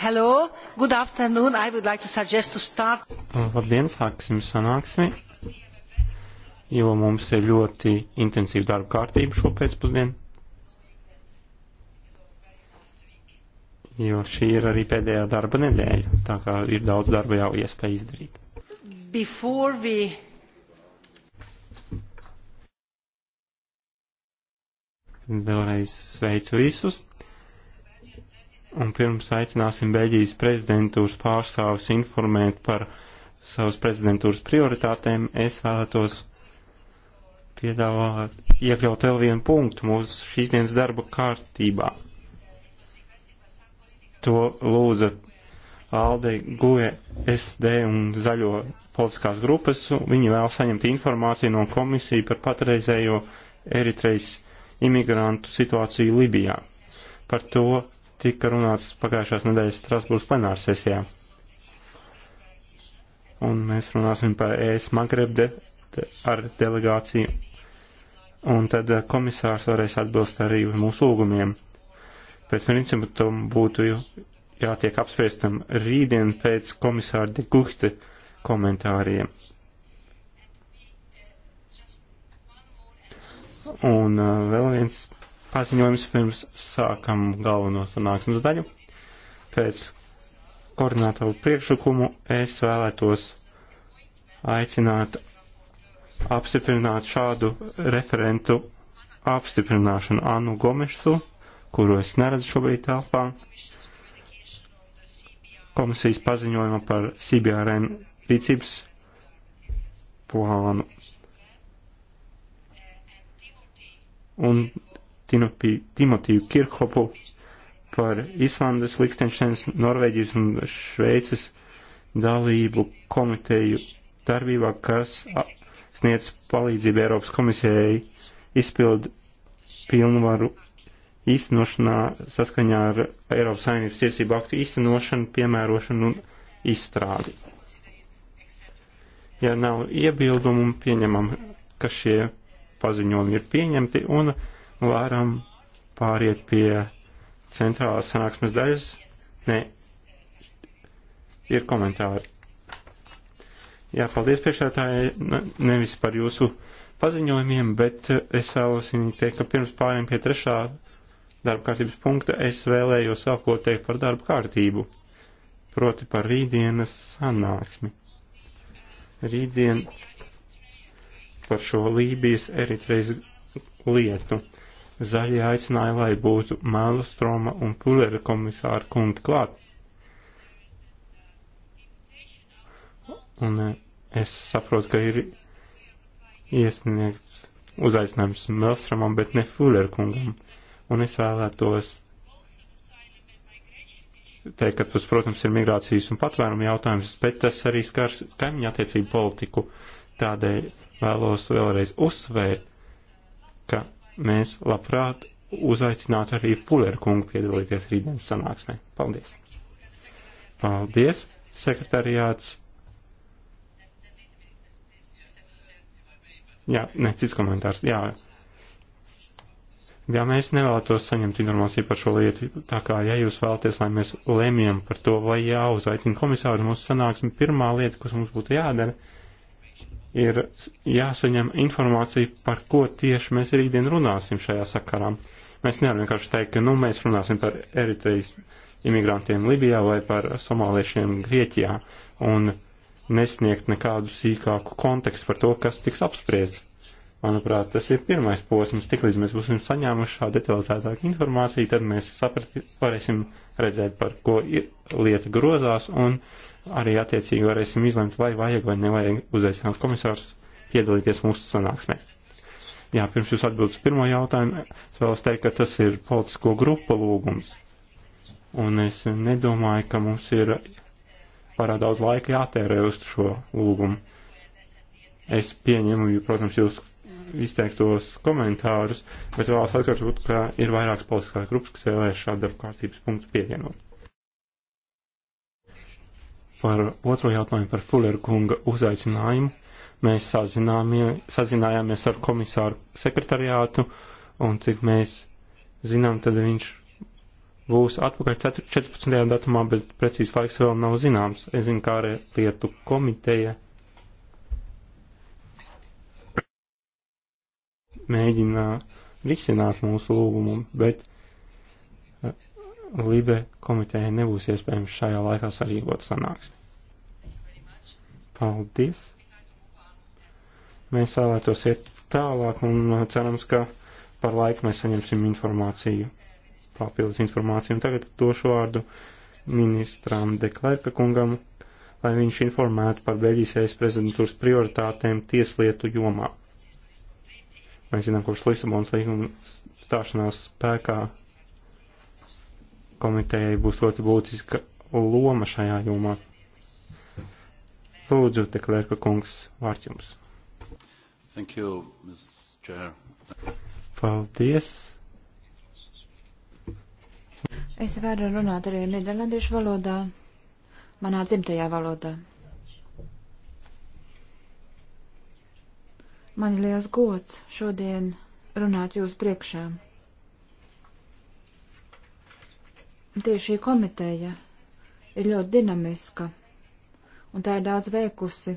Hello, good afternoon. I would like to suggest to start. Uh, labdien, sāksim sanāksmi, jo mums ir ļoti intensīva darba kārtība šo pēcpusdienu. Jo šī ir arī pēdējā darba nedēļa, tā kā ir daudz darba jau iespēja izdarīt. Before we Vēlreiz sveicu visus. Un pirms aicināsim Beļģijas prezidentūras pārstāvis informēt par savas prezidentūras prioritātēm, es vēlētos piedāvāt iekļaut vēl vienu punktu mūsu šīs dienas darba kārtībā. To lūdza Alde Guve SD un Zaļo politiskās grupas. Viņi vēl saņemt informāciju no komisiju par patreizējo Eritrejas imigrantu situāciju Libijā. Par to tika runāts pagājušās nedēļas Strasbūras plenārsesijā. Un mēs runāsim par ES Magreb de, de, ar delegāciju. Un tad eh, komisārs varēs atbilst arī uz mūsu lūgumiem. Pēc principa tam būtu jātiek apspriestam rītdien pēc komisāra de Guhte komentāriem. Un uh, vēl viens paziņojums pirms sākam galveno sanāksmes daļu. Pēc koordinātoru priekšlikumu es vēlētos aicināt apstiprināt šādu referentu apstiprināšanu Annu Gomešu, kuru es neredzu šobrīd telpā, komisijas paziņojuma par CBRN rīcības plānu. Un Timotiju Kirkhopu par Islandes, Liktenšteins, Norvēģijas un Šveices dalību komiteju darbībā, kas sniedz palīdzību Eiropas komisijai izpild pilnvaru īstenošanā saskaņā ar Eiropas Savienības tiesību aktu īstenošanu, piemērošanu un izstrādi. Ja nav iebildumu, pieņemam, ka šie paziņojumi ir pieņemti un varam pāriet pie centrālās sanāksmes daļas. Nē, ir komentāri. Jā, paldies priekšētāji nevis par jūsu paziņojumiem, bet eh, es vēlos viņu teikt, ka pirms pāriem pie trešā darba kārtības punkta es vēlējos vēl ko teikt par darba kārtību, proti par rītdienas sanāksmi. Rītdien par šo Lībijas Eritrejas lietu. Zaļie aicināja, lai būtu Mēlustroma un Pulera komisāra kundi klāt. Un e, es saprotu, ka ir iesniegts uzaicinājums Mēlustromam, bet ne Pulera kungam. Un es vēlētos teikt, ka tas, protams, ir migrācijas un patvērumu jautājums, bet tas arī skars kaimiņu attiecību politiku. Tādēļ vēlos vēlreiz uzsvērt, ka mēs labprāt uzaicinātu arī Fuleru kungu piedalīties rītdienas sanāksmē. Paldies! Paldies, sekretariāts! Jā, ne, cits komentārs. Jā, jā mēs nevēlētos saņemt informāciju par šo lietu. Tā kā, ja jūs vēlaties, lai mēs lemjam par to, vai jāuzaicina komisāru mūsu sanāksmi, pirmā lieta, kas mums būtu jādara, ir jāsaņem informācija, par ko tieši mēs rītdien runāsim šajā sakarā. Mēs nevaram vienkārši teikt, ka nu, mēs runāsim par Eritrejas imigrantiem Libijā vai par somāliešiem Grieķijā un nesniegt nekādu sīkāku kontekstu par to, kas tiks apspriests. Manuprāt, tas ir pirmais posms. Tiklīdz mēs būsim saņēmuši šādu detalizētāku informāciju, tad mēs saprati, varēsim redzēt, par ko ir lieta grozās un arī attiecīgi varēsim izlemt, vai vajag vai nevajag uzaicināt komisārus piedalīties mūsu sanāksmē. Jā, pirms jūs atbildat uz pirmo jautājumu, es vēlos teikt, ka tas ir politisko grupu lūgums. Un es nedomāju, ka mums ir pārāk daudz laika jātērē uz šo lūgumu. Es pieņemu, protams, jūs izteiktos komentārus, bet vēlos atkārtot, ka ir vairākas politiskās grupas, kas vēlēs šādu darba kārtības punktu pievienot. Par otro jautājumu par Fulera kunga uzaicinājumu mēs sazinājāmies ar komisāru sekretariātu, un cik mēs zinām, tad viņš būs atpakaļ 14. datumā, bet precīzi laiks vēl nav zināms. Es zinu, kā arī lietu komiteja mēģina risināt mūsu lūgumu, bet Libe komitejai nebūs iespējams šajā laikā sarīkot sanāksmi. Paldies! Mēs vēlētos iet tālāk un uh, cerams, ka par laiku mēs saņemsim informāciju, papildus informāciju. Un tagad došu vārdu ministram Deklērka kungam, lai viņš informētu par Beļģijas prezidentūras prioritātēm tieslietu jomā. Mēs zinām, kurš Lisabonas līguma stāšanās spēkā komitejai būs ļoti būtiska loma šajā jomā. Lūdzu, te klērka kungs, vārds jums. Thank you, Ms. Chair. Paldies. Es varu runāt arī nederlandiešu valodā, manā dzimtajā valodā. Man ir liels gods šodien runāt jūsu priekšām. Tieši šī komiteja ir ļoti dinamiska, un tā ir daudz veikusi.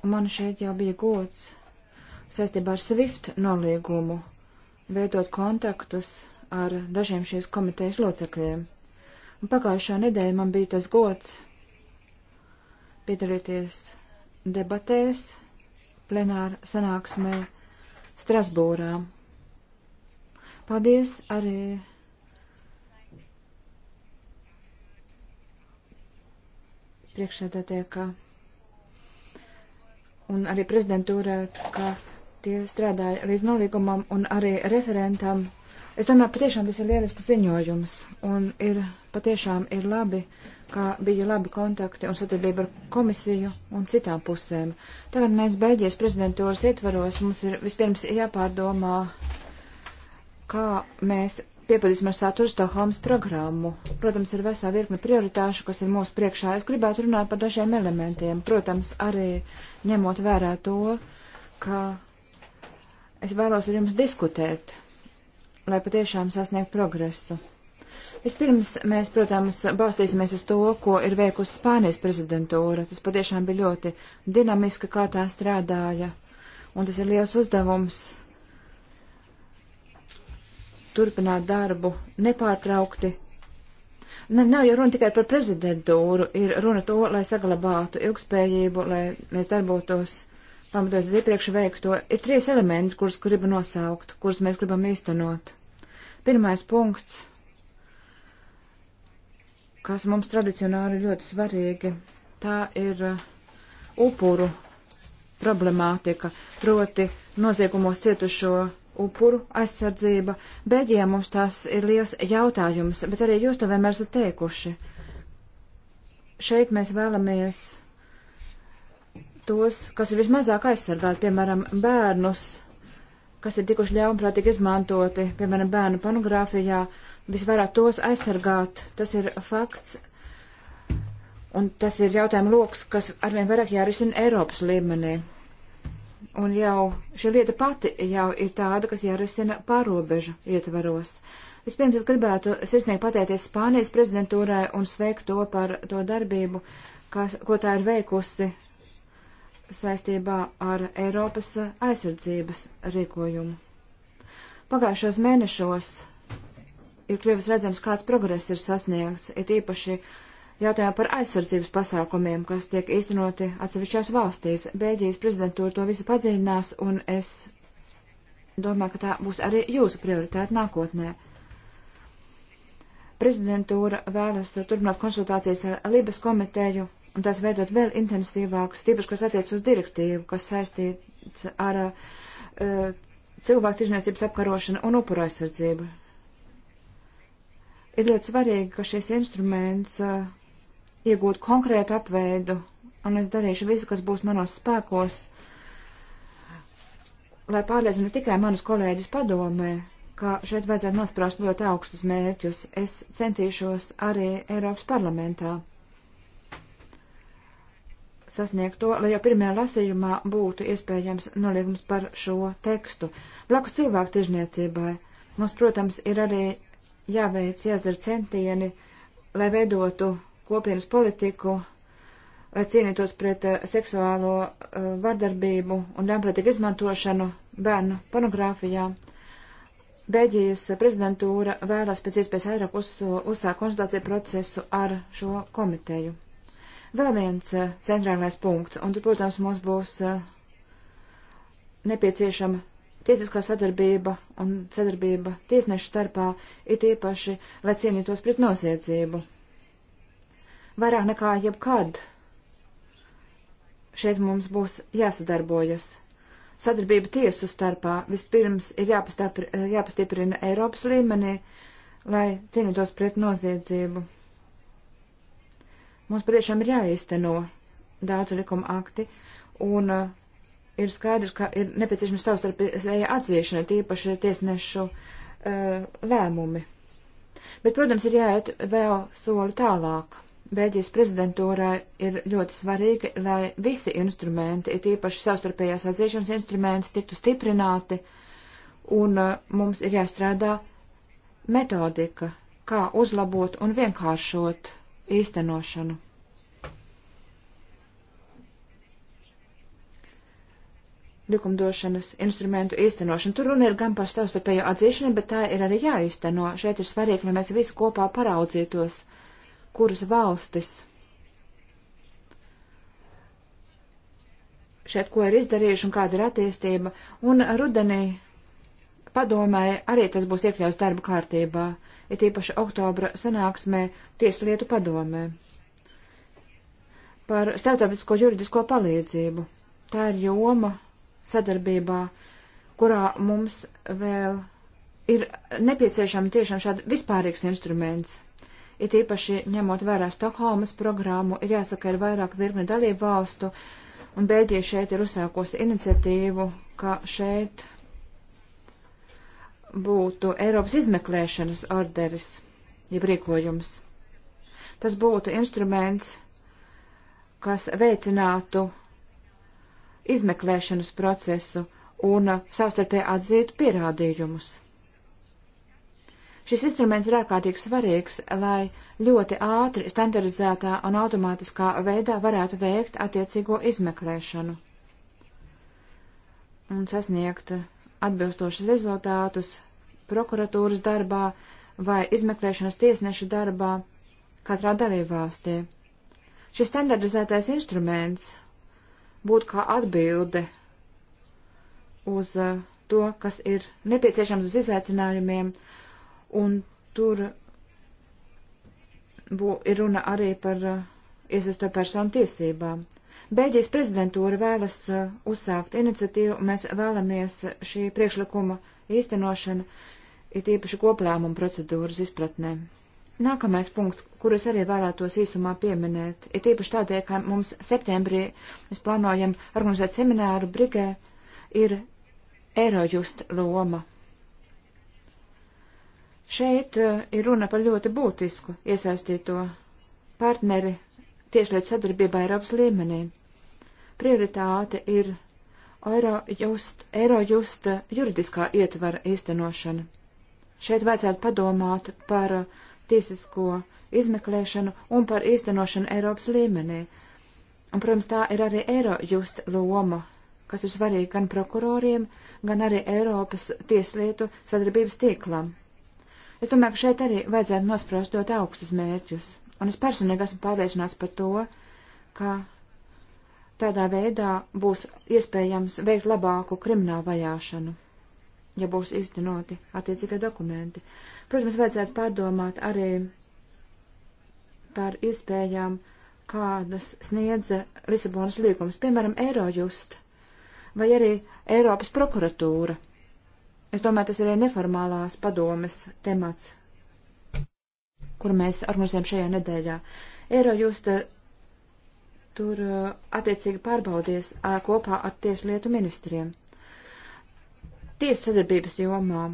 Un man šeit jau bija gods saistībā ar SWIFT noliegumu veidot kontaktus ar dažiem šīs komitejas locekļiem. Un pagājušā nedēļa man bija tas gods piedalīties debatēs plenāra sanāksmē Strasbūrā. Paldies arī priekšsēdētē, ka un arī prezidentūra, ka tie strādāja līdz nolīgumam un arī referentam. Es domāju, patiešām tas ir lielisks ziņojums un ir patiešām ir labi, ka bija labi kontakti un sadarbība ar komisiju un citām pusēm. Tagad mēs beidzies prezidentūras ietvaros, mums ir vispirms jāpārdomā, kā mēs Piepildīsim ar saturu Stokholmas programmu. Protams, ir vesā virkne prioritāšu, kas ir mūsu priekšā. Es gribētu runāt par dažiem elementiem. Protams, arī ņemot vērā to, ka es vēlos ar jums diskutēt, lai patiešām sasniegtu progresu. Vispirms mēs, protams, balstīsimies uz to, ko ir veikusi Spānijas prezidentūra. Tas patiešām bija ļoti dinamiski, kā tā strādāja, un tas ir liels uzdevums turpināt darbu nepārtraukti. Ne, nav jau runa tikai par prezidentūru, ir runa to, lai saglabātu ilgspējību, lai mēs darbotos pamatos uz iepriekš veikto. Ir trīs elementi, kurus gribu nosaukt, kurus mēs gribam īstenot. Pirmais punkts, kas mums tradicionāli ļoti svarīgi, tā ir uh, upuru problemātika, proti noziegumos cietušo upuru aizsardzība. Beļģijā mums tas ir liels jautājums, bet arī jūs to vienmēr esat teikuši. Šeit mēs vēlamies tos, kas ir vismazāk aizsargāti, piemēram, bērnus, kas ir tikuši ļaunprātīgi izmantoti, piemēram, bērnu pornogrāfijā, visvairāk tos aizsargāt. Tas ir fakts. Un tas ir jautājuma lokus, kas arvien vairāk jārisina Eiropas līmenī. Un jau šī lieta pati jau ir tāda, kas jārisina pārobežu ietvaros. Vispirms es gribētu sirsnīgi pateikties Spānijas prezidentūrai un sveikt to par to darbību, kas, ko tā ir veikusi saistībā ar Eiropas aizsardzības rīkojumu. Pagājušos mēnešos ir kļuvis redzams, kāds progress ir sasniegts, ir īpaši uh, jautājumu par aizsardzības pasākumiem, kas tiek īstenoti atsevišķās valstīs. Bēļģijas prezidentūra to visu padziļinās, un es domāju, ka tā būs arī jūsu prioritāte nākotnē. Prezidentūra vēlas turpināt konsultācijas ar Libas komiteju un tās veidot vēl intensīvākas, tīpaši, kas attiec uz direktīvu, kas saistīts ar uh, cilvēku tirzniecības apkarošanu un upuru aizsardzību. Ir ļoti svarīgi, ka šis instruments uh, iegūt konkrētu apveidu, un es darīšu visu, kas būs manos spēkos, lai pārliecinu tikai manus kolēģus padomē, ka šeit vajadzētu nosprāst ļoti augstus mērķus. Es centīšos arī Eiropas parlamentā sasniegt to, lai jau pirmajā lasījumā būtu iespējams noliegums par šo tekstu. Blakus cilvēku tirzniecībai mums, protams, ir arī jāveic, jāizdara centieni, lai veidotu kopienas politiku, lai cīnītos pret eh, seksuālo eh, vardarbību un ļaunprātīgu izmantošanu bērnu pornogrāfijā. Beļģijas prezidentūra vēlas pēc iespējas vairāk uz, uzsākt konsultāciju procesu ar šo komiteju. Vēl viens eh, centrālais punkts, un, protams, mums būs nepieciešama tiesiskā sadarbība un sadarbība tiesnešu starpā, it īpaši, lai cīnītos pret noziedzību vairāk nekā jebkad. Šeit mums būs jāsadarbojas. Sadarbība tiesu starpā vispirms ir jāpastiprina Eiropas līmenī, lai cīnītos pret noziedzību. Mums patiešām ir jāīsteno daudz likuma akti, un uh, ir skaidrs, ka ir nepieciešama savstarpēja atzīšana, tīpaši tiesnešu uh, lēmumi. Bet, protams, ir jāiet vēl soli tālāk. Bēļģijas prezidentūrai ir ļoti svarīgi, lai visi instrumenti, it īpaši savstarpējās atzīšanas instruments, tiktu stiprināti, un uh, mums ir jāstrādā metodika, kā uzlabot un vienkāršot īstenošanu. likumdošanas instrumentu īstenošanu. Tur runa ir gan par savstarpējo atzīšanu, bet tā ir arī jāīsteno. Šeit ir svarīgi, lai mēs visi kopā paraudzītos uh, kuras valstis šeit ko ir izdarījuši un kāda ir attīstība. Un rudenī padomē arī tas būs iekļauts darba kārtībā, ir īpaši oktobra sanāksmē Tieslietu padomē par starptautisko juridisko palīdzību. Tā ir joma sadarbībā, kurā mums vēl ir nepieciešama tiešām šāda vispārīgs instruments – it īpaši ņemot vērā Stokholmas programmu, ir jāsaka, ir vairāk virkni dalību valstu, un Bēļģija šeit ir uzsākusi iniciatīvu, ka šeit būtu Eiropas izmeklēšanas orderis, jeb rīkojums. Tas būtu instruments, kas veicinātu izmeklēšanas procesu un savstarpēji atzītu pierādījumus. Šis instruments ir ārkārtīgi svarīgs, lai ļoti ātri, standarizētā un automātiskā veidā varētu veikt attiecīgo izmeklēšanu un sasniegt atbilstošas rezultātus prokuratūras darbā vai izmeklēšanas tiesneša darbā katrā dalībvalstī. Šis standardizētais instruments būtu kā atbilde uz uh, to, kas ir nepieciešams uz izaicinājumiem, un tur bū, ir runa arī par uh, iesaisto personu tiesībām. Bēģijas prezidentūra vēlas uh, uzsākt iniciatīvu, mēs vēlamies uh, šī priekšlikuma īstenošanu, it īpaši koplēmuma procedūras izpratnē. Nākamais punkts, kurus arī vēlētos īsumā pieminēt, ir tīpaši tādēļ, ka mums septembrī mēs plānojam organizēt semināru Brigē, ir Eirojust loma. Šeit eh, ir runa par ļoti būtisku iesaistīto partneri tiešlietu sadarbībā Eiropas līmenī. Prioritāte ir Eurojust, Eurojust juridiskā ietvara īstenošana. Šeit vajadzētu padomāt par eh, tiesisko izmeklēšanu un par īstenošanu Eiropas līmenī. Un, protams, tā ir arī Eurojust loma, kas ir svarīga gan prokuroriem, gan arī Eiropas tieslietu sadarbības tīklam. Es domāju, ka šeit arī vajadzētu nosprost ļoti augstus mērķus. Un es personīgi esmu pārliecināts par to, ka tādā veidā būs iespējams veikt labāku kriminālu vajāšanu, ja būs iztenoti attiecīgie dokumenti. Protams, vajadzētu pārdomāt arī par iespējām, kādas sniedza Lisabonas līgums, piemēram, Eirojust vai arī Eiropas prokuratūra Es domāju, tas ir arī neformālās padomes temats, kur mēs organizējam šajā nedēļā. Eiro jūs te, tur uh, attiecīgi pārbaudies ar, uh, kopā ar tieslietu ministriem. Tiesu sadarbības jomā.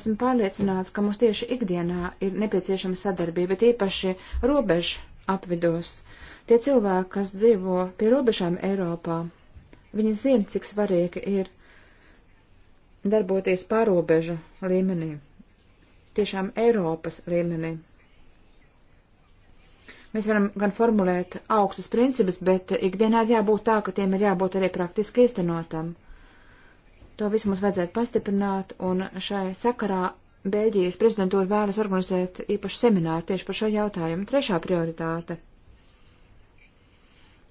Esmu pārliecināts, ka mums tieši ikdienā ir nepieciešama sadarbība, tīpaši robežu apvidos. Tie cilvēki, kas dzīvo pie robežām Eiropā, viņi zina, cik svarīgi ir darboties pārobežu līmenī, tiešām Eiropas līmenī. Mēs varam gan formulēt augstus principus, bet ikdienā ir jābūt tā, ka tiem ir jābūt arī praktiski īstenotam. To visu mums vajadzētu pastiprināt, un šai sakarā Bēļģijas prezidentūra vēlas organizēt īpašu semināru tieši par šo jautājumu. Trešā prioritāte.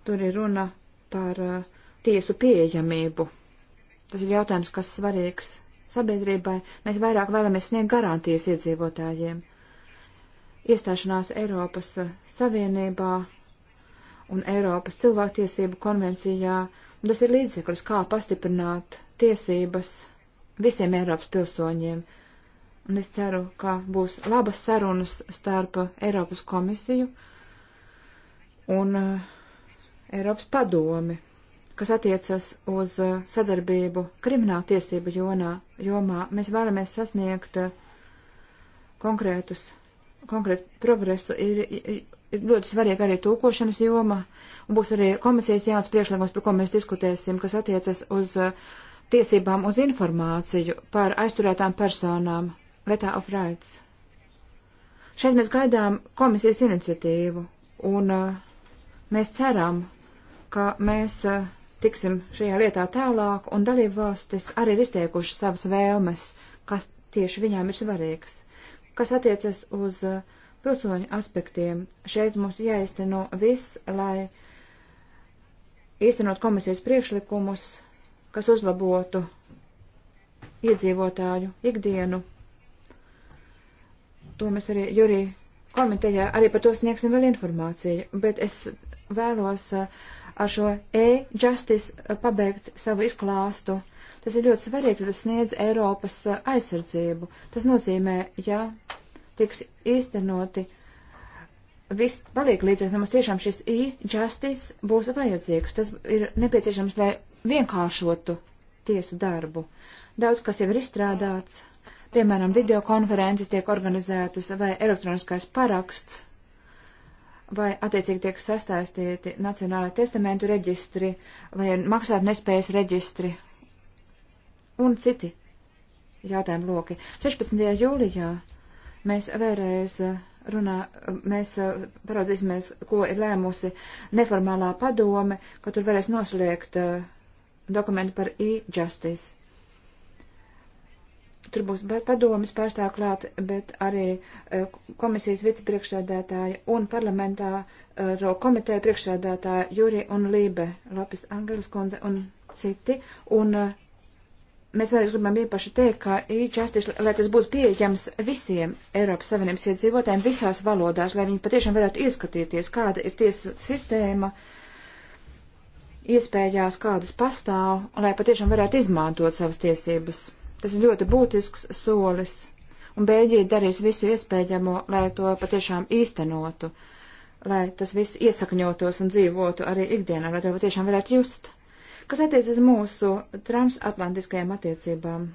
Tur ir runa par uh, tiesu pieejamību Tas ir jautājums, kas svarīgs sabiedrībai. Mēs vairāk vēlamies sniegt garantijas iedzīvotājiem. Iestāšanās Eiropas Savienībā un Eiropas cilvēktiesību konvencijā, tas ir līdzeklis, kā pastiprināt tiesības visiem Eiropas pilsoņiem. Un es ceru, ka būs labas sarunas starp Eiropas komisiju un uh, Eiropas padomi kas attiecas uz uh, sadarbību krimināla tiesību jonā, jomā, mēs vēlamies sasniegt uh, konkrētus, konkrētu progresu. Ir, ir, ir ļoti svarīga arī tūkošanas joma, un būs arī komisijas jauns priekšlikums, par ko mēs diskutēsim, kas attiecas uz uh, tiesībām uz informāciju par aizturētām personām, Letā of Rights. Šeit mēs gaidām komisijas iniciatīvu, un mēs ceram, ka mēs uh, tiksim šajā lietā tālāk, un dalībvalstis arī ir izteikuši savas vēlmes, kas tieši viņām ir svarīgas. Kas attiecas uz uh, pilsoņu aspektiem, šeit mums jāizteno viss, lai īstenot komisijas priekšlikumus, kas uzlabotu iedzīvotāju ikdienu. To mēs arī Jurī komitejā arī par to sniegsim vēl informāciju, bet es vēlos uh, ar šo e-justice eh, pabeigt savu izklāstu. Tas ir ļoti svarīgi, jo tas sniedz Eiropas eh, aizsardzību. Tas nozīmē, ja tiks īstenoti viss paliek līdzīgs, mums tiešām šis e-justice būs vajadzīgs. Tas ir nepieciešams, lai vienkāršotu tiesu darbu. Daudz kas jau ir izstrādāts, piemēram, videokonferences tiek organizētas vai elektroniskais paraksts vai attiecīgi tiek sastāstīti Nacionālā testamentu reģistri vai maksāt nespējas reģistri un citi jautājumu loki. 16. jūlijā mēs vēlreiz eh, runā, mēs eh, paraudzīsimies, ko ir lēmusi neformālā padome, ka tur varēs noslēgt uh, dokumentu par e-justice. Tur būs padomas pārstāv klāt, bet arī eh, komisijas vicepriekšsēdētāja un parlamentāro eh, komiteja priekšsēdētāja Juri un Lībe, Lopis Angelis kundze un citi. Un eh, mēs vēlreiz gribam īpaši teikt, ka īčastis, lai tas būtu pieejams visiem Eiropas Savienības iedzīvotājiem visās valodās, lai viņi patiešām varētu ieskatīties, kāda ir tiesu sistēma iespējās, kādas pastāv, lai patiešām varētu izmantot savas tiesības. Tas ir ļoti būtisks solis, un Bēļģija darīs visu iespējamo, lai to patiešām īstenotu, lai tas viss iesakņotos un dzīvotu arī ikdienā, lai to patiešām varētu just. Kas attiec uz mūsu transatlantiskajām attiecībām?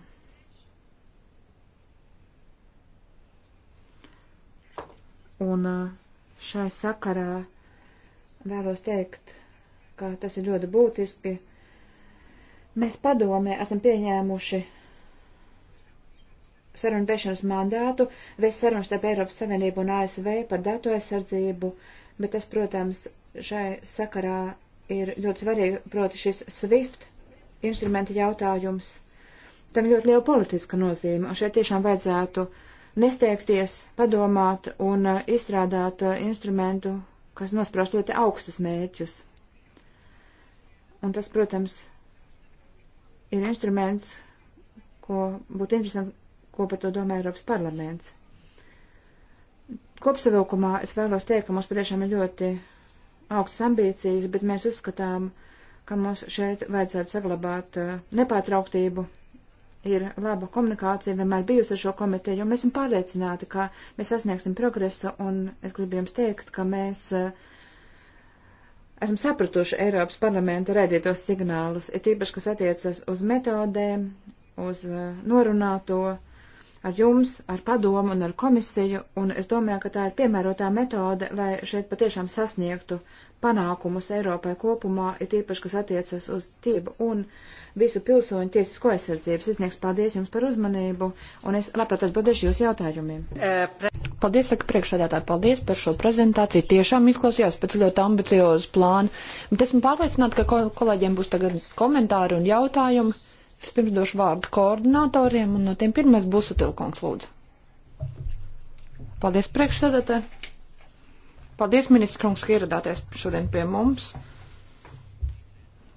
Un šai sakarā vēlos teikt, ka tas ir ļoti būtiski. Mēs padomē esam pieņēmuši sarunu vešanas mandātu, vēl sarunas starp Eiropas Savienību un ASV par datu aizsardzību, bet tas, protams, šai sakarā ir ļoti svarīgi, proti šis SWIFT instrumenta jautājums. Tam ļoti liela politiska nozīme, un šeit tiešām vajadzētu nesteigties, padomāt un uh, izstrādāt uh, instrumentu, kas nospraust ļoti augstus mērķus. Un tas, protams, ir instruments, ko būtu interesanti ko par to domā Eiropas parlaments. Kopsavilkumā es vēlos teikt, ka mums patiešām ir ļoti augsts ambīcijas, bet mēs uzskatām, ka mums šeit vajadzētu saglabāt eh, nepārtrauktību. Ir laba komunikācija vienmēr bijusi ar šo komiteju, jo mēs esam pārliecināti, ka mēs sasniegsim progresu, un es gribu jums teikt, ka mēs eh, esam sapratuši Eiropas parlamenta redzētos signālus, ir tīpaši, kas attiecas uz metodēm, uz eh, norunāto ar jums, ar padomu un ar komisiju, un es domāju, ka tā ir piemērotā metode, lai šeit patiešām sasniegtu panākumus Eiropai kopumā, ir tīpaši, kas attiecas uz tību un visu pilsoņu tiesisko aizsardzības. Es nieks paldies jums par uzmanību, un es labprāt atbildēšu jūs jautājumiem. Paldies, saka priekšsēdētāji, paldies par šo prezentāciju. Tiešām izklausījās pēc ļoti ambiciozu plānu, bet esmu pārliecināta, ka kol kolēģiem būs tagad komentāri un jautājumi. Vispirms došu vārdu koordinatoriem, un no tiem pirmais būs Utilkungs, lūdzu. Paldies priekšsēdētāji. Paldies, ministrs Kungs, ka ieradāties šodien pie mums.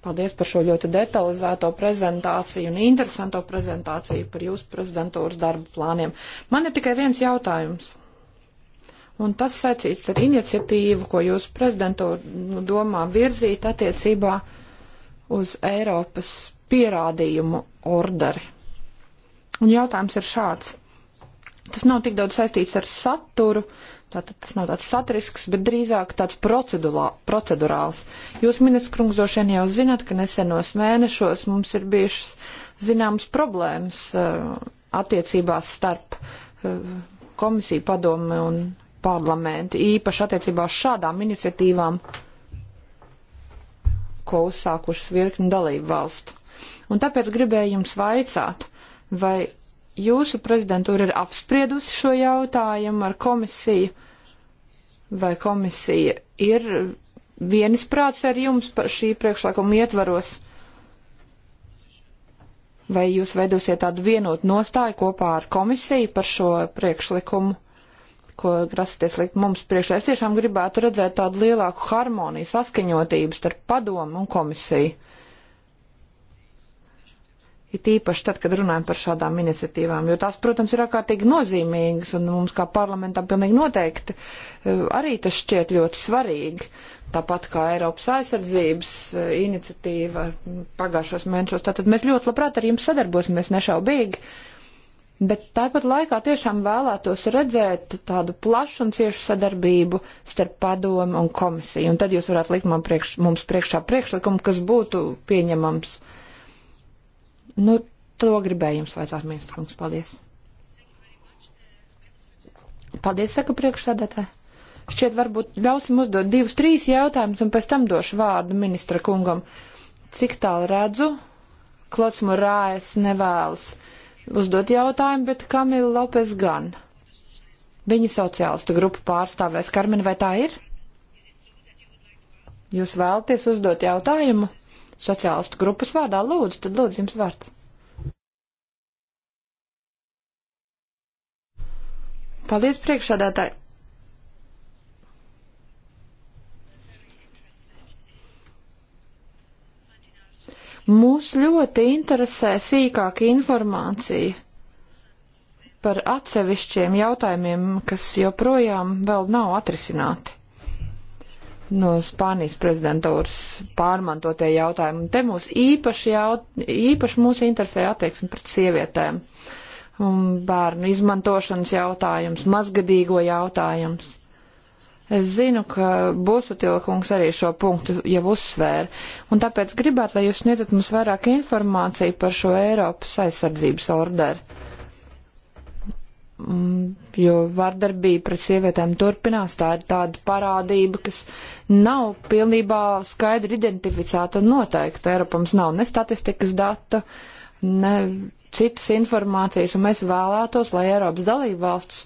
Paldies par šo ļoti detalizēto prezentāciju un interesanto prezentāciju par jūsu prezidentūras darba plāniem. Man ir tikai viens jautājums. Un tas saistīts ar iniciatīvu, ko jūsu prezidentūra domā virzīt attiecībā uz Eiropas pierādījumu orderi. Un jautājums ir šāds. Tas nav tik daudz saistīts ar saturu, tātad tas nav tāds satirisks, bet drīzāk tāds procedurāls. Jūs, ministrs Krungs, droši vien jau zinat, ka nesenos mēnešos mums ir bijušas zināmas problēmas uh, attiecībās starp uh, komisiju padomu un parlamentu, īpaši attiecībā uz šādām iniciatīvām, ko uzsākušas virkni dalību valstu. Un tāpēc gribēju jums vaicāt, vai jūsu prezidentūra ir apspriedusi šo jautājumu ar komisiju, vai komisija ir vienisprāts ar jums par šī priekšlikuma ietvaros, vai jūs veidosiet tādu vienotu nostāju kopā ar komisiju par šo priekšlikumu, ko grasaties likt mums priekšā. Es tiešām gribētu redzēt tādu lielāku harmoniju, saskaņotību starp padomu un komisiju it īpaši tad, kad runājam par šādām iniciatīvām, jo tās, protams, ir ārkārtīgi nozīmīgas, un mums kā parlamentam pilnīgi noteikti e, arī tas šķiet ļoti svarīgi. Tāpat kā Eiropas aizsardzības e, iniciatīva pagājušos mēnešos, tātad mēs ļoti labprāt ar jums sadarbosimies nešaubīgi. Bet tāpat laikā tiešām vēlētos redzēt tādu plašu un ciešu sadarbību starp padomu un komisiju. Un tad jūs varētu likt man priekš, mums priekšā priekšlikumu, kas būtu pieņemams uh, Nu, to gribēju jums vaicāt, ministrs kungs. Paldies. Paldies, saka priekšsēdētāji. Šķiet, varbūt ļausim uzdot divus, trīs jautājumus, un pēc tam došu vārdu ministra kungam. Cik tālu redzu, Klots Murājas nevēlas uzdot jautājumu, bet Kamila Lopes gan. Viņa sociālistu grupu pārstāvēs Karmen, vai tā ir? Jūs vēlaties uzdot jautājumu? sociālistu grupas vārdā. Lūdzu, tad lūdzu jums vārds. Paldies priekšādātāji. Mūs ļoti interesē sīkāka informācija par atsevišķiem jautājumiem, kas joprojām vēl nav atrisināti no Spānijas prezidentūras pārmantotie jautājumi. Un te mūs īpaši, jaut, īpaši mūs interesē attieksme pret sievietēm. Un bērnu izmantošanas jautājums, mazgadīgo jautājums. Es zinu, ka Būsutila kungs arī šo punktu jau uzsvēra, un tāpēc gribētu, lai jūs sniedzat mums vairāk informāciju par šo Eiropas aizsardzības orderu. Mm, jo vardarbība pret sievietēm turpinās, tā ir tāda parādība, kas nav pilnībā skaidri identificēta un noteikta. Eiropā mums nav ne statistikas data, ne citas informācijas, un mēs vēlētos, lai Eiropas dalību valstus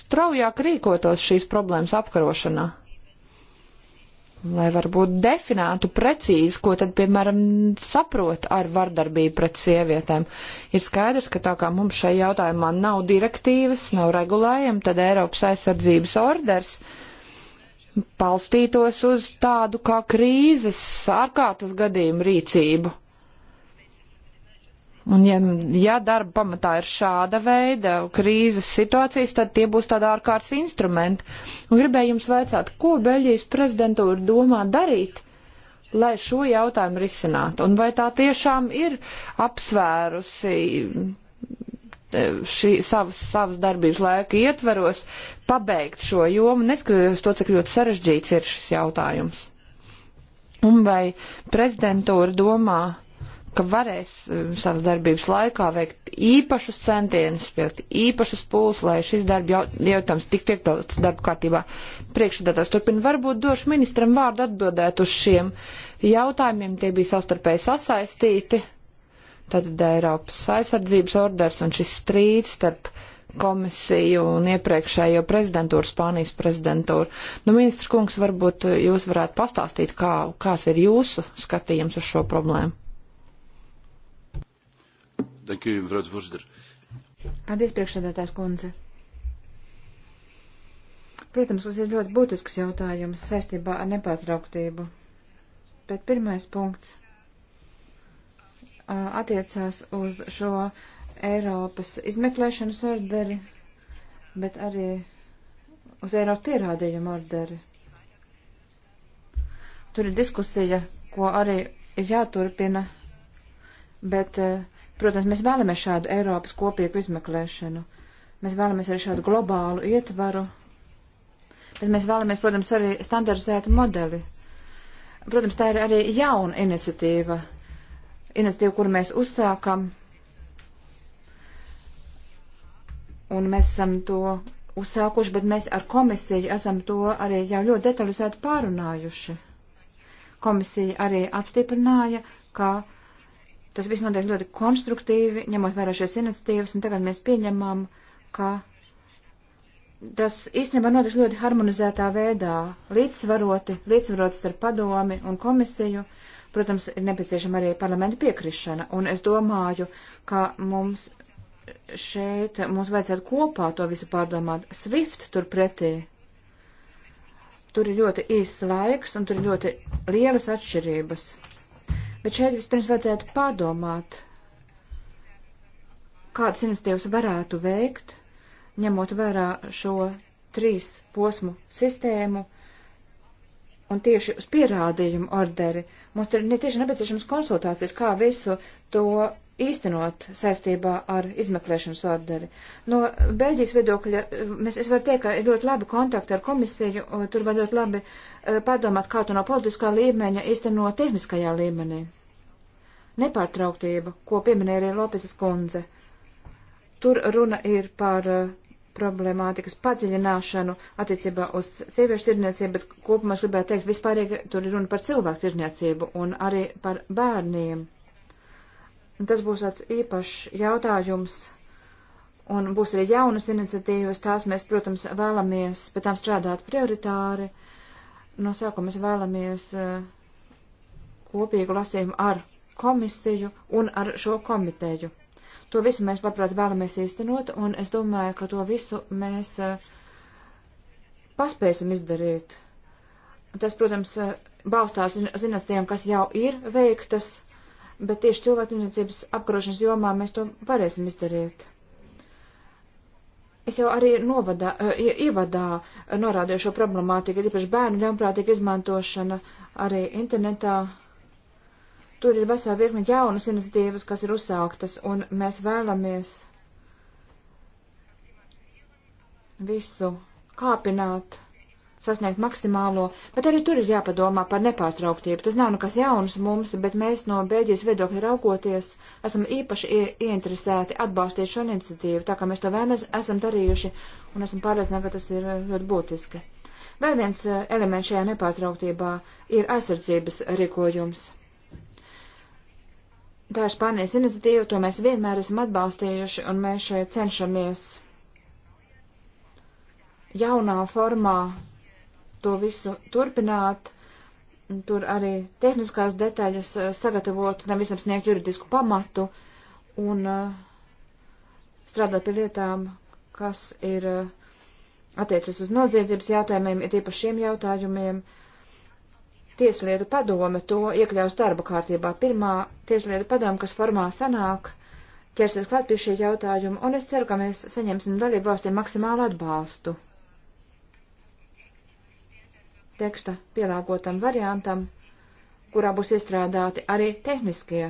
straujāk rīkotos šīs problēmas apkarošanā lai varbūt definētu precīzi, ko tad, piemēram, saprot ar vardarbību pret sievietēm. Ir skaidrs, ka tā kā mums šai jautājumā nav direktīvas, nav regulējuma, tad Eiropas aizsardzības orders palstītos uz tādu kā krīzes ārkārtas gadījumu rīcību. Un ja, ja darba pamatā ir šāda veida krīzes situācijas, tad tie būs tādi ārkārtas instrumenti. Un gribēju jums vaicāt, ko Beļģijas prezidentūra domā darīt, lai šo jautājumu risinātu? Un vai tā tiešām ir apsvērusi e, šī savas, savas darbības laika ietveros pabeigt šo jomu, neskatoties to, cik ļoti sarežģīts ir šis jautājums? Un vai prezidentūra domā ka varēs um, savas darbības laikā veikt īpašus centienus, pielikt īpašus pūles, lai šis darba jautājums tiktu iekļauts darba kārtībā. Priekšsēdētājs turpina, varbūt došu ministram vārdu atbildēt uz šiem jautājumiem, tie bija savstarpēji sasaistīti. Tātad Eiropas aizsardzības orders un šis strīds starp komisiju un iepriekšējo prezidentūru, Spānijas prezidentūru. Nu, ministra kungs, varbūt jūs varētu pastāstīt, kā, kāds ir jūsu skatījums uz šo problēmu. Paldies, priekšsēdētājs kundze. Protams, tas ir ļoti būtisks jautājums saistībā ar nepārtrauktību. Bet pirmais punkts attiecās uz šo Eiropas izmeklēšanas orderi, bet arī uz Eiropas pierādījumu orderi. Tur ir diskusija, ko arī ir jāturpina, bet uh, Protams, mēs vēlamies šādu Eiropas kopīgu izmeklēšanu. Mēs vēlamies arī šādu globālu ietvaru. Bet mēs vēlamies, protams, arī standardizētu modeli. Protams, tā ir arī jauna iniciatīva. Iniciatīva, kuru mēs uzsākam. Un mēs esam to uzsākuši, bet mēs ar komisiju esam to arī jau ļoti detalizēti pārunājuši. Komisija arī apstiprināja, ka Tas viss notiek ļoti konstruktīvi, ņemot vērā šīs iniciatīvas, un tagad mēs pieņemam, ka tas īstenībā notiks ļoti harmonizētā veidā, līdzsvaroti, līdzsvaroti starp padomi un komisiju. Protams, ir nepieciešama arī parlamenta piekrišana, un es domāju, ka mums šeit mums vajadzētu kopā to visu pārdomāt. Swift turpretī. Tur ir ļoti īsts laiks, un tur ir ļoti lielas atšķirības. Bet šeit vispirms vajadzētu pārdomāt, kādas iniciatīvas varētu veikt, ņemot vērā šo trīs posmu sistēmu un tieši uz pierādījumu orderi. Mums tur ir ne tieši nepieciešams konsultācijas, kā visu to īstenot saistībā ar izmeklēšanas orderi. No Beļģijas viedokļa eh, mēs, es varu teikt, ka ir ļoti labi kontakti ar komisiju, tur var ļoti labi eh, pārdomāt, kā to no politiskā līmeņa īstenot tehniskajā līmenī. Nepārtrauktība, ko pieminēja arī Lopesas kundze. Tur runa ir par eh, problemātikas padziļināšanu attiecībā uz sieviešu tirniecību, bet kopumā es gribētu teikt, vispārīgi tur ir runa par cilvēku tirniecību un arī par bērniem Tas būs tāds īpašs jautājums, un būs arī jaunas iniciatīvas, tās mēs, protams, vēlamies pie tām strādāt prioritāri. No sākuma mēs vēlamies eh, kopīgu lasījumu ar komisiju un ar šo komiteju. To visu mēs, labprāt, vēlamies īstenot, un es domāju, ka to visu mēs eh, paspēsim izdarīt. Tas, protams, eh, balstās zinastiem, kas jau ir veiktas bet tieši cilvēktiesības apkarošanas jomā mēs to varēsim izdarīt. Es jau arī novadā, e, ievadā norādīju šo problemātiku, īpaši bērnu ļaunprātīga izmantošana arī internetā. Tur ir vesela virkne jaunas iniciatīvas, kas ir uzsāktas, un mēs vēlamies visu kāpināt sasniegt maksimālo, bet arī tur ir jāpadomā par nepārtrauktību. Tas nav nekas jauns mums, bet mēs no Bēļģijas viedokļa raugoties esam īpaši ie ieinteresēti atbalstīt šo iniciatīvu, tā kā mēs to vēlamies esam darījuši un esam pārliecināti, ka tas ir uh, ļoti būtiski. Vēl viens uh, elements šajā nepārtrauktībā ir aizsardzības rīkojums. Tā ir Spānijas iniciatīva, to mēs vienmēr esam atbalstījuši un mēs šeit cenšamies jaunā formā to visu turpināt, tur arī tehniskās detaļas eh, sagatavot, tam visam sniegt juridisku pamatu un eh, strādāt pie lietām, kas ir eh, attiecas uz noziedzības jautājumiem, ir tīpaši šiem jautājumiem. Tieslietu padome to iekļaus darba kārtībā. Pirmā tieslietu padome, kas formā sanāk, ķersies klāt pie šī jautājuma, un es ceru, ka mēs saņemsim dalību valstīm maksimālu atbalstu teksta pielāgotam variantam, kurā būs iestrādāti arī tehniskie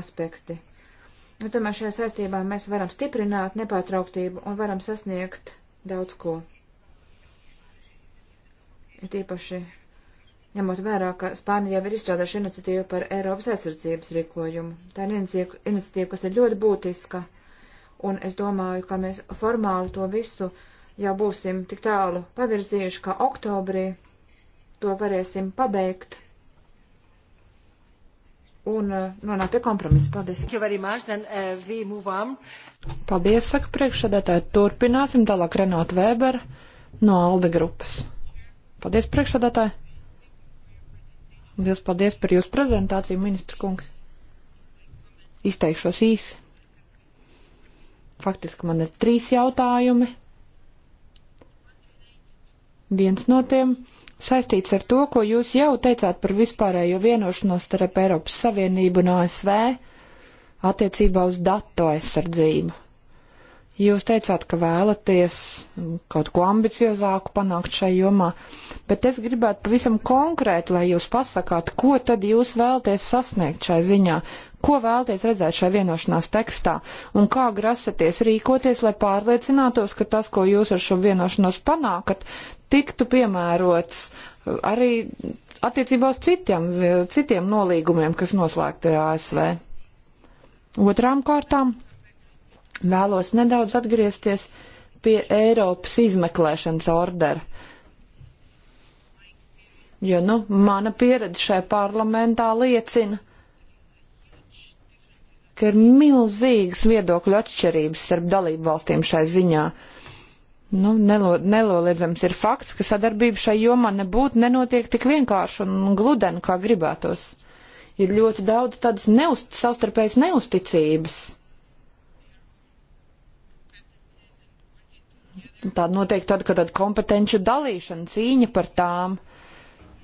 aspekti. Es nu, domāju, šajā saistībā mēs varam stiprināt nepārtrauktību un varam sasniegt daudz ko. Ir īpaši ņemot vērā, ka Spānija jau ir izstrādājuši iniciatīvu par Eiropas aizsardzības rīkojumu. Tā ir iniciatīva, kas ir ļoti būtiska, un es domāju, ka mēs formāli to visu jau būsim tik tālu pavirzījuši, ka oktobrī to varēsim pabeigt un uh, nonākt pie kompromisa. Paldies. Then, uh, Paldies, saka priekšsēdētāji. Turpināsim tālāk Renāta Vēbera no Alde grupas. Paldies, priekšsēdētāji. Liels paldies par jūsu prezentāciju, ministra kungs. Izteikšos īsi. Faktiski man ir trīs jautājumi. Viens no tiem saistīts ar to, ko jūs jau teicāt par vispārējo vienošanos starp Eiropas Savienību un ASV attiecībā uz datu aizsardzību. Jūs teicāt, ka vēlaties kaut ko ambiciozāku panākt šai jomā, bet es gribētu pavisam konkrēti, lai jūs pasakāt, ko tad jūs vēlaties sasniegt šai ziņā, ko vēlaties redzēt šai vienošanās tekstā un kā grasaties rīkoties, lai pārliecinātos, ka tas, ko jūs ar šo vienošanos panākat, tiktu piemērots arī attiecībā uz citiem, citiem nolīgumiem, kas noslēgti ar ASV. Otrām kārtām vēlos nedaudz atgriezties pie Eiropas izmeklēšanas ordera. Jo, nu, mana pieredze šai parlamentā liecina, ka ir milzīgas viedokļu atšķirības starp dalību valstīm šai ziņā. Uh, Nu, nelo, neloliedzams ir fakts, ka sadarbība šai jomā nebūtu nenotiek tik vienkārši un gludeni, kā gribētos. Ir ļoti daudz tādas neust, savstarpējas neusticības. Tāda notiek tad, kad tāda kompetenču dalīšana, cīņa par tām. Uh,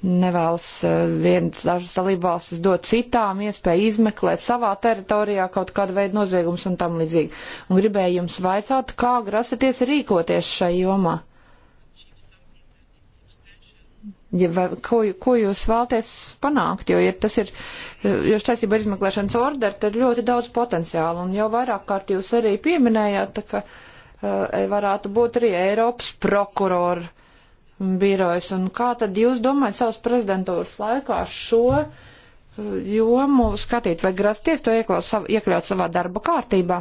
nevēlas eh, viens dažas dalību valstis dot citām iespēju izmeklēt savā teritorijā kaut kādu veidu noziegums un tam līdzīgi. Un gribēju jums vaicāt, kā grasaties rīkoties šai jomā? ja, vai, ko, ko jūs vēlaties panākt, jo, ja tas ir, jo štaisība izmeklēšanas order, tad ir ļoti daudz potenciāla, un jau vairāk kārt jūs arī pieminējāt, ka uh, varētu būt arī Eiropas prokurora birojas. Un kā tad jūs domājat savas prezidentūras laikā šo uh, jomu skatīt, vai grasties to iekļaut, sav, iekļaut savā darba kārtībā?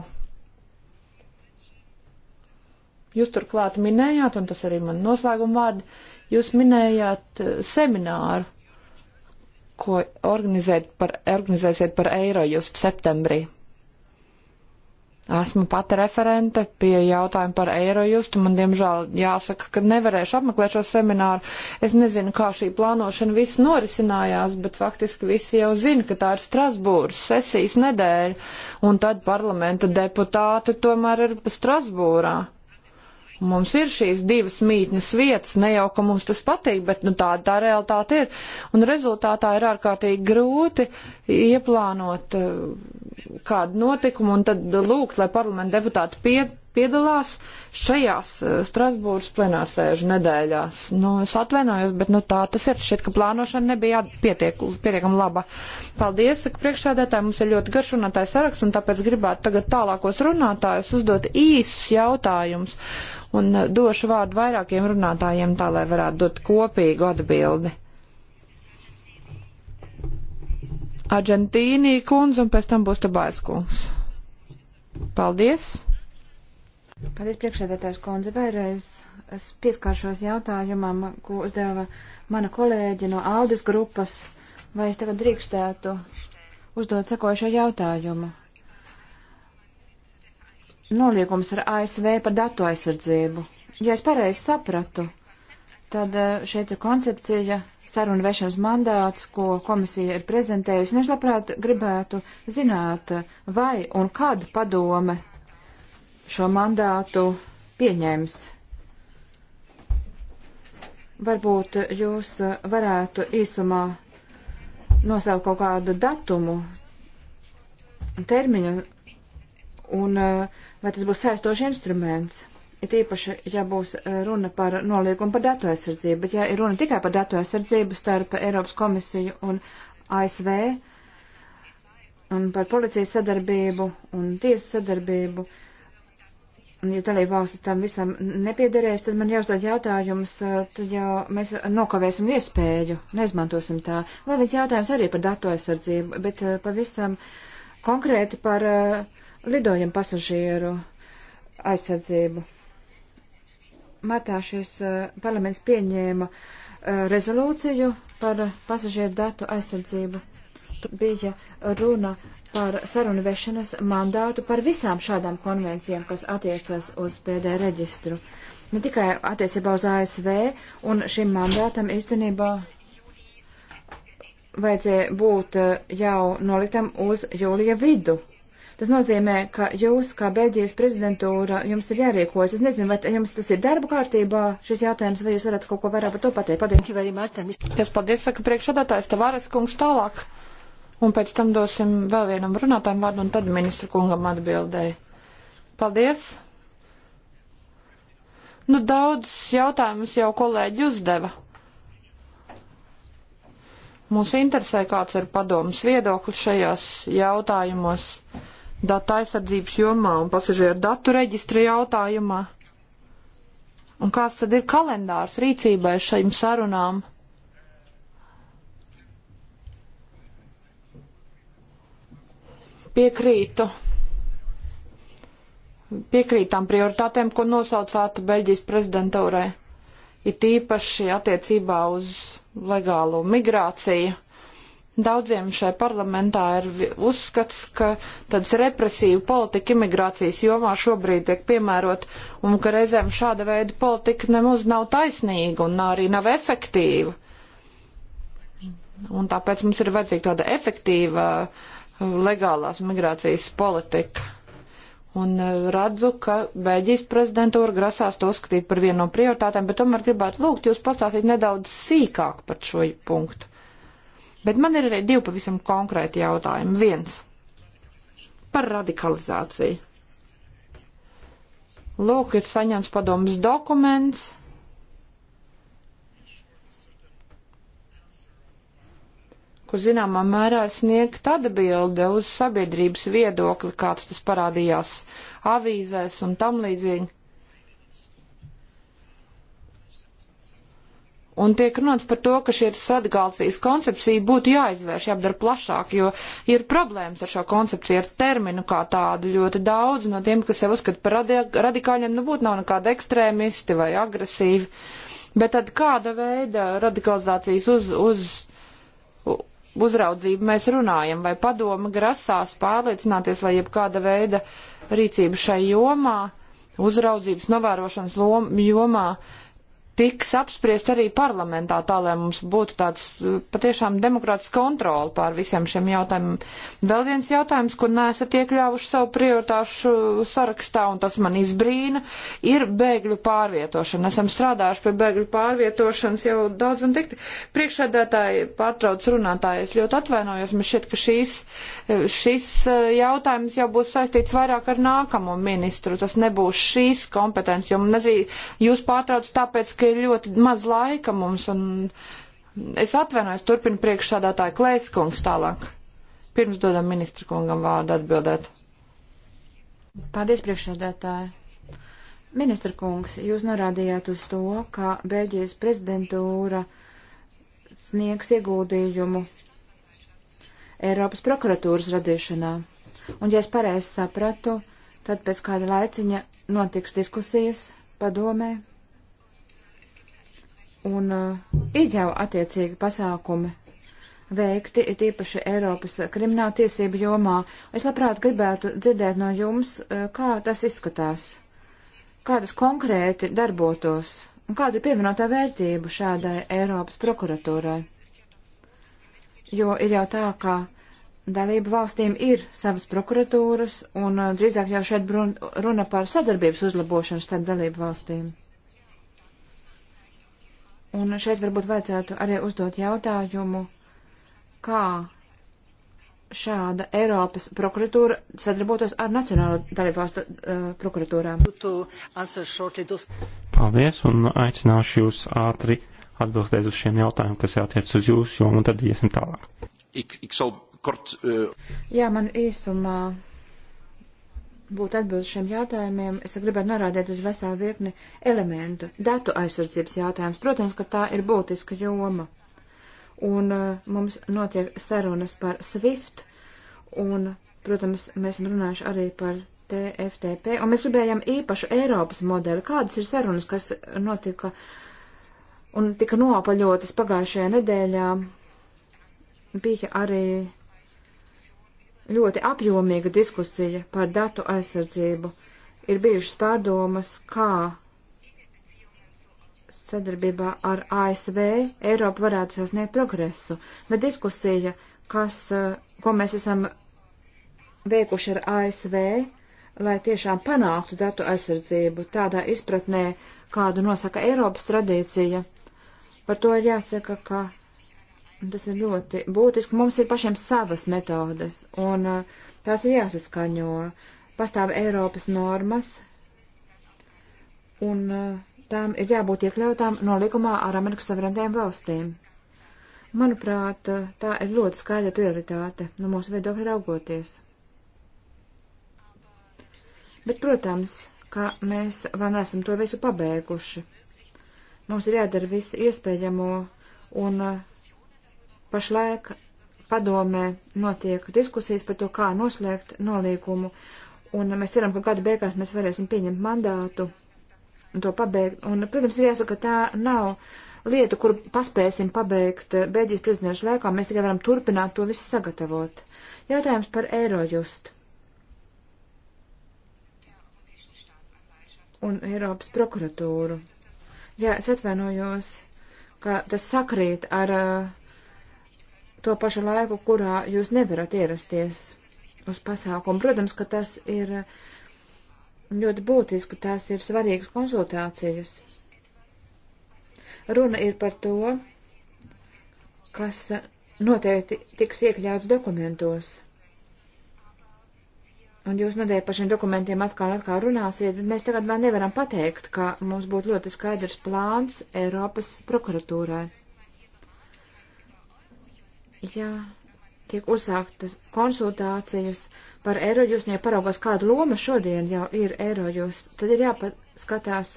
Jūs turklāt minējāt, un tas arī man noslēguma vārdi, jūs minējāt uh, semināru, ko organizēt par, organizēsiet par Eirojust septembrī. Esmu pati referente pie jautājuma par Eirojustu. Man, diemžēl, jāsaka, ka nevarēšu apmeklēt šo semināru. Es nezinu, kā šī plānošana viss norisinājās, bet faktiski visi jau zina, ka tā ir Strasbūras sesijas nedēļa, un tad parlamenta deputāti tomēr ir Strasbūrā. Mums ir šīs divas mītnes vietas, ne jau, ka mums tas patīk, bet nu, tāda tā realitāte ir. Un rezultātā ir ārkārtīgi grūti ieplānot eh, kādu notikumu un tad lūgt, lai parlamenta deputāti pie, piedalās šajās eh, Strasbūras plenārsēžu nedēļās. Nu, es atvainojos, bet nu, tā tas ir. Šķiet, ka plānošana nebija pietiek, pietiekam laba. Paldies, saka priekšsēdētāji, mums ir ļoti garš runātājs saraksts, un tāpēc gribētu tagad tālākos runātājus uzdot īsus jautājumus. Uh, un eh, došu vārdu vairākiem runātājiem tā, lai varētu dot kopīgu atbildi. Argentīnī kundze un pēc tam būs Tabais kungs. Paldies! Paldies priekšsēdētājs kundze. Vēlreiz es pieskāršos jautājumam, ko uzdeva mana kolēģi no Aldis grupas. Vai es tagad drīkstētu uzdot sekojušo jautājumu? noliegums ar ASV par datu aizsardzību. Ja es pareizi sapratu, tad eh, šeit ir koncepcija, saruna vešanas mandāts, ko komisija ir prezentējusi, un es labprāt gribētu zināt, eh, vai un kad padome šo mandātu pieņems. Varbūt jūs eh, varētu īsumā nosaukt kaut kādu datumu, termiņu, un eh, vai tas būs saistošs instruments. Ir īpaši, ja būs eh, runa par noliegumu par datu aizsardzību, bet ja ir runa tikai par datu aizsardzību starp Eiropas komisiju un ASV un par policijas sadarbību un tiesu sadarbību, un ja dalība valsts tam visam nepiederēs, tad man jāuzdod jautājums, eh, tad jau mēs nokavēsim iespēju, neizmantosim tā. Vai viens jautājums arī par datu aizsardzību, bet pavisam konkrēti par uh, lidojumu pasažieru aizsardzību. Martā šis eh, parlaments pieņēma eh, rezolūciju par pasažieru datu aizsardzību. Bija runa par sarunu vešanas mandātu par visām šādām konvencijām, kas attiecas uz PD reģistru. Ne tikai attiecībā uz ASV, un šim mandātam īstenībā vajadzēja būt eh, jau noliktam uz jūlija vidu. Tas nozīmē, ka jūs, kā Beļģijas prezidentūra, jums ir jārīkojas. Es nezinu, vai jums tas ir darba kārtībā šis jautājums, vai jūs varat kaut ko vairāk par to pateikt. Paldies. Es paldies, saka priekšsādātājs, Tavares kungs tālāk. Un pēc tam dosim vēl vienam runātājam vārdu, un tad ministru kungam atbildēja. Paldies! Nu, daudz jautājumus jau kolēģi uzdeva. Mūs interesē, kāds ir padomas viedoklis šajos jautājumos datu aizsardzības jomā un pasažieru datu reģistra jautājumā? Un kāds tad ir kalendārs rīcībai šīm sarunām? Piekrītu. Piekrītām prioritātēm, ko nosaucāta Beļģijas prezidentūrai. Ir tīpaši attiecībā uz legālo migrāciju Daudziem šai parlamentā ir uzskats, ka tāds represīva politika imigrācijas jomā šobrīd tiek piemērot un ka reizēm šāda veida politika nemaz nav taisnīga un arī nav efektīva. Un tāpēc mums ir vajadzīga tāda efektīva uh, legālās migrācijas politika. Un uh, redzu, ka Bēļģijas prezidentūra grasās to uzskatīt par vienu no prioritātēm, bet tomēr gribētu lūgt jūs pastāstīt nedaudz sīkāk par šo punktu. Bet man ir arī divi pavisam konkrēti jautājumi. Viens par radikalizāciju. Lūk, ir saņemts padomas dokuments. ko zināmā mērā sniegt atbildi uz sabiedrības viedokli, kāds tas parādījās avīzēs un tam līdzīgi. Un tiek runāts par to, ka šī sadgalcijas koncepcija būtu jāizvērš, jāapdara plašāk, jo ir problēmas ar šo koncepciju, ar terminu kā tādu. Ļoti daudz no tiem, kas sev uzskata par radikāļiem, nu būtu nav nekāda ekstrēmisti vai agresīvi. Bet tad kāda veida radikalizācijas uz, uz, uzraudzību mēs runājam, vai padoma grasās pārliecināties, vai jebkāda veida rīcība šai jomā, uzraudzības novērošanas lom, jomā tiks apspriest arī parlamentā, tā lai mums būtu tāds uh, patiešām demokrātisks kontroli pār visiem šiem jautājumiem. Vēl viens jautājums, kur nesat iekļāvuši savu prioritāšu sarakstā, un tas man izbrīna, ir bēgļu pārvietošana. Esam strādājuši pie bēgļu pārvietošanas jau daudz un tikti. Priekšēdētāji pārtrauc runātājies ļoti atvainojos, man šķiet, ka šīs, eh, šis eh, jautājums jau būs saistīts vairāk ar nākamo ministru. Tas nebūs šīs kompetences, jo man nezī, jūs pārtrauc tāpēc, ka ka ir ļoti maz laika mums, un es atvainojos, turpinu priekšsādātāju Klēskungs tālāk. Pirms dodam ministra kungam vārdu atbildēt. Paldies, priekšsādātāji. Ministra kungs, jūs norādījāt uz to, ka Bēļģijas prezidentūra sniegs ieguldījumu Eiropas prokuratūras radīšanā. Un, ja es pareizi sapratu, tad pēc kāda laiciņa notiks diskusijas padomē Un uh, eh, ir jau attiecīgi pasākumi veikti, ir īpaši Eiropas krimināla tiesība jomā. Es labprāt gribētu dzirdēt no jums, uh, kā tas izskatās, kā tas konkrēti darbotos un kāda ir pievienotā vērtība šādai Eiropas prokuratūrai. Jo ir jau tā, ka dalību valstīm ir savas prokuratūras, un eh, drīzāk jau šeit runa par sadarbības uzlabošanu starp dalību valstīm. Un šeit varbūt vajadzētu arī uzdot jautājumu, kā šāda Eiropas prokuratūra sadarbotos ar Nacionālo dalībvalstu uh, eh, prokuratūrām. Paldies un aicināšu jūs ātri atbildēt uz šiem jautājumiem, kas attiec uz jūsu jomu, un tad iesim tālāk. Ik, ik kort, uh... Jā, man īsumā. Uh būtu atbildes šiem jautājumiem, es gribētu norādīt uz veselu virkni elementu. Datu aizsardzības jautājums, protams, ka tā ir būtiska joma. Un uh, mums notiek sarunas par SWIFT, un, protams, mēs runājuši arī par TFTP, un mēs gribējām īpašu Eiropas modeli. Kādas ir sarunas, kas notika un tika noapaļotas pagājušajā nedēļā? Bija arī ļoti apjomīga diskusija par datu aizsardzību. Ir bijušas pārdomas, kā sadarbībā ar ASV Eiropa varētu sasniegt progresu, bet diskusija, kas, eh, ko mēs esam veikuši ar ASV, lai tiešām panāktu datu aizsardzību tādā izpratnē, kādu nosaka Eiropas tradīcija, par to ir jāsaka, ka Tas ir ļoti būtiski. Mums ir pašiem savas metodas, un eh, tās ir jāsaskaņo. Pastāv Eiropas normas, un eh, tām ir jābūt iekļautām nolikumā ar Amerikas Savienotajām valstīm. Manuprāt, eh, tā ir ļoti skaidra prioritāte no mūsu viedokļa raugoties. Bet, protams, ka mēs vēl neesam to visu pabeiguši. Mums ir jādara viss iespējamo un pašlaik padomē notiek diskusijas par to, kā noslēgt nolīgumu, un mēs ceram, ka gada beigās mēs varēsim pieņemt mandātu un to pabeigt. Un, protams, ir jāsaka, ka tā nav lieta, kur paspēsim pabeigt Beļģijas prezidentūras laikā, mēs tikai varam turpināt to visu sagatavot. Jautājums par Eirojust. Un Eiropas prokuratūru. Jā, es atvainojos, ka tas sakrīt ar uh, to pašu laiku, kurā jūs nevarat ierasties uz pasākumu. Protams, ka tas ir ļoti būtiski, tās ir svarīgas konsultācijas. Runa ir par to, kas noteikti tiks iekļauts dokumentos. Un jūs nedēļ par šiem dokumentiem atkal atkal runāsiet, bet mēs tagad vēl nevaram pateikt, ka mums būtu ļoti skaidrs plāns Eiropas prokuratūrai ja tiek uzsāktas konsultācijas par Eirojust, un ja paraugās, kāda loma šodien jau ir Eirojust, tad ir jāpaskatās,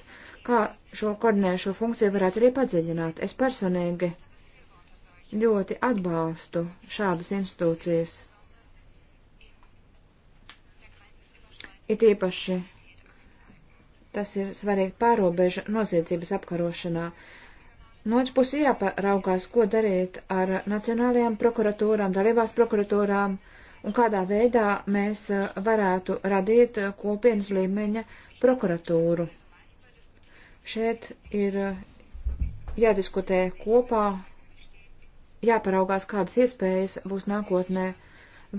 kā šo koordinējušo funkciju varētu arī padziļināt. Es personīgi ļoti atbalstu šādas institūcijas. It īpaši tas ir svarīgi pārobežu noziedzības apkarošanā, No otras puses jāparaugās, ko darīt ar nacionālajām prokuratūrām, dalībās prokuratūrām un kādā veidā mēs eh, varētu radīt eh, kopienas līmeņa prokuratūru. Šeit ir eh, jādiskutē kopā, jāparaugās, kādas iespējas būs nākotnē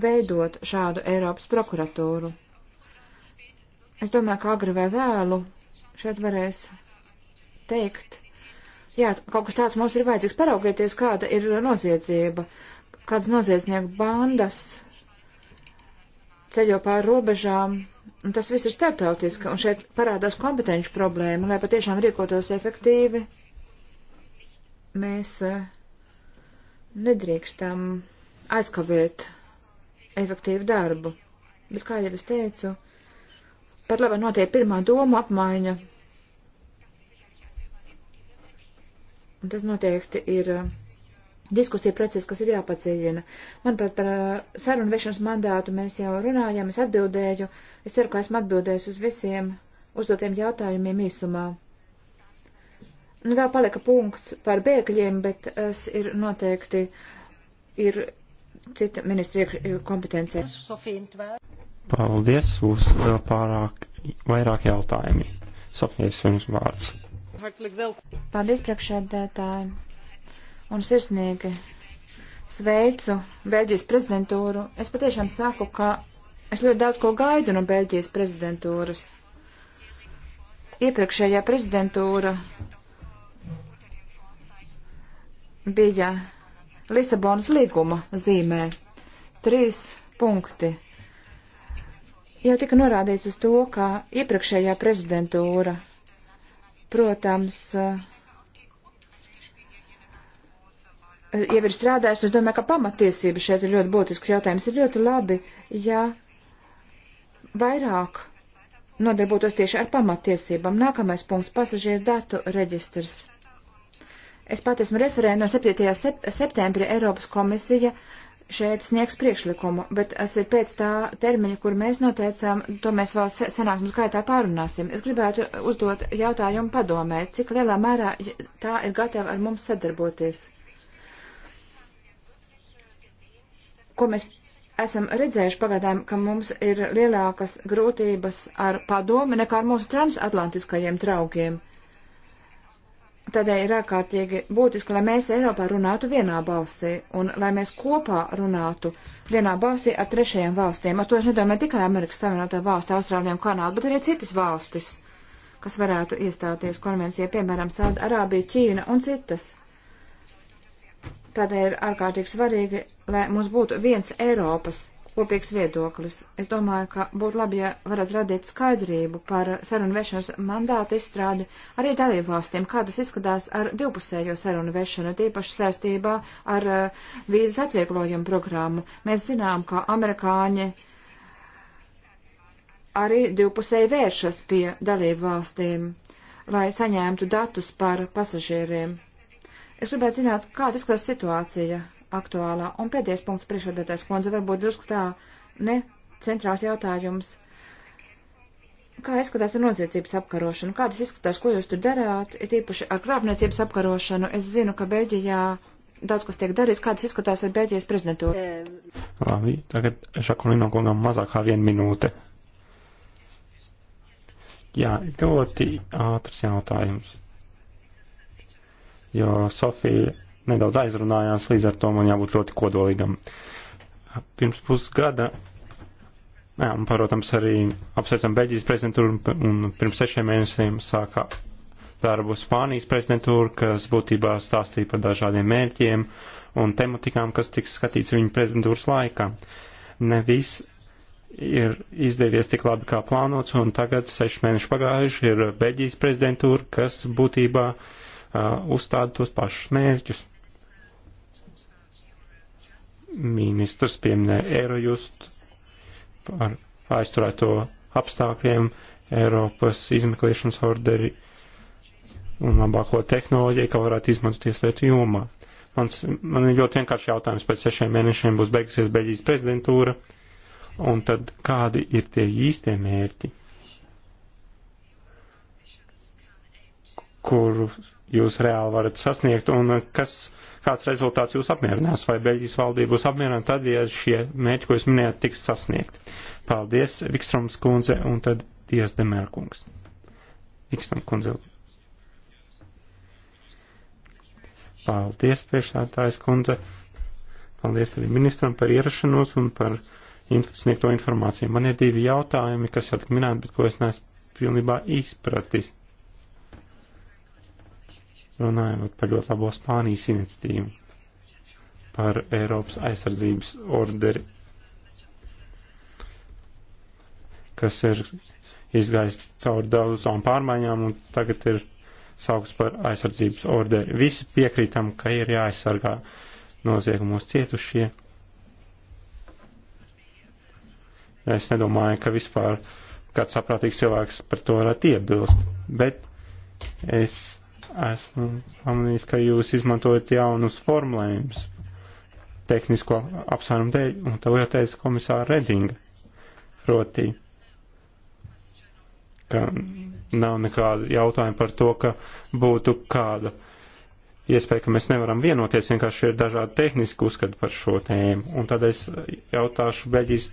veidot šādu Eiropas prokuratūru. Es domāju, ka agri vai vēlu šeit varēs teikt, Jā, kaut kas tāds mums ir vajadzīgs. Paraugieties, kāda ir noziedzība, kādas noziedznieku bandas ceļo pāri robežām. Un tas viss ir starptautiski, un šeit parādās kompetenci problēma, lai patiešām rīkotos efektīvi. Mēs eh, nedrīkstam aizkavēt efektīvu darbu. Bet, kā jau es teicu, pat labi notiek pirmā doma apmaiņa Un tas noteikti ir uh, diskusija process, kas ir jāpadziļina. Manuprāt, par uh, sarunu vešanas mandātu mēs jau runājām, es atbildēju. Es ceru, ka esmu atbildējis uz visiem uzdotiem jautājumiem īsumā. Nu, vēl palika punkts par bēgļiem, bet tas ir noteikti ir cita ministrija uh, kompetencija. Paldies, būs vēl pārāk, vairāk jautājumi. Sofijas jums vārds. Paldies, priekšēdētāji, un sirsnīgi sveicu Beļģijas prezidentūru. Es patiešām saku, ka es ļoti daudz ko gaidu no Beļģijas prezidentūras. Iepriekšējā prezidentūra bija Lisabonas līguma zīmē. Trīs punkti jau tika norādīts uz to, ka iepriekšējā prezidentūra protams, eh, jau ir strādājis, es domāju, ka pamatiesība šeit ir ļoti būtisks jautājums. Ir ļoti labi, ja vairāk nodarbotos tieši ar pamatiesībām. Nākamais punkts - pasažieru datu reģistrs. Es pat esmu referēna no 7. septembra Eiropas komisija uh, šeit sniegs priekšlikumu, bet tas ir pēc tā termiņa, kur mēs noteicām, to mēs vēl sanāksmes gaitā pārunāsim. Es gribētu uzdot jautājumu padomē, cik lielā mērā tā ir gatava ar mums sadarboties. Ko mēs esam redzējuši pagaidām, ka mums ir lielākas grūtības ar padomi nekā ar mūsu transatlantiskajiem draugiem. Tādēļ ir ārkārtīgi būtiski, lai mēs Eiropā runātu vienā balsī un lai mēs kopā runātu vienā balsī ar trešajām valstīm. Ar to es nedomāju tikai Amerikas Savienotā valsts, Austrālija un Kanāda, bet arī citas valstis, kas varētu iestāties konvencijā, piemēram, Sauda Arābija, Ķīna un citas. Tādēļ ir ārkārtīgi svarīgi, lai mums būtu viens Eiropas kopīgs viedoklis. Es domāju, ka būtu labi, ja varētu radīt skaidrību par sarunu vešanas mandātu izstrādi arī dalību valstīm, kā tas izskatās ar divpusējo sarunu vešanu, tīpaši saistībā ar uh, vīzas atvieglojumu programmu. Mēs zinām, ka amerikāņi arī divpusēji vēršas pie dalību valstīm, lai saņemtu datus par pasažieriem. Es gribētu zināt, kā tas, kas situācija aktuālā. Un pēdējais punkts priekšvedētais kundze varbūt drusku tā ne centrās jautājums. Kā izskatās ar noziedzības apkarošanu? Kā tas izskatās, ko jūs tur darāt? Ir īpaši ar krāpniecības apkarošanu. Es zinu, ka Beļģijā daudz kas tiek darīts. Kā tas izskatās ar Beļģijas prezidentu? Labi, tagad Šakolino kungam mazāk kā viena minūte. Jā, ļoti ātrs jautājums. Jo Sofija nedaudz aizrunājās, līdz ar to man jābūt ļoti kodolīgam. Pirms pusgada, jā, un, protams, arī apsveicam Beļģijas prezidentūru, un pirms sešiem mēnešiem sākā darbu Spānijas prezidentūra, kas būtībā stāstīja par dažādiem mērķiem un tematikām, kas tiks skatīts viņu prezidentūras laikā. Ne viss ir izdevies tik labi kā plānots, un tagad, seši mēneši pagājuši, ir Beļģijas prezidentūra, kas būtībā uh, uzstāda tos pašus mērķus. Ministrs pieminēja Eirojust par aizturēto apstākļiem, Eiropas izmeklēšanas orderi un labāko tehnoloģiju, ka varētu izmantot tieslietu jomā. Mans, man ir ļoti vienkārši jautājums, pēc sešiem mēnešiem būs beigusies Beļģijas prezidentūra, un tad kādi ir tie īstie mērķi, kurus jūs reāli varat sasniegt, un kas kāds rezultāts jūs apmierinās, vai Beļģijas valdība būs apmierināta tad, ja šie mērķi, ko jūs minējāt, tiks sasniegti. Paldies, Vikstroms kundze, un tad Dievs Demērkungs. Vikstrom kundze. Paldies, priekšsētājs kundze. Paldies arī ministram par ierašanos un par sniegto informāciju. Man ir divi jautājumi, kas jau tik minēti, bet ko es neesmu pilnībā izpratis runājot par ļoti labo Spānijas iniciatīvu, par Eiropas aizsardzības orderi, kas ir izgājis cauri daudzām pārmaiņām un tagad ir saukts par aizsardzības orderi. Visi piekrītam, ka ir jāaizsargā noziegumos cietušie. Ja es nedomāju, ka vispār kāds saprātīgs cilvēks par to varētu iebilst, bet es Esmu pamanījis, ka jūs izmantojat jaunus formulējumus tehnisko apsvērumu dēļ, un to jau teica komisāra Redinga. Proti, ka nav nekāda jautājuma par to, ka būtu kāda iespēja, ka mēs nevaram vienoties, vienkārši ir dažādi tehniski uzskati par šo tēmu. Un tad es jautāšu Beļģijas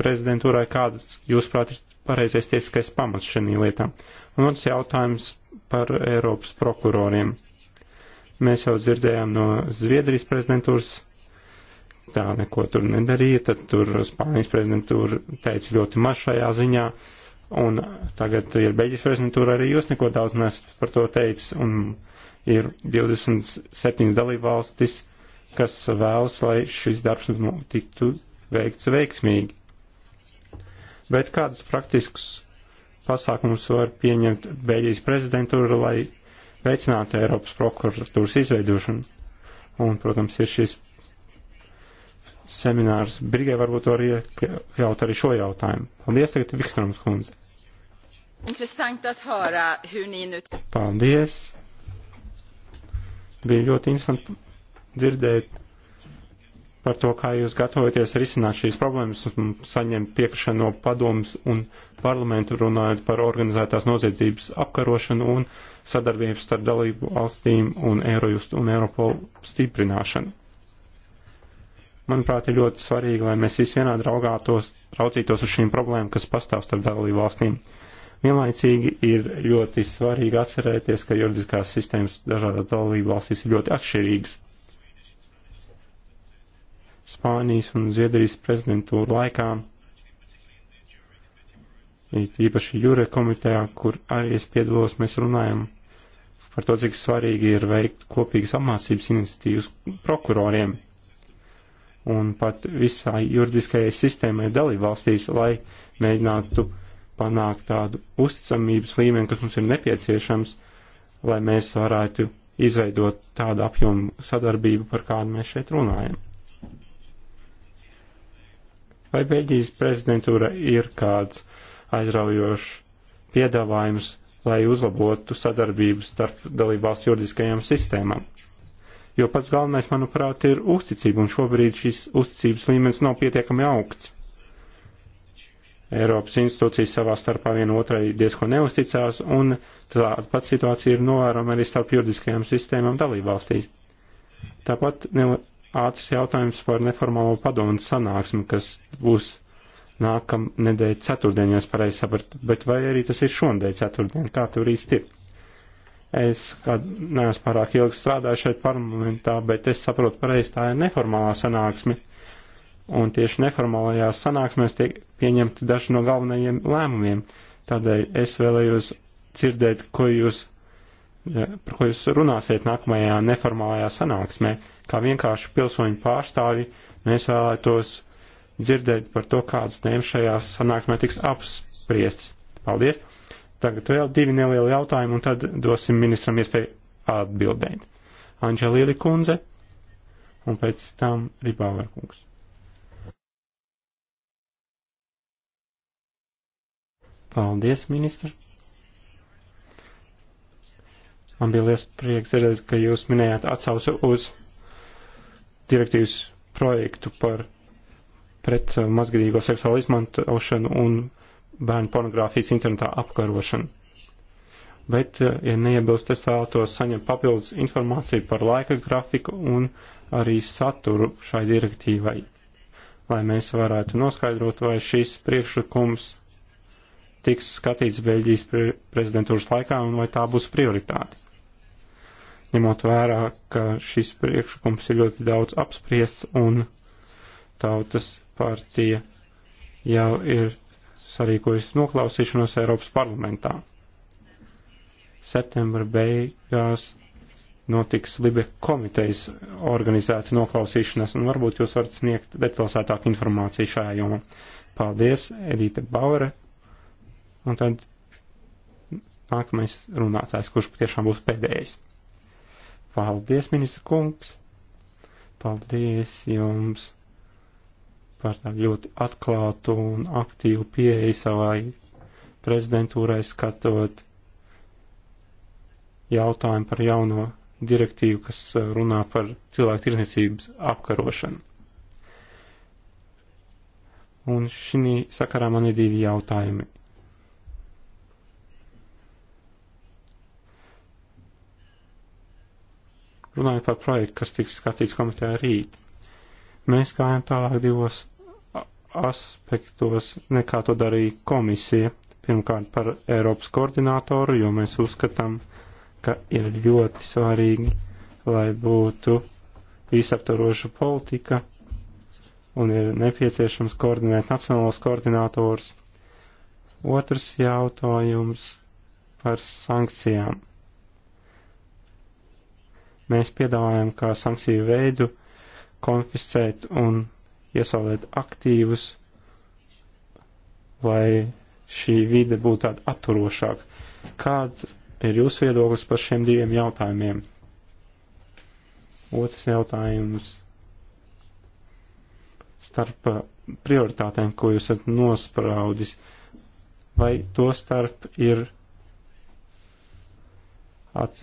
prezidentūrai, kādas, jūsuprāt, ir pareizais tiesiskais pamats šīm lietām. Un otrs jautājums par Eiropas prokuroriem. Mēs jau dzirdējām no Zviedrijas prezidentūras, tā neko tur nedarīja, tad tur Spānijas prezidentūra teica ļoti maz šajā ziņā, un tagad ir Beļģijas prezidentūra, arī jūs neko daudz nesat par to teicis, un ir 27 dalībvalstis, kas vēlas, lai šis darbs nu, tiktu veikts veiksmīgi. Bet kādus praktiskus pasākumus var pieņemt Beļģijas prezidentūra, lai veicinātu Eiropas prokuratūras izveidošanu. Un, protams, ir šis seminārs. Brigai varbūt var iekļaut arī šo jautājumu. Paldies, tagad Vikstrams kundze. Interesanti athārā, Hunīnu. Paldies. Bija ļoti interesanti dzirdēt par to, kā jūs gatavojaties risināt šīs problēmas un saņemt piekrišanu no padomus un parlamentu runājot par organizētās noziedzības apkarošanu un sadarbību starp dalību valstīm un Eirojustu un Eiropolu stiprināšanu. Manuprāt, ir ļoti svarīgi, lai mēs visi vienādi raugātos, raucītos uz šīm problēmām, kas pastāv starp dalību valstīm. Vienlaicīgi ir ļoti svarīgi atcerēties, ka juridiskās sistēmas dažādās dalību valstīs ir ļoti atšķirīgas Spānijas un Zviedrijas prezidentūru laikā, īpaši Jure komitejā, kur arī es piedalos, mēs runājam par to, cik svarīgi ir veikt kopīgas apmācības iniciatīvas prokuroriem un pat visā juridiskajai sistēmai dalībvalstīs, lai mēģinātu panākt tādu uzticamības līmeni, kas mums ir nepieciešams, lai mēs varētu izveidot tādu apjomu sadarbību, par kādu mēs šeit runājam. Vai Beļģijas prezidentūra ir kāds aizraujošs piedāvājums, lai uzlabotu sadarbību starp dalībvalstu juridiskajām sistēmām? Jo pats galvenais, manuprāt, ir uzticība, un šobrīd šis uzticības līmenis nav pietiekami augsts. Eiropas institūcijas savā starpā viena otrai diezko neusticās, un tāda pati situācija ir novērojama arī starp juridiskajām sistēmām dalībvalstīs. Tāpat ātrs jautājums par neformālo padomu sanāksmi, kas būs nākam nedēļa ceturtdien, ja es pareizi sapratu, bet vai arī tas ir šonadēļ ceturtdien, kā tur īsti ir? Es, kā neesmu pārāk ilgi strādāju šeit parlamentā, bet es saprotu pareizi, tā ir neformālā sanāksme. Un tieši neformālajās sanāksmēs tiek pieņemti daži no galvenajiem lēmumiem. Tādēļ es vēlējos dzirdēt, ko jūs par ko jūs runāsiet nākamajā neformālajā sanāksmē. Kā vienkārši pilsoņu pārstāvi mēs nu, vēlētos dzirdēt par to, kādas tēmas šajā sanāksmē tiks apspriestas. Paldies! Tagad vēl divi nelieli jautājumi, un tad dosim ministram iespēju atbildēt. Anģelīli kundze un pēc tam Ribāver kungs. Paldies, ministrs! Man bija liels prieks redzēt, ka jūs minējāt atsausu uz direktīvas projektu par pret uh, mazgadīgo seksuālu izmantošanu un bērnu pornogrāfijas internetā apkarošanu. Bet, uh, ja neiebilst, es vēlētos saņemt papildus informāciju par laika grafiku un arī saturu šai direktīvai, lai mēs varētu noskaidrot, vai šis priekšlikums tiks skatīts Beļģijas pre prezidentūras laikā un vai tā būs prioritāte. Ņemot vērā, ka šis priekšlikums ir ļoti daudz apspriests un tautas partija jau ir sarīkojusi noklausīšanos Eiropas parlamentā. Septembra beigās notiks Libe komitejas organizēta noklausīšanās, un varbūt jūs varat sniegt detalizētāku informāciju šajā jomā. Paldies, Edita Bauere, un tad nākamais runātājs, kurš patiešām būs pēdējais. Paldies, ministra kungs! Paldies jums par tādu ļoti atklātu un aktīvu pieeju savai prezidentūrai skatot jautājumu par jauno direktīvu, kas uh, runā par cilvēku tirniecības apkarošanu. Un šī sakarā man ir divi jautājumi. runājot par projektu, kas tiks skatīts komitejā rīt. Mēs gājām tālāk divos aspektos, nekā to darīja komisija. Pirmkārt par Eiropas koordinātoru, jo mēs uzskatām, ka ir ļoti svarīgi, lai būtu visaptaroša politika un ir nepieciešams koordinēt nacionālos koordinātors. Otrs jautājums par sankcijām. Mēs piedāvājam kā sankciju veidu konfiscēt un iesaulēt aktīvus, lai šī vide būtu tāda atturošāka. Kāds ir jūsu viedoklis par šiem diviem jautājumiem? Otrs jautājums starp prioritātēm, ko jūs esat nospraudis, vai to starp ir at,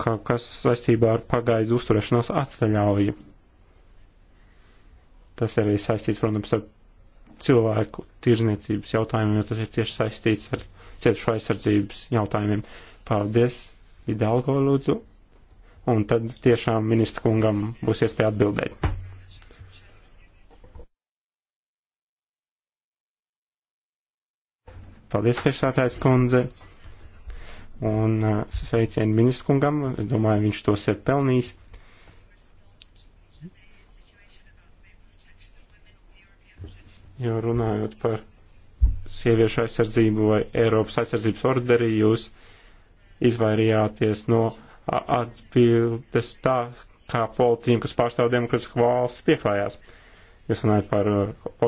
kaut kas saistībā ar pagaidu uzturēšanās atļauju. Tas arī saistīts, protams, ar cilvēku tirzniecības jautājumiem, jo tas ir cieši saistīts ar cietušo aizsardzības jautājumiem. Paldies, Vidalgo lūdzu, un tad tiešām ministra kungam būs iespēja atbildēt. Paldies, priekšsātājs kundze. Un sveicienu ministru kungam, es domāju, viņš tos ir pelnījis. Jo runājot par sieviešu aizsardzību vai Eiropas aizsardzības orderī, jūs izvairījāties no atbildes tā, kā politiķiem, kas pārstāv demokrātisku valsts, pieklājās. Jūs runājat par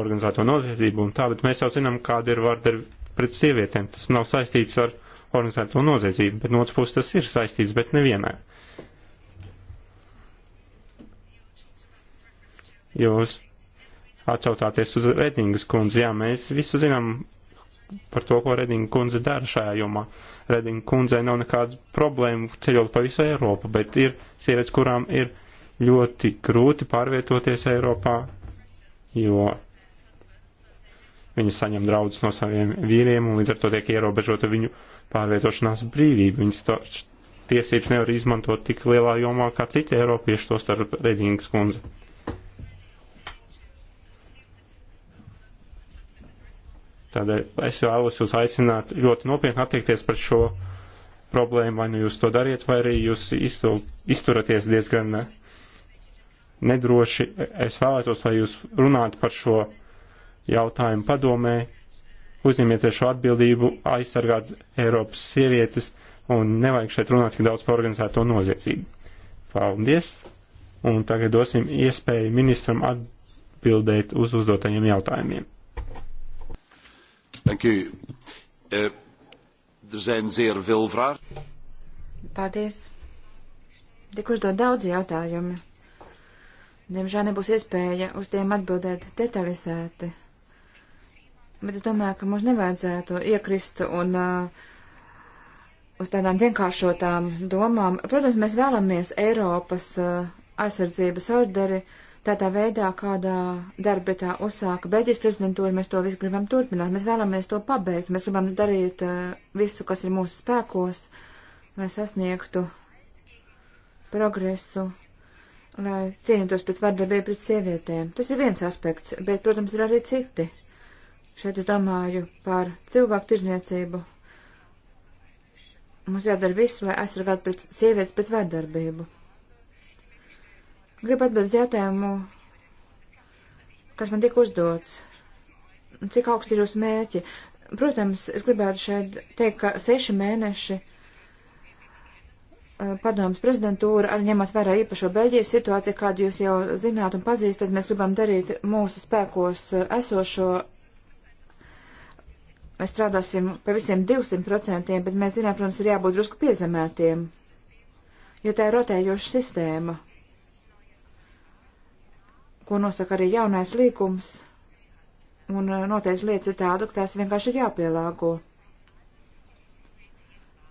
organizēto noziedzību un tā, bet mēs jau zinām, kāda ir vārda pret sievietēm. Tas nav saistīts ar organizēto noziedzību, bet no otras puses tas ir saistīts, bet nevienmēr. Jūs atcaucāties uz Redingas kundzi, jā, mēs visu zinām par to, ko Redinga kundze dara šajā jomā. Redinga kundzei nav nekādu problēmu ceļot pa visu Eiropu, bet ir sievietes, kurām ir ļoti grūti pārvietoties Eiropā, jo viņi saņem draudus no saviem vīriem un līdz ar to tiek ierobežota viņu pārvietošanās brīvību. Viņas to, tiesības nevar izmantot tik lielā jomā kā citi Eiropieši, to starp Redingas kundze. Tādēļ es vēlos jūs aicināt ļoti nopietni attiekties par šo problēmu, vai nu jūs to dariet, vai arī jūs iztul, izturaties diezgan eh, nedroši. Es vēlētos, lai jūs runātu par šo jautājumu padomē, uzņemieties šo atbildību aizsargāt Eiropas sievietes un nevajag šeit runāt tik daudz par organizēto noziedzību. Paldies! Un tagad dosim iespēju ministram atbildēt uz uzdotajiem jautājumiem. Thank you. Uh, er zijn zeer veel vragen. Paldies. Tik uzdot daudz jautājumu. Diemžēl nebūs iespēja uz tiem atbildēt detalizēti. Bet es domāju, ka mums nevajadzētu iekrist un uh, uz tādām vienkāršotām domām. Protams, mēs vēlamies Eiropas uh, aizsardzības orderi tādā veidā, kādā darbetā uzsāka Beļģijas prezidentūra. Mēs to visu gribam turpināt, mēs vēlamies to pabeigt, mēs gribam darīt uh, visu, kas ir mūsu spēkos, lai sasniegtu progresu lai cīnītos pret vardarbību pret sievietēm. Tas ir viens aspekts, bet, protams, ir arī citi. Šeit es domāju par cilvēku tirzniecību. Mums jādara viss, lai aizsargātu pret sievietes pret vardarbību. Gribu atbildēt jautājumu, kas man tika uzdots. Cik augsti ir jūsu mērķi? Protams, es gribētu šeit teikt, ka seši mēneši eh, padomas prezidentūra, arī ņemot vērā īpašo Beļģijas situāciju, kādu jūs jau zināt un pazīstat, mēs gribam darīt mūsu spēkos eh, esošo, Mēs strādāsim pa visiem 200%, bet mēs zinām, protams, ir jābūt drusku piezemētiem, jo tā ir rotējoša sistēma, ko nosaka arī jaunais līkums, un uh, noteikti lietas ir tāda, ka tās vienkārši ir jāpielāgo.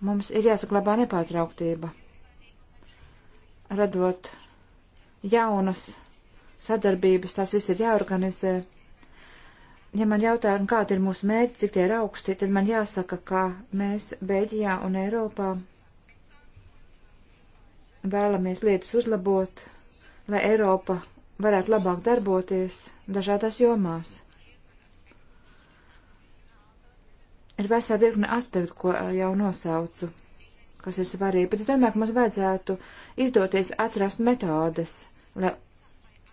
Mums ir jāsaglabā nepārtrauktība, radot jaunas sadarbības, tās viss ir jāorganizē ja man jautā, kāda ir mūsu mērķi, cik tie ir augsti, tad man jāsaka, ka mēs Beļģijā un Eiropā vēlamies lietas uzlabot, lai Eiropa varētu labāk darboties dažādās jomās. Ir vesela virkne aspektu, ko jau nosaucu, kas ir svarīgi, bet es domāju, ka mums vajadzētu izdoties atrast metodes, lai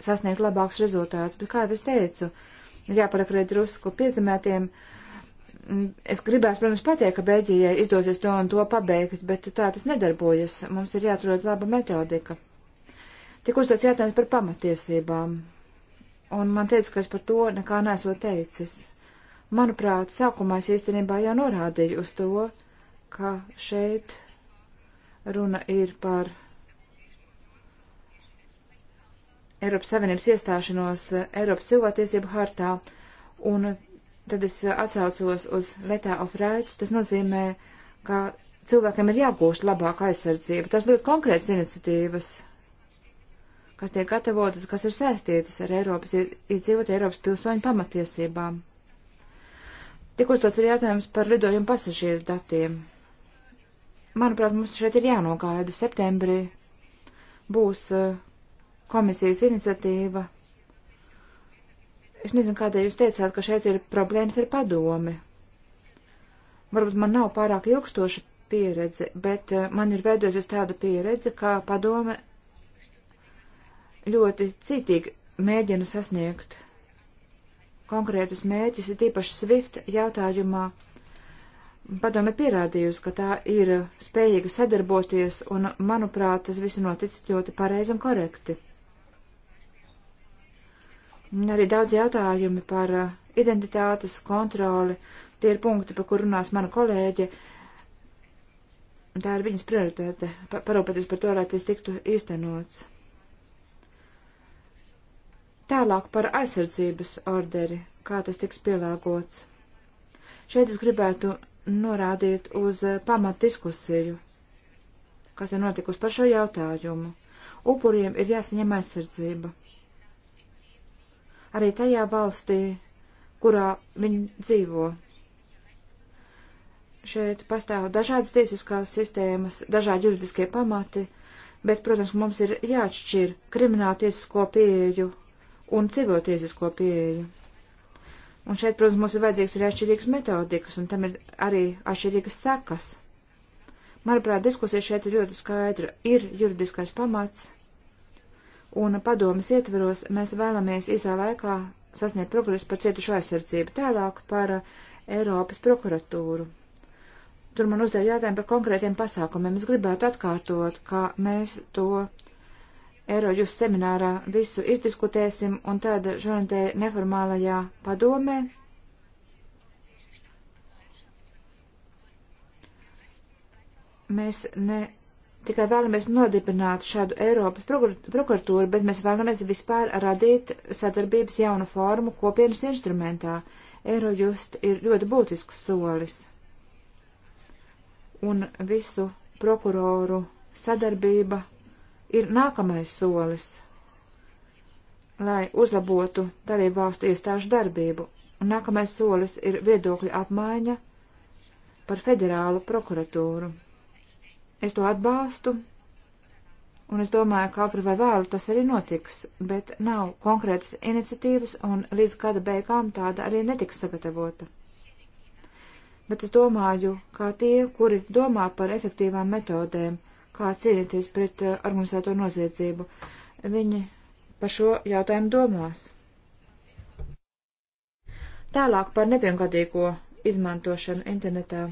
sasniegtu labāks rezultāts, bet kā jau es teicu, uh, ir jāpaliek arī drusku piezemētiem. Mm, es gribētu, protams, pateikt, ka Beļģijai izdosies to un to pabeigt, bet tā tas nedarbojas. Mums ir jāatrod laba metodika. Tik uzdots jautājums par pamatiesībām, un man teica, ka es par to nekā nesot teicis. Manuprāt, sākumā es īstenībā jau norādīju uz to, ka šeit runa ir par Eiropas Savienības iestāšanos eh, Eiropas cilvēktiesību hartā, un tad es eh, atsaucos uz Letā of Rights, tas nozīmē, ka cilvēkiem ir jāgūst labāka aizsardzība. Tas ļoti konkrēts iniciatīvas, kas tiek gatavotas, kas ir saistītas ar Eiropas iedzīvot Eiropas pilsoņu pamatiesībām. Tik uzdots ir jautājums par lidojumu pasažieru datiem. Manuprāt, mums šeit ir jānogaida septembrī. Būs uh, komisijas iniciatīva. Es nezinu, kādēļ jūs teicāt, ka šeit ir problēmas ar padomi. Varbūt man nav pārāk ilgstoša pieredze, bet eh, man ir veidojusies tāda pieredze, ka padome ļoti citīgi mēģina sasniegt konkrētus mēķus, ir tīpaši SWIFT jautājumā. Padome pierādījusi, ka tā ir spējīga sadarboties, un, manuprāt, tas viss noticis ļoti pareizi un korekti. Un arī daudz jautājumi par uh, identitātes kontroli. Tie ir punkti, par kur runās mana kolēģe. Tā ir viņas prioritāte pa parūpēties par to, lai tas tiktu īstenots. Tālāk par aizsardzības orderi, kā tas tiks pielāgots. Šeit es gribētu norādīt uz uh, pamat diskusiju, kas ir notikusi par šo jautājumu. Upuriem ir jāsaņem aizsardzība arī tajā valstī, kurā viņi dzīvo. Šeit pastāv dažādas tiesiskās sistēmas, dažādi juridiskie pamati, bet, protams, mums ir jāatšķir kriminālu tiesisko pieeju un civiltiesisko pieeju. Un šeit, protams, mums ir vajadzīgs arī atšķirīgas metodikas, un tam ir arī atšķirīgas sekas. Manuprāt, diskusija šeit ir ļoti skaidra. Ir juridiskais pamats, un padomas ietveros mēs vēlamies īsā laikā sasniegt progresu par cietušu aizsardzību, tālāk par eh, Eiropas prokuratūru. Tur man uzdev jautājumu par konkrētiem pasākumiem. Es gribētu atkārtot, ka mēs to Eirojus seminārā visu izdiskutēsim, un tad šonadēļ neformālajā padomē mēs ne tikai vēlamies nodibināt šādu Eiropas prokuratūru, bet mēs vēlamies vispār radīt sadarbības jaunu formu kopienas instrumentā. Eirojust ir ļoti būtisks solis. Un visu prokuroru sadarbība ir nākamais solis, lai uzlabotu dalību valstu iestāžu darbību. Un nākamais solis ir viedokļu apmaiņa par federālu prokuratūru. Es to atbalstu, un es domāju, ka agri vai vēlu tas arī notiks, bet nav konkrētas iniciatīvas, un līdz gada beigām tāda arī netiks sagatavota. Bet es domāju, kā tie, kuri domā par efektīvām metodēm, kā cīnīties pret eh, organizēto noziedzību, viņi par šo jautājumu domās. Tālāk par nepiemgadīgo izmantošanu internetā.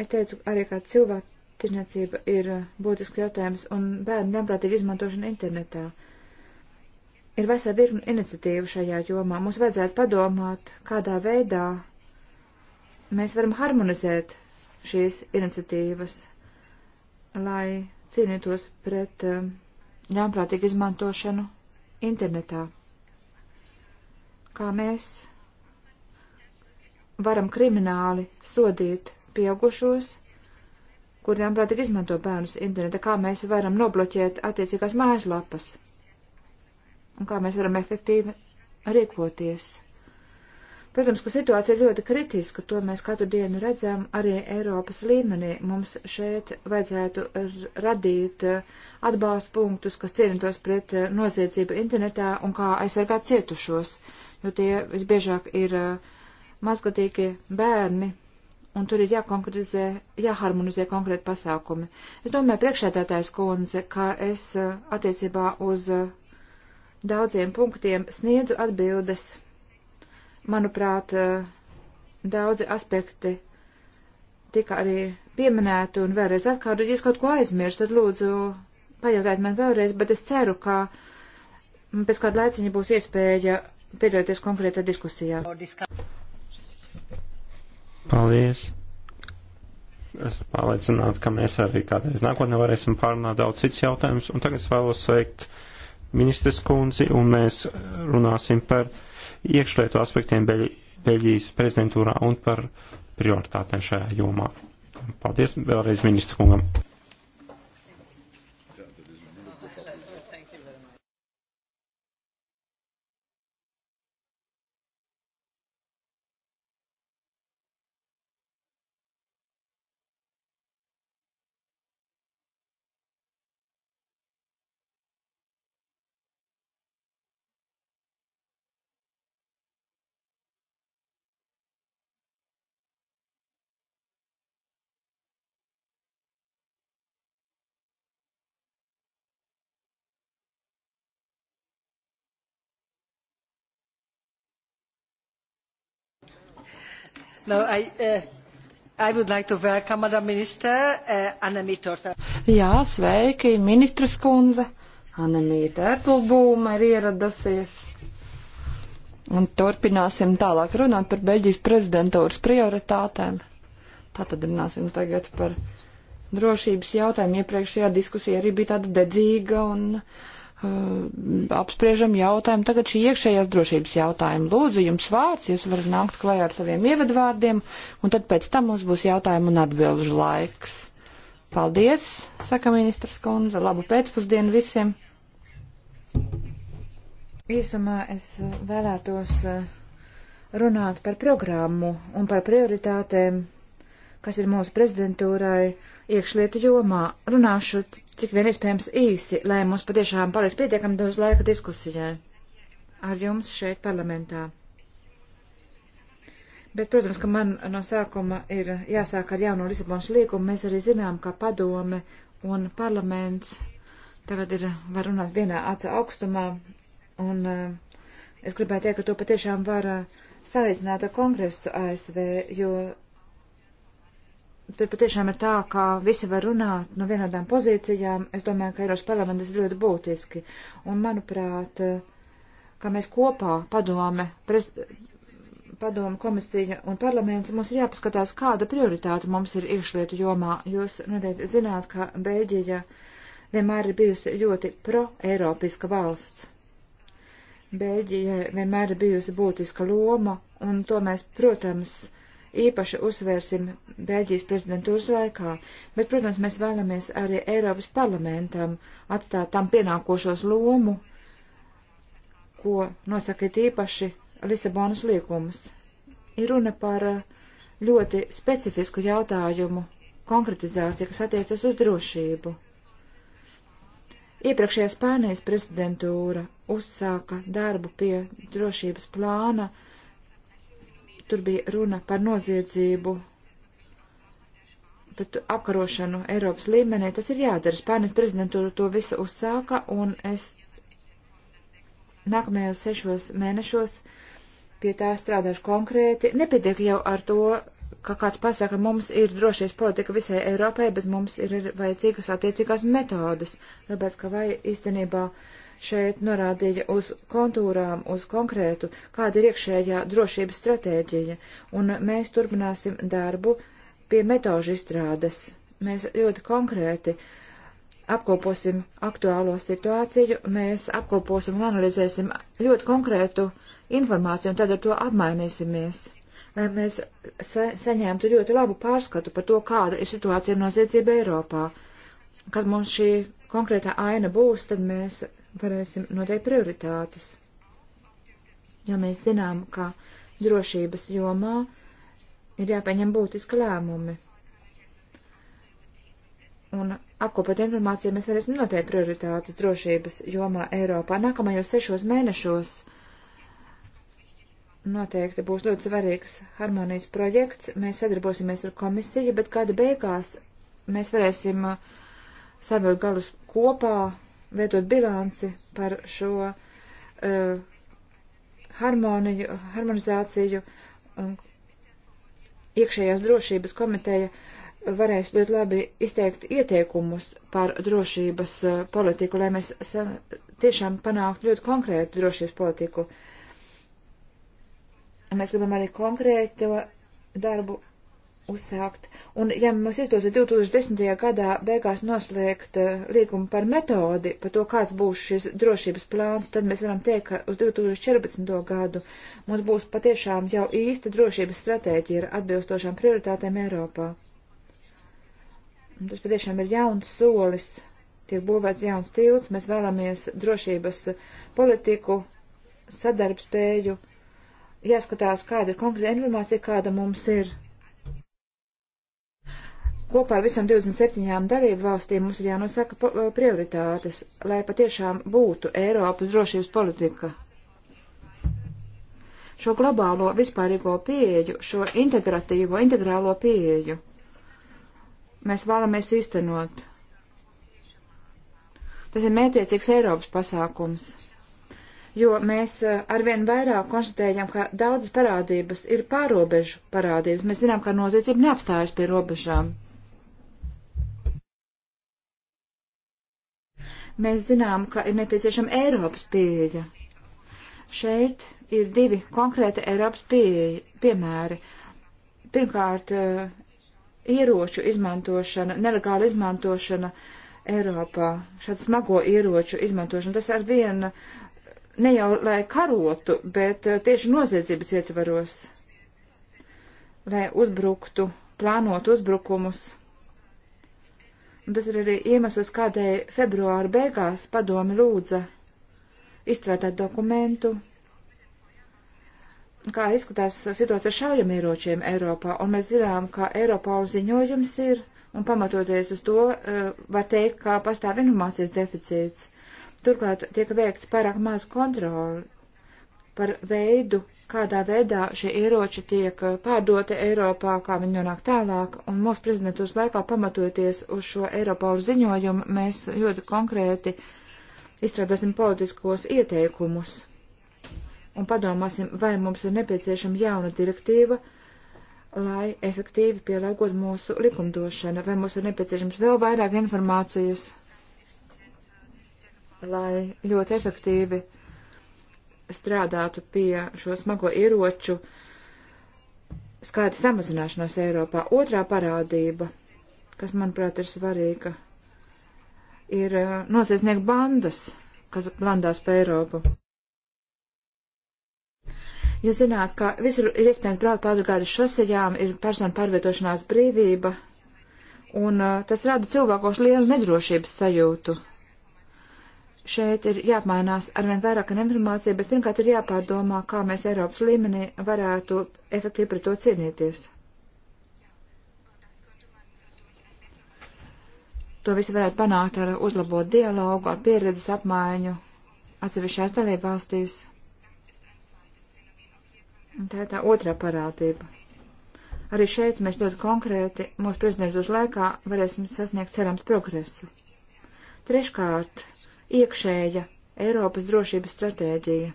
Es teicu arī, ka cilvēku tirniecība ir uh, būtisks jautājums un bērnu ļaunprātīga izmantošana internetā. Ir vesela virkni iniciatīvu šajā jomā. Mums vajadzētu padomāt, kādā veidā mēs varam harmonizēt šīs iniciatīvas, lai cīnītos pret um, ļaunprātīgu um, izmantošanu internetā. Kā mēs varam krimināli sodīt pieaugušos, kuri ļaunprātīgi izmanto bērnus internetā, kā mēs varam nobloķēt attiecīgās mājaslapas un kā mēs varam efektīvi rīkoties. Protams, ka situācija ir ļoti kritiska, to mēs katru dienu redzam arī Eiropas līmenī. Mums šeit vajadzētu radīt eh, atbalstu punktus, kas cīnītos pret eh, noziedzību internetā un kā aizsargāt cietušos, jo tie visbiežāk ir eh, mazgatīgie bērni, un tur ir jākonkretizē, jāharmonizē konkrēti pasākumi. Es domāju, priekšētātājs kundze, ka es eh, attiecībā uz eh, daudziem punktiem sniedzu atbildes. Manuprāt, eh, daudzi aspekti tika arī pieminēti un vēlreiz atkārtot, ja es kaut ko aizmirstu, tad lūdzu pajautājiet man vēlreiz, bet es ceru, ka pēc kāda laiciņa būs iespēja piedalīties konkrētā diskusijā. Paldies! Es pārliecinātu, ka mēs arī kādreiz nākotnē varēsim pārunāt daudz cits jautājums, un tagad es vēlos sveikt ministres kundzi, un mēs runāsim par iekšlietu aspektiem Beļ Beļģijas prezidentūrā un par prioritātēm šajā jomā. Paldies vēlreiz ministra kungam! No, I, uh... I would like to welcome Madam Minister uh, Annemie Torta. Jā, sveiki, ministras kundze. Annemija Tērtlbūma ir ieradusies. Un turpināsim tālāk runāt par Beļģijas prezidentūras prioritātēm. Tātad runāsim tagad par drošības jautājumu. Iepriekšējā diskusija arī bija tāda dedzīga un uh, Eh, apspriežam jautājumu tagad šī iekšējās drošības jautājuma. Lūdzu, jums vārds, jūs varat nākt klajā ar saviem ievedvārdiem, un tad pēc tam mums būs jautājumu un atbilžu laiks. Paldies, saka ministrs Konze, labu pēcpusdienu visiem. Īsumā es vēlētos eh, runāt par programmu un par prioritātēm, kas ir mūsu prezidentūrai iekšlietu jomā. Runāšu cik vien iespējams īsi, lai mums patiešām paliek pietiekami daudz laika diskusijai ar jums šeit parlamentā. Bet, protams, ka man no sākuma ir jāsāk ar jauno Lisabonas līgumu. Mēs arī zinām, ka padome un parlaments tagad ir, var runāt vienā aca augstumā. Un uh, es gribētu teikt, ka to patiešām var uh, salīdzināt ar kongresu ASV, jo tur patiešām ir tā, ka visi var runāt no vienādām pozīcijām. Es domāju, ka Eiropas parlaments ir ļoti būtiski. Un, manuprāt, ka mēs kopā padome, prez, padome komisija un parlaments, mums ir jāpaskatās, kāda prioritāte mums ir iekšlietu jomā. Jūs noteikti zināt, ka Beļģija vienmēr ir bijusi ļoti pro-eiropiska valsts. Beļģijai vienmēr ir bijusi būtiska loma, un to mēs, protams, īpaši uzsvērsim Bēļģijas prezidentūras laikā, bet, protams, mēs vēlamies arī Eiropas parlamentam atstāt tam pienākošos lomu, ko nosaka īpaši Lisabonas līgums. Ir runa par eh, ļoti specifisku jautājumu konkretizāciju, kas attiecas uz drošību. Iepriekšējā Spānijas prezidentūra uzsāka darbu pie drošības plāna 2030 Tur bija runa par noziedzību, pret apkarošanu Eiropas līmenī. Tas ir jādara. Spānijas prezidentūra to visu uzsāka, un es nākamajos sešos mēnešos pie tā strādāšu konkrēti. Nepietiek jau ar to, ka kāds pasaka, mums ir drošības politika visai Eiropai, bet mums ir vajadzīgas attiecīgās metodas. Tāpēc, ka vai īstenībā. Uh, šeit norādīja uz kontūrām, uz konkrētu, kāda ir iekšējā drošības stratēģija, un mēs turpināsim darbu pie metožu izstrādes. Mēs ļoti konkrēti apkoposim aktuālo situāciju, mēs apkoposim un analizēsim ļoti konkrētu informāciju, un tad ar to apmainīsimies, lai mēs sa saņemtu ļoti labu pārskatu par to, kāda ir situācija noziedzība Eiropā. Kad mums šī konkrētā aina būs, tad mēs varēsim noteikt prioritātes. Jo mēs zinām, ka drošības jomā ir jāpieņem būtiski lēmumi. Un apkopot informāciju mēs varēsim noteikt prioritātes drošības jomā Eiropā. Nākamajos sešos mēnešos noteikti būs ļoti svarīgs harmonijas projekts. Mēs sadarbosimies ar komisiju, bet kāda beigās mēs varēsim uh, savilgt galus kopā veidot bilanci par šo uh, harmoniju, harmonizāciju. Un iekšējās drošības komiteja varēs ļoti labi izteikt ieteikumus par drošības uh, politiku, lai mēs tiešām panāktu ļoti konkrētu drošības politiku. Mēs gribam arī konkrētu darbu uzsākt. Un ja mums izdosies 2010. gadā beigās noslēgt uh, līgumu par metodi, par to, kāds būs šis drošības plāns, tad mēs varam teikt, ka uz 2014. gadu mums būs patiešām jau īsta drošības stratēģija ar atbilstošām prioritātēm Eiropā. Un tas patiešām ir jauns solis, tiek būvēts jauns tilts, mēs vēlamies drošības politiku, sadarbspēju, jāskatās, kāda ir konkrēta informācija, kāda mums ir Kopā ar visam 27 dalību valstīm mums ir jānosaka eh, prioritātes, lai patiešām būtu Eiropas drošības politika. Šo globālo vispārīgo pieeju, šo integratīvo, integrālo pieeju mēs vēlamies īstenot. Tas ir mētiecīgs Eiropas pasākums jo mēs eh, arvien vairāk konstatējam, ka daudzas parādības ir pārobežu parādības. Mēs zinām, ka noziedzība neapstājas pie robežām. Mēs zinām, ka ir nepieciešama Eiropas pieeja. Šeit ir divi konkrēti Eiropas pieeja, piemēri. Pirmkārt, eh, ieroču izmantošana, nelegāla izmantošana Eiropā, šādu smago ieroču izmantošana. Tas ar vienu ne jau lai karotu, bet eh, tieši noziedzības ietvaros, lai uzbruktu, plānot uzbrukumus Un tas ir arī iemesls, kādēļ februāra beigās padomi lūdza izstrādāt dokumentu, kā izskatās situācija ar šaujamieročiem Eiropā. Un mēs zinām, ka Eiropā ziņojums ir, un pamatoties uz to, eh, var teikt, ka pastāv informācijas deficīts. Turklāt tiek veikts pārāk maz kontroli par veidu, kādā veidā šie ieroči tiek eh, pārdoti Eiropā, kā viņi nonāk tālāk, un mūsu prezidentūras laikā pamatojoties uz šo Eiropālu ziņojumu, mēs ļoti konkrēti izstrādāsim politiskos ieteikumus un padomāsim, vai mums ir nepieciešama jauna direktīva, lai efektīvi pielāgot mūsu likumdošanu, vai mums ir nepieciešams vēl vairāk informācijas, lai ļoti efektīvi strādātu pie šo smago ieroču skaita samazināšanās Eiropā. Otrā parādība, kas, manuprāt, ir svarīga, ir uh, nosiesnieku bandas, kas blandās pa Eiropu. Jūs ja zināt, ka visur ir iespējams braukt pāri gājas šosejām, ir personu pārvietošanās brīvība, un uh, tas rada cilvēkos lielu nedrošības sajūtu šeit ir jāapmainās arvien vairāk ar informāciju, bet pirmkārt ir jāpārdomā, kā mēs Eiropas līmenī varētu efektīvi pret to cīnīties. To visu varētu panākt ar uzlabot dialogu, ar pieredzes apmaiņu atsevišķās dalībvalstīs. Tā ir tā otrā parādība. Arī šeit mēs ļoti konkrēti mūsu prezidentūras laikā varēsim sasniegt cerams progresu. Treškārt, iekšēja Eiropas drošības stratēģija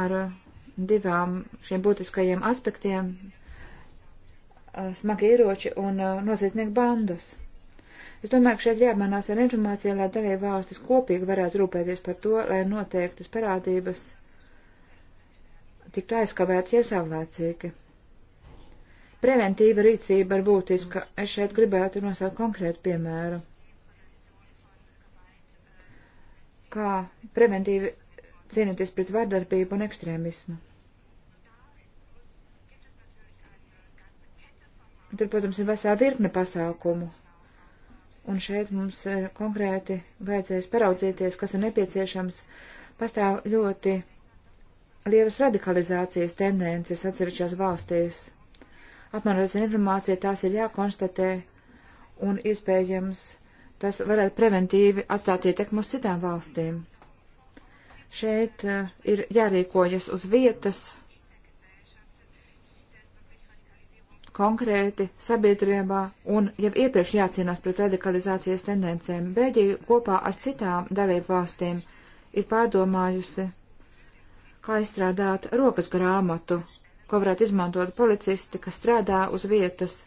ar uh, divām šiem būtiskajiem aspektiem uh, - smagi ieroči un uh, noziedznieku bandas. Es domāju, ka šeit ir jāapmanās ar informāciju, lai dalību valstis kopīgi varētu rūpēties par to, lai noteiktas parādības tiktu aizkavētas jau savlaicīgi. Preventīva rīcība ir būtiska. Es šeit gribētu nosaukt konkrētu piemēru. kā preventīvi cīnīties pret vardarbību un ekstrēmismu. Tur, protams, ir vesela virkne pasākumu. Un šeit mums eh, konkrēti vajadzēs paraudzīties, kas ir nepieciešams. Pastāv ļoti lielas radikalizācijas tendences atsevišķās valstīs. Apmanoties ar informāciju, tās ir jākonstatē un iespējams tas varētu preventīvi atstāt ietekmi uz citām valstīm. Šeit uh, ir jārīkojas uz vietas konkrēti sabiedrībā un jau iepriekš jācīnās pret radikalizācijas tendencēm. Bēļģija kopā ar citām dalību valstīm ir pārdomājusi, kā izstrādāt rokas grāmatu, ko varētu izmantot policisti, kas strādā uz vietas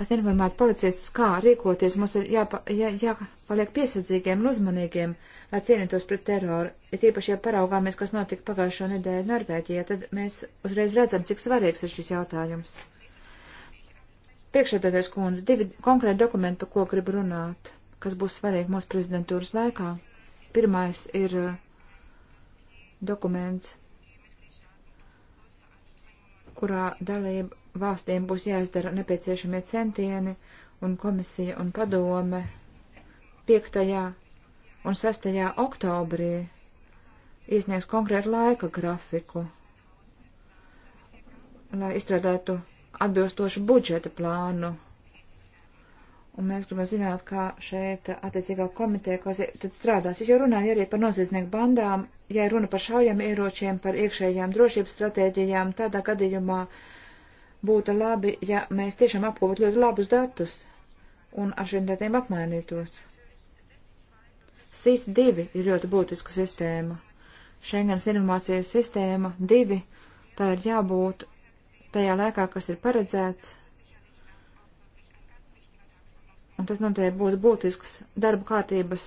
kas informētu policistus, kā rīkoties. Mums ir jāpa, jā, jāpaliek piesardzīgiem un uzmanīgiem, lai cienītos pret teroru. Ir īpaši, ja paraugāmies, kas notika pagājušo nedēļu Norvēģijā, tad mēs uzreiz redzam, cik svarīgs ir šis jautājums. Priekšēdētais kundze, divi konkrēti dokumenti, par ko gribu runāt, kas būs svarīgi mūsu prezidentūras laikā. Pirmais ir uh, dokuments, kurā dalība valstīm būs jāizdara nepieciešamie centieni, un komisija un padome 5. un 6. oktobrī iesniegs konkrētu laika grafiku, lai izstrādātu atbilstošu budžeta plānu. Un mēs gribam zināt, kā šeit attiecīgā komiteja, kas tad strādās. Es jau runāju arī par noziedznieku bandām, ja runa par šaujam ieročiem, par iekšējām drošības stratēģijām, tādā gadījumā uh, būtu labi, ja mēs tiešām apkopot ļoti labus datus un ar šiem datiem apmainītos. SIS 2 ir ļoti būtiska sistēma. Schengens informācijas sistēma 2, tā ir jābūt tajā laikā, kas ir paredzēts. Un tas noteikti būs būtisks darba kārtības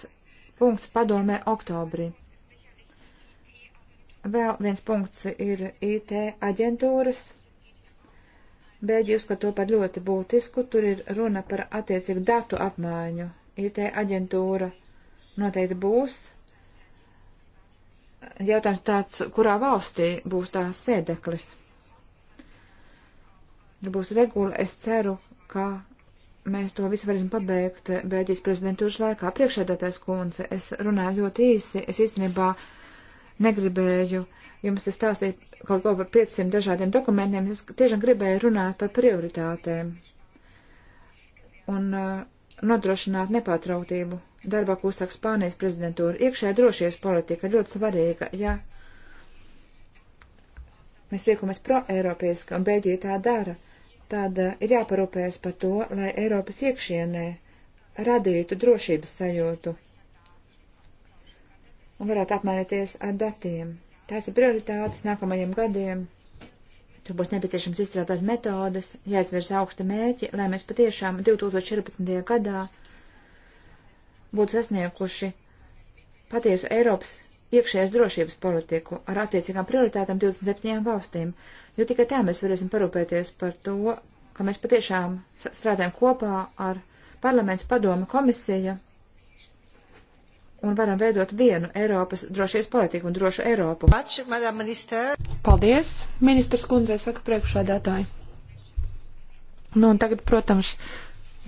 punkts padomē oktobrī. Vēl viens punkts ir IT aģentūras Bēģi uzskata to par ļoti būtisku, tur ir runa par attiecīgu datu apmaiņu. IT aģentūra noteikti būs. Jautājums tāds, kurā valstī būs tās sēdeklis. Ja būs regula, es ceru, ka mēs to visu varēsim pabeigt Bēļģijas prezidentūras laikā. Priekšēdētais kundze, es runāju ļoti īsi, es īstenībā negribēju uh, jums te stāstīt kaut ko par 500 dažādiem dokumentiem. Es tiešām gribēju runāt par prioritātēm un uh, nodrošināt nepārtrauktību darbā, ko uzsāk Spānijas prezidentūra. Iekšējā drošības politika ļoti svarīga, ja mēs riekamies pro-eiropieski, un Beļģija tā dara, tad uh, ir jāparūpējas par to, lai Eiropas iekšienē radītu drošības sajūtu un varētu apmainīties ar datiem. Tās ir prioritātes nākamajiem gadiem. Tur būs nepieciešams izstrādāt metodas, jāizvirs augsta mērķi, lai mēs patiešām 2014. gadā būtu sasnieguši patiesu Eiropas iekšējās drošības politiku ar attiecīgām prioritātām 27 valstīm, jo tikai tā mēs varēsim parūpēties par to, ka mēs patiešām strādājam kopā ar parlaments padomu komisiju un varam veidot vienu Eiropas drošības politiku un drošu Eiropu. Paldies, ministrs kundzei saka priekšādātāji. Nu, un tagad, protams,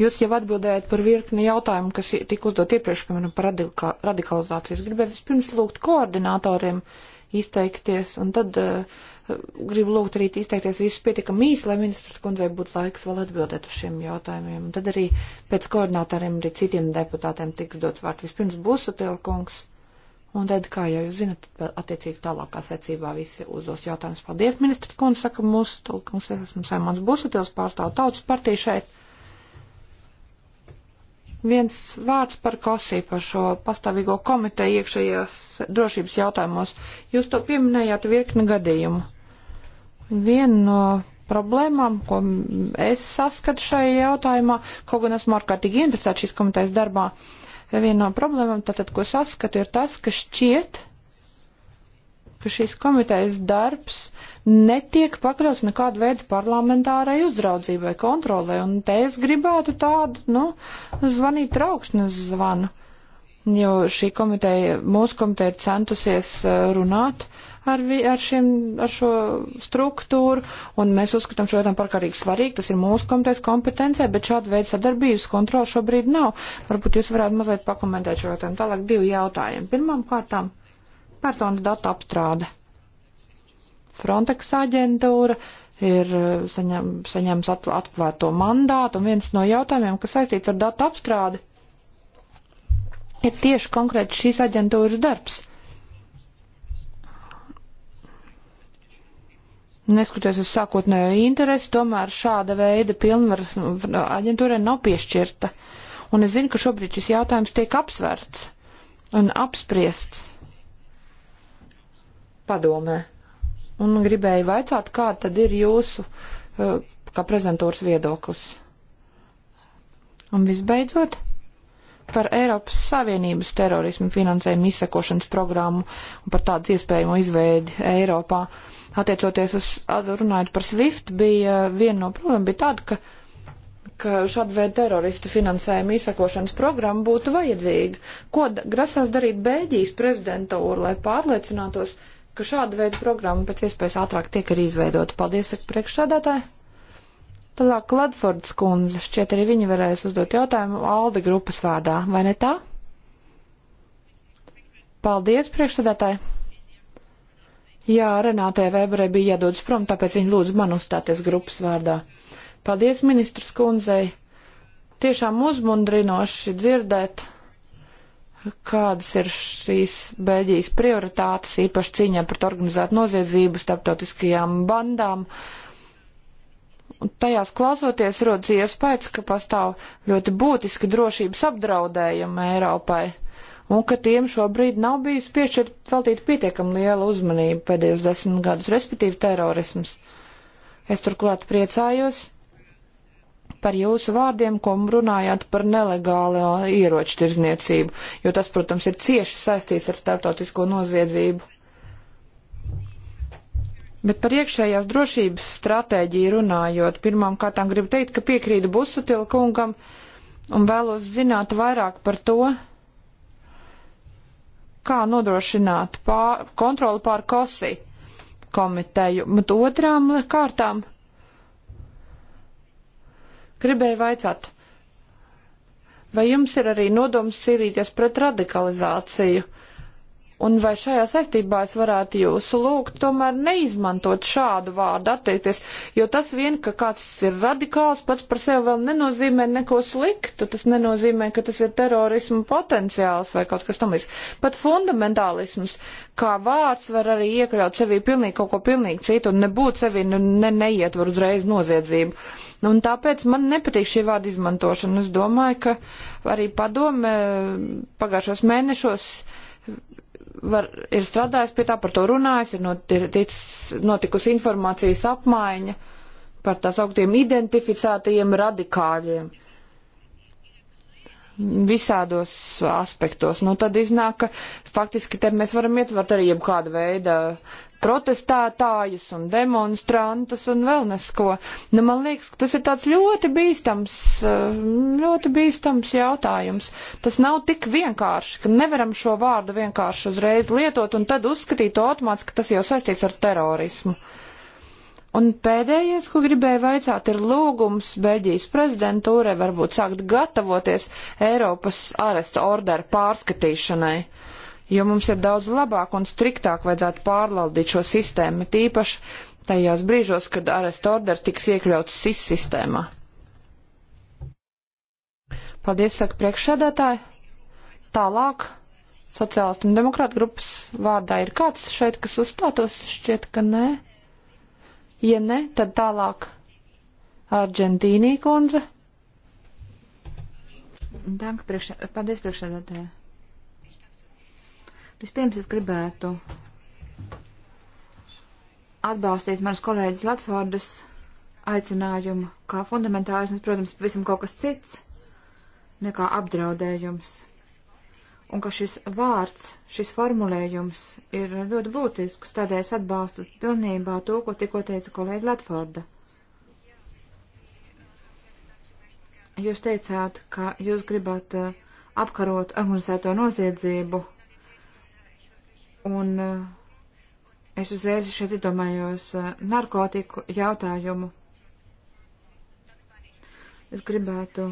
jūs jau atbildējat par virkni jautājumu, kas tika uzdot iepriekš, piemēram, par radikalizāciju. Es gribēju vispirms lūgt koordinātoriem. Uh, izteikties, un tad uh, gribu lūgt arī izteikties visus pietiekami īsi, lai ministrs kundzei būtu laiks vēl atbildēt uz šiem jautājumiem. Un tad arī pēc koordinātāriem arī citiem deputātiem tiks dots vārds. Vispirms būs Sutilkungs, un tad, kā jau jūs zinat, attiecīgi tālākā secībā visi uzdos jautājumus. Paldies, ministrs kundze, saka mūsu tulkungs, es esmu Saimons Busutils, pārstāvu tautas partiju šeit. Viens vārds par Kosī, par šo pastāvīgo komiteju iekšējās drošības jautājumos. Jūs to pieminējāt virkni gadījumu. Viena no problēmām, ko es saskatu šajā jautājumā, kaut gan esmu ārkārtīgi interesēta šīs komitejas darbā, viena no problēmām, tātad, ko saskatu, ir tas, ka šķiet, ka šīs komitejas darbs netiek pakļauts nekādu veidu parlamentārai uzraudzībai, kontrolē, un te es gribētu tādu, nu, zvanīt trauksnes zvanu, jo šī komiteja, mūsu komiteja ir centusies eh, runāt ar, vi, ar, šiem, ar šo struktūru, un mēs uzskatām šo jautājumu par kārīgi svarīgu. Tas ir mūsu komitejas kompetencija, bet šāda veida sadarbības kontrola šobrīd nav. Varbūt jūs varētu mazliet pakomentēt šo jautājumu. Tālāk divi jautājumi. Pirmām kārtām personu datu apstrāde. Frontex aģentūra ir eh, saņem, saņems atvērto mandātu, un viens no jautājumiem, kas saistīts ar datu apstrādi, ir tieši konkrēti šīs aģentūras darbs. Neskatoties uz sākotnējo interesi, tomēr šāda veida pilnvaras aģentūrai nav piešķirta. Un es zinu, ka šobrīd šis jautājums tiek apsvērts un apspriests padomē. Un gribēju vaicāt, kā tad ir jūsu, eh, kā prezentūras viedoklis. Un visbeidzot, par Eiropas Savienības terorismu finansējumu izsekošanas programmu un par tādas iespējamo izveidi Eiropā. Attiecoties uz, runājot par SWIFT, bija viena no problēma bija tāda, ka ka šāda veida terorista finansējuma izsakošanas programma būtu vajadzīga. Ko grasās darīt Bēļģijas prezidentūra, lai pārliecinātos, uh, ka šāda veida programma pēc iespējas ātrāk tiek arī izveidota. Paldies, saka priekšsādātāji. Tālāk Ledfords kundze, šķiet arī viņa varēs uzdot jautājumu Alde grupas vārdā, vai ne tā? Paldies, priekšsādātāji. Jā, Renātē Vēberē bija jādodas prom, tāpēc viņa lūdz man uzstāties grupas vārdā. Paldies ministrs kundzei. Tiešām uzmundrinoši dzirdēt kādas ir šīs Beļģijas prioritātes, īpaši cīņā pret organizētu noziedzību, starptautiskajām bandām. Un tajās klausoties rodas iespējas, ka pastāv ļoti būtiski drošības apdraudējumi Eiropai un ka tiem šobrīd nav bijis piešķirt veltīt pietiekam liela uzmanība pēdējos desmit gadus, respektīvi terorisms. Es turklāt priecājos, par jūsu vārdiem, ko runājāt par nelegālo ieroču tirzniecību, jo tas, protams, ir cieši saistīts ar starptautisko noziedzību. Bet par iekšējās drošības stratēģiju runājot, pirmām kārtām gribu teikt, ka piekrītu Busutila kungam un vēlos zināt vairāk par to, kā nodrošināt pār, kontroli pār kosi komiteju. Bet otrām kārtām Gribēju vaicāt, vai jums ir arī nodoms cīnīties pret radikalizāciju? Un vai šajā saistībā es varētu jūs lūgt tomēr neizmantot šādu vārdu attiekties, jo tas vien, ka kāds ir radikāls pats par sevi vēl nenozīmē neko sliktu, tas nenozīmē, ka tas ir terorismu potenciāls vai kaut kas tam līdz. Pat fundamentālisms kā vārds var arī iekļaut sevī pilnīgi kaut ko pilnīgi citu un nebūt sevī, nu ne, neietver uzreiz noziedzību. Nu, un tāpēc man nepatīk šī vārda izmantošana. Es domāju, ka arī padome pagājušos mēnešos var, ir strādājis pie tā, par to runājis, ir, not, ir tic, notikusi informācijas apmaiņa par tās augtiem identificētajiem radikāļiem visādos aspektos. Nu, tad iznāk, ka faktiski te mēs varam ietvert arī jebkāda veida protestētājus un demonstrantus un vēl nesko. Nu, man liekas, ka tas ir tāds ļoti bīstams, eh, ļoti bīstams jautājums. Tas nav tik vienkārši, ka nevaram šo vārdu vienkārši uzreiz lietot un tad uzskatīt automāts, ka tas jau saistīts ar terorismu. Un pēdējais, ko gribēju vaicāt, ir lūgums Beļģijas prezidentūrai varbūt sākt gatavoties Eiropas aresta orderu pārskatīšanai. Uh, jo mums ir daudz labāk un striktāk vajadzētu pārvaldīt šo sistēmu, tīpaši tajās brīžos, kad arest orders tiks iekļauts SIS sistēmā. Paldies, saka priekšsēdētāji. Tālāk sociālistu un demokrātu grupas vārdā ir kāds šeit, kas uzstātos, šķiet, ka nē. Ja ne, tad tālāk Argentīnī kundze. Dank, priekš... Paldies, priekšsēdētāji. Vispirms es gribētu atbalstīt manas kolēģis Latvārdas aicinājumu kā fundamentālisms, protams, visam kaut kas cits nekā apdraudējums. Un ka šis vārds, šis formulējums ir ļoti būtisks, tādēļ es atbalstu pilnībā to, ko tikko teica kolēģi Latvārda. Jūs teicāt, ka jūs gribat uh, apkarot organizēto noziedzību Un eh, es uzreiz šeit iedomājos eh, narkotiku jautājumu. Es gribētu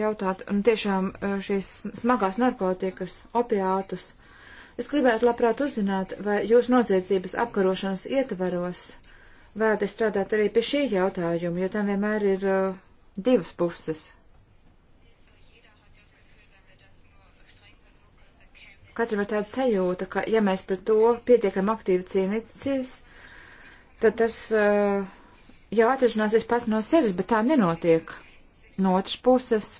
jautāt, un tiešām eh, šīs smagās narkotikas, opiātus. Es gribētu labprāt uzzināt, vai jūs noziedzības apkarošanas ietvaros vēlaties strādāt arī pie šī jautājuma, jo tam vienmēr ir uh, divas puses. katram ir tāda sajūta, ka ja mēs pret to pietiekam aktīvi cīnīties, tad tas uh, jau atrašanāsies pats no sevis, bet tā nenotiek. No otras puses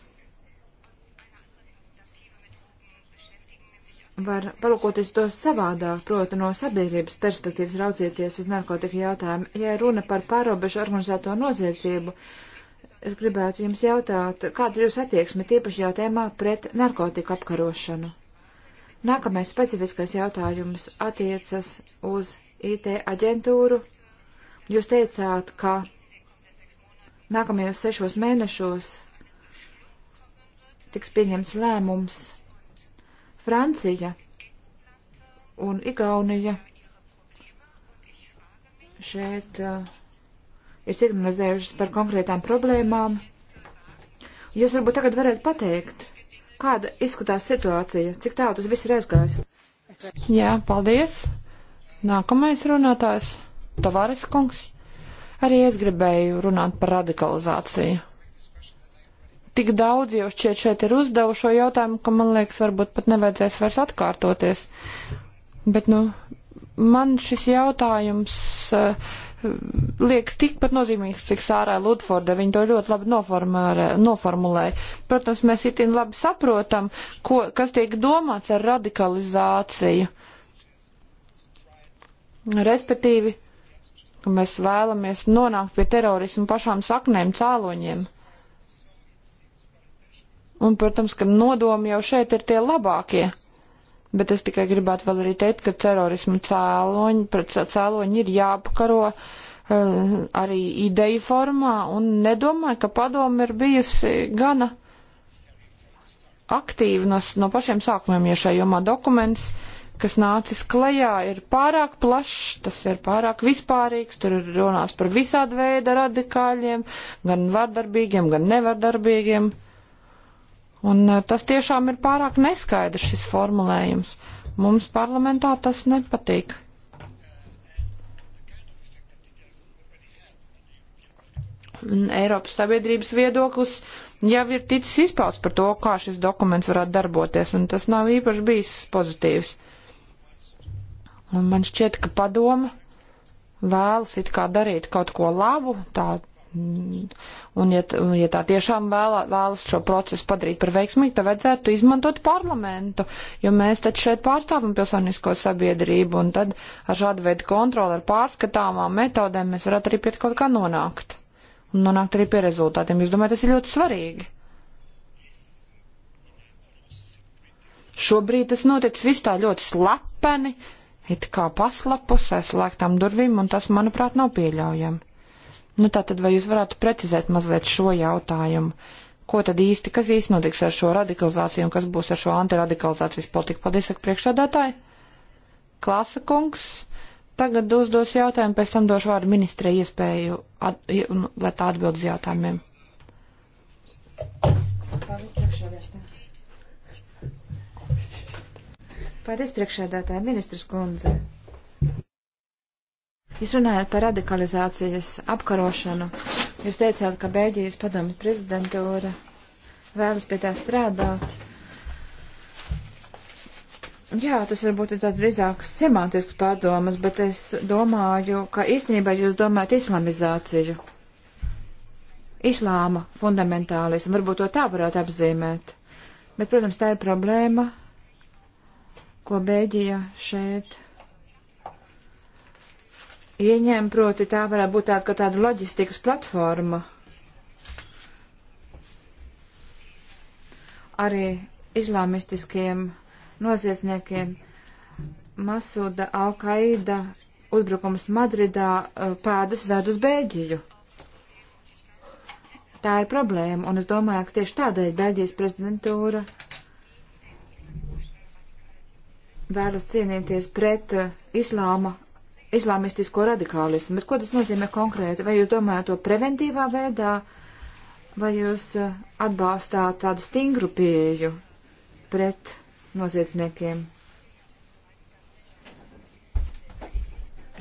var palūkoties to savādāk, proti no sabiedrības perspektīvas raudzieties uz narkotiku jautājumu. Ja runa par pārobežu organizēto noziedzību, es gribētu jums jautāt, kāda ir jūsu attieksme tiepaši jautājumā pret narkotiku apkarošanu? Nākamais specifiskais jautājums attiecas uz IT aģentūru. Jūs teicāt, ka nākamajos sešos mēnešos tiks pieņemts lēmums. Francija un Igaunija šeit uh, ir signalizējušas par konkrētām problēmām. Jūs varbūt tagad varētu pateikt, kāda izskatās situācija, cik tālu tas viss ir aizgājis. Jā, paldies. Nākamais runātājs - Tavares kungs. Arī es gribēju runāt par radikalizāciju. Tik daudz jau šķiet šeit ir uzdevu šo jautājumu, ka man liekas, varbūt pat nevajadzēs vairs atkārtoties. Bet, nu, man šis jautājums uh, liekas tikpat nozīmīgs, cik sārā Ludforda. Viņa to ļoti labi noformulēja. Protams, mēs itin labi saprotam, ko, kas tiek domāts ar radikalizāciju. Respektīvi, ka mēs vēlamies nonākt pie terorismu pašām saknēm, cāloņiem. Un, protams, ka nodomi jau šeit ir tie labākie. Bet es tikai gribētu vēl arī teikt, ka terorismu cēloņi, pret cēloņi ir jāapkaro eh, arī ideju formā, un nedomāju, ka padoma ir bijusi gana aktīvi no, no pašiem sākumiem, ja šajā jomā dokuments, kas nācis klajā, ir pārāk plašs, tas ir pārāk vispārīgs, tur ir runās par visādu veidu radikāļiem, gan vardarbīgiem, gan nevardarbīgiem. Uh, Un eh, tas tiešām ir pārāk neskaidrs šis formulējums. Mums parlamentā tas nepatīk. Un Eiropas sabiedrības viedoklis jau ir ticis izpausts par to, kā šis dokuments varētu darboties, un tas nav īpaši bijis pozitīvs. Un man šķiet, ka padoma vēlas it kā darīt kaut ko labu, tā Un, ja, ja tā tiešām vēla, vēlas šo procesu padarīt par veiksmīgu, tad vajadzētu izmantot parlamentu, jo mēs taču šeit pārstāvam pilsonisko sabiedrību, un tad ar šādu veidu kontroli, ar pārskatāmām metodēm mēs varētu arī pie kaut kā nonākt. Un nonākt arī pie rezultātiem. Es domāju, tas ir ļoti svarīgi. Šobrīd tas notiek viss tā ļoti slepeni, it kā paslapus, aizslēgtām durvīm, un tas, manuprāt, nav pieļaujami. Nu, tātad, vai jūs varētu precizēt mazliet šo jautājumu? Ko tad īsti, kas īsti notiks ar šo radikalizāciju un kas būs ar šo antiradikalizācijas politiku? Paldies, saka priekšādātāji. Klasa kungs. Tagad uzdos jautājumu, pēc tam došu vārdu ministrei iespēju, at, un, lai tā atbild uz jautājumiem. Paldies, priekšādātāji. Paldies, priekšādātāji, ministrs kundze. Jūs runājat par radikalizācijas apkarošanu. Jūs teicāt, ka Bēļģijas padomju prezidentūra vēlas pie tā strādāt. Jā, tas varbūt ir tāds drīzāk semantisks pārdomas, bet es domāju, ka īstenībā jūs domājat islamizāciju. Islāma fundamentālismu, varbūt to tā varētu apzīmēt. Bet, protams, tā ir problēma, ko Bēģija šeit ieņēma, proti tā varētu būt tāda, tāda loģistikas platforma. Arī islāmistiskiem noziedzniekiem Masuda Alkaida uzbrukums Madridā eh, pēdas ved uz Bēļģiju. Tā ir problēma, un es domāju, ka tieši tādēļ Bēļģijas prezidentūra vēlas cīnīties pret eh, islāma islāmistisko radikālismu, bet ko tas nozīmē konkrēti? Vai jūs domājat to preventīvā veidā, vai jūs eh, atbalstāt tādu stingru pieeju pret noziedzniekiem?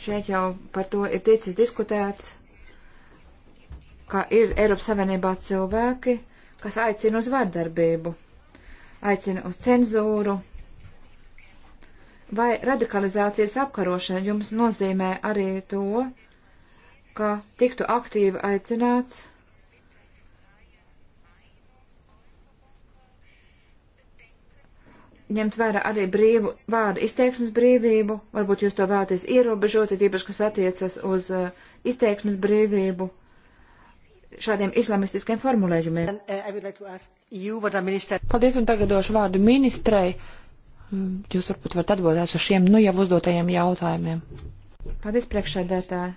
Šeit jau par to ir ticis diskutēts, ka ir Eiropas Savienībā cilvēki, kas aicina uz vārdarbību, aicina uz cenzūru Vai radikalizācijas apkarošana jums nozīmē arī to, ka tiktu aktīvi aicināts ņemt vērā arī brīvu vārdu izteiksmes brīvību, varbūt jūs to vēlaties ierobežot, tīpaši, kas attiecas uz uh, izteiksmes brīvību šādiem islamistiskiem formulējumiem. Uh, Paldies, un tagad došu vārdu ministrei. Uh, Jūs varbūt varat atbildēt uz šiem nu jau uzdotajiem jautājumiem. Paldies, priekšsēdētāji.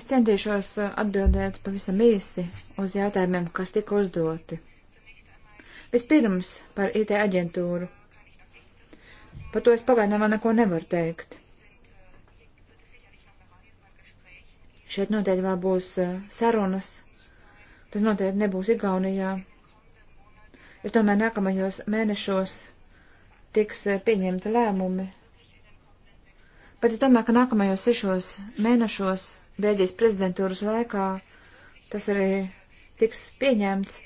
Es centīšos atbildēt pavisam īsi uz jautājumiem, kas tika uzdoti. Vispirms par IT aģentūru. Par to es pagaidām vēl neko nevaru teikt. Šeit noteikti vēl būs eh, sarunas. Tas noteikti nebūs Igaunijā. Es domāju, nākamajos mēnešos tiks eh, pieņemti lēmumi. Bet es domāju, ka nākamajos sešos mēnešos Bēļģijas prezidentūras laikā tas arī tiks pieņemts.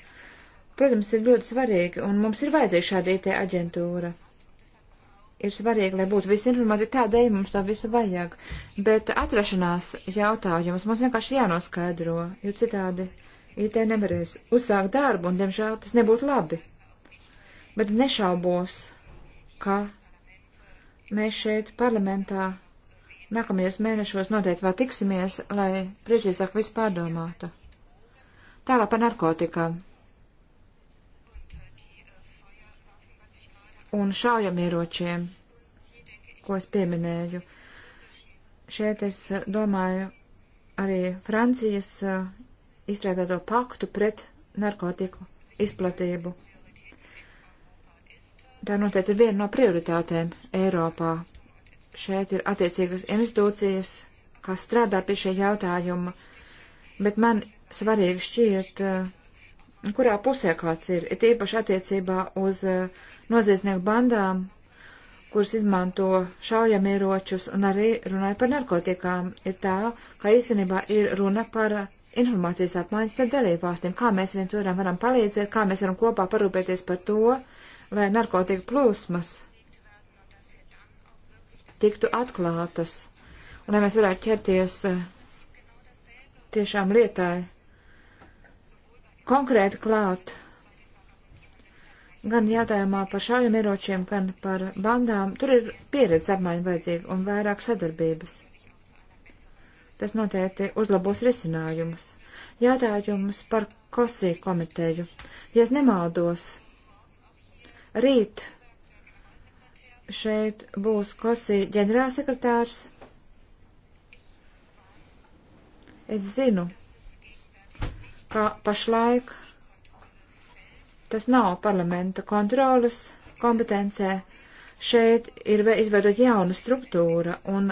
Protams, ir ļoti svarīgi, un mums ir vajadzīga šāda IT aģentūra. Ir svarīgi, lai būtu visi informācija, tādēļ mums to visu vajag. Bet atrašanās jautājums mums vienkārši jānoskaidro, jo citādi IT nevarēs uzsākt darbu, un, diemžēl, tas nebūtu labi. Bet nešaubos, ka mēs šeit parlamentā nākamajos mēnešos noteikti vēl tiksimies, lai priecīsāk visu pārdomātu. Tālāk par narkotikām. Un šaujamieročiem, ko es pieminēju. Šeit es domāju arī Francijas izstrādāto paktu pret narkotiku izplatību. Tā noteikti ir viena no prioritātēm Eiropā. Šeit ir attiecīgas institūcijas, kas strādā pie šī jautājuma, bet man svarīgi šķiet, eh, kurā pusē kāds ir, ir īpaši attiecībā uz eh, noziedznieku bandām, kuras izmanto šaujamieročus un arī runāja par narkotikām, ir tā, ka īstenībā ir runa par informācijas apmaiņas starp dalībvalstīm, kā mēs viens otram varam palīdzēt, kā mēs varam kopā parūpēties par to, lai narkotika plūsmas tiktu atklātas, un lai mēs varētu ķerties eh, tiešām lietai konkrēti klāt gan jautājumā par šaujamieročiem, gan par bandām. Tur ir pieredze apmaiņa vajadzīga un vairāk sadarbības. Tas noteikti uzlabos risinājumus. Jādājums par Kosī komiteju. Ja es nemaldos, rīt šeit būs Kosī ģenerālsekretārs. Es zinu, ka pašlaik tas nav parlamenta kontrolas kompetencē, Šeit ir izveidot jauna struktūra, un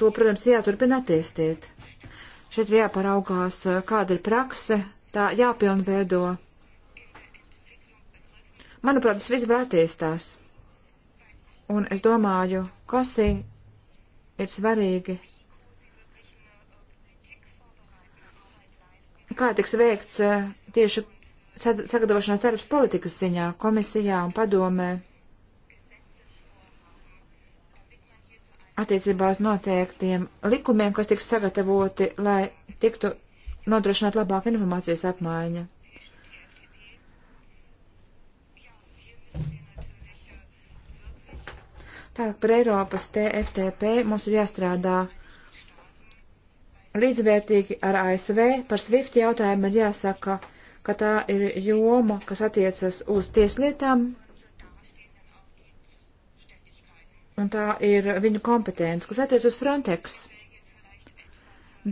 to, protams, jāturpina attīstīt. Šeit ir jāparaugās, kāda ir prakse, tā jāpilnveido. Manuprāt, tas viss vēl attīstās. Un es domāju, kas ir svarīgi. Kā tiks veikts eh, tieši sagatavošanās darbs politikas ziņā, komisijā un padomē? attiecībā uz noteiktiem likumiem, kas tiks sagatavoti, lai tiktu nodrošināt labāku informācijas apmaiņu. Tālāk par Eiropas TFTP mums ir jāstrādā līdzvērtīgi ar ASV. Par SWIFT jautājumu ir jāsaka, ka tā ir joma, kas attiecas uz tieslietām, un tā ir viņu kompetence, kas attiec uz Frontex.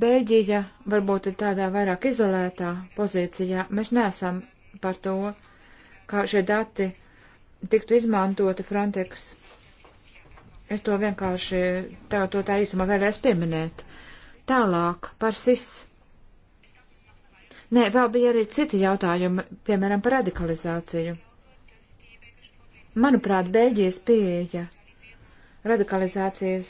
Bēļģija varbūt ir tādā vairāk izolētā pozīcijā. Mēs neesam par to, kā šie dati tiktu izmantoti Frontex. Es to vienkārši tā, to tā īsumā vēlēs pieminēt. Tālāk par SIS. Nē, vēl bija arī citi jautājumi, piemēram, par radikalizāciju. Manuprāt, Bēļģijas pieeja radikalizācijas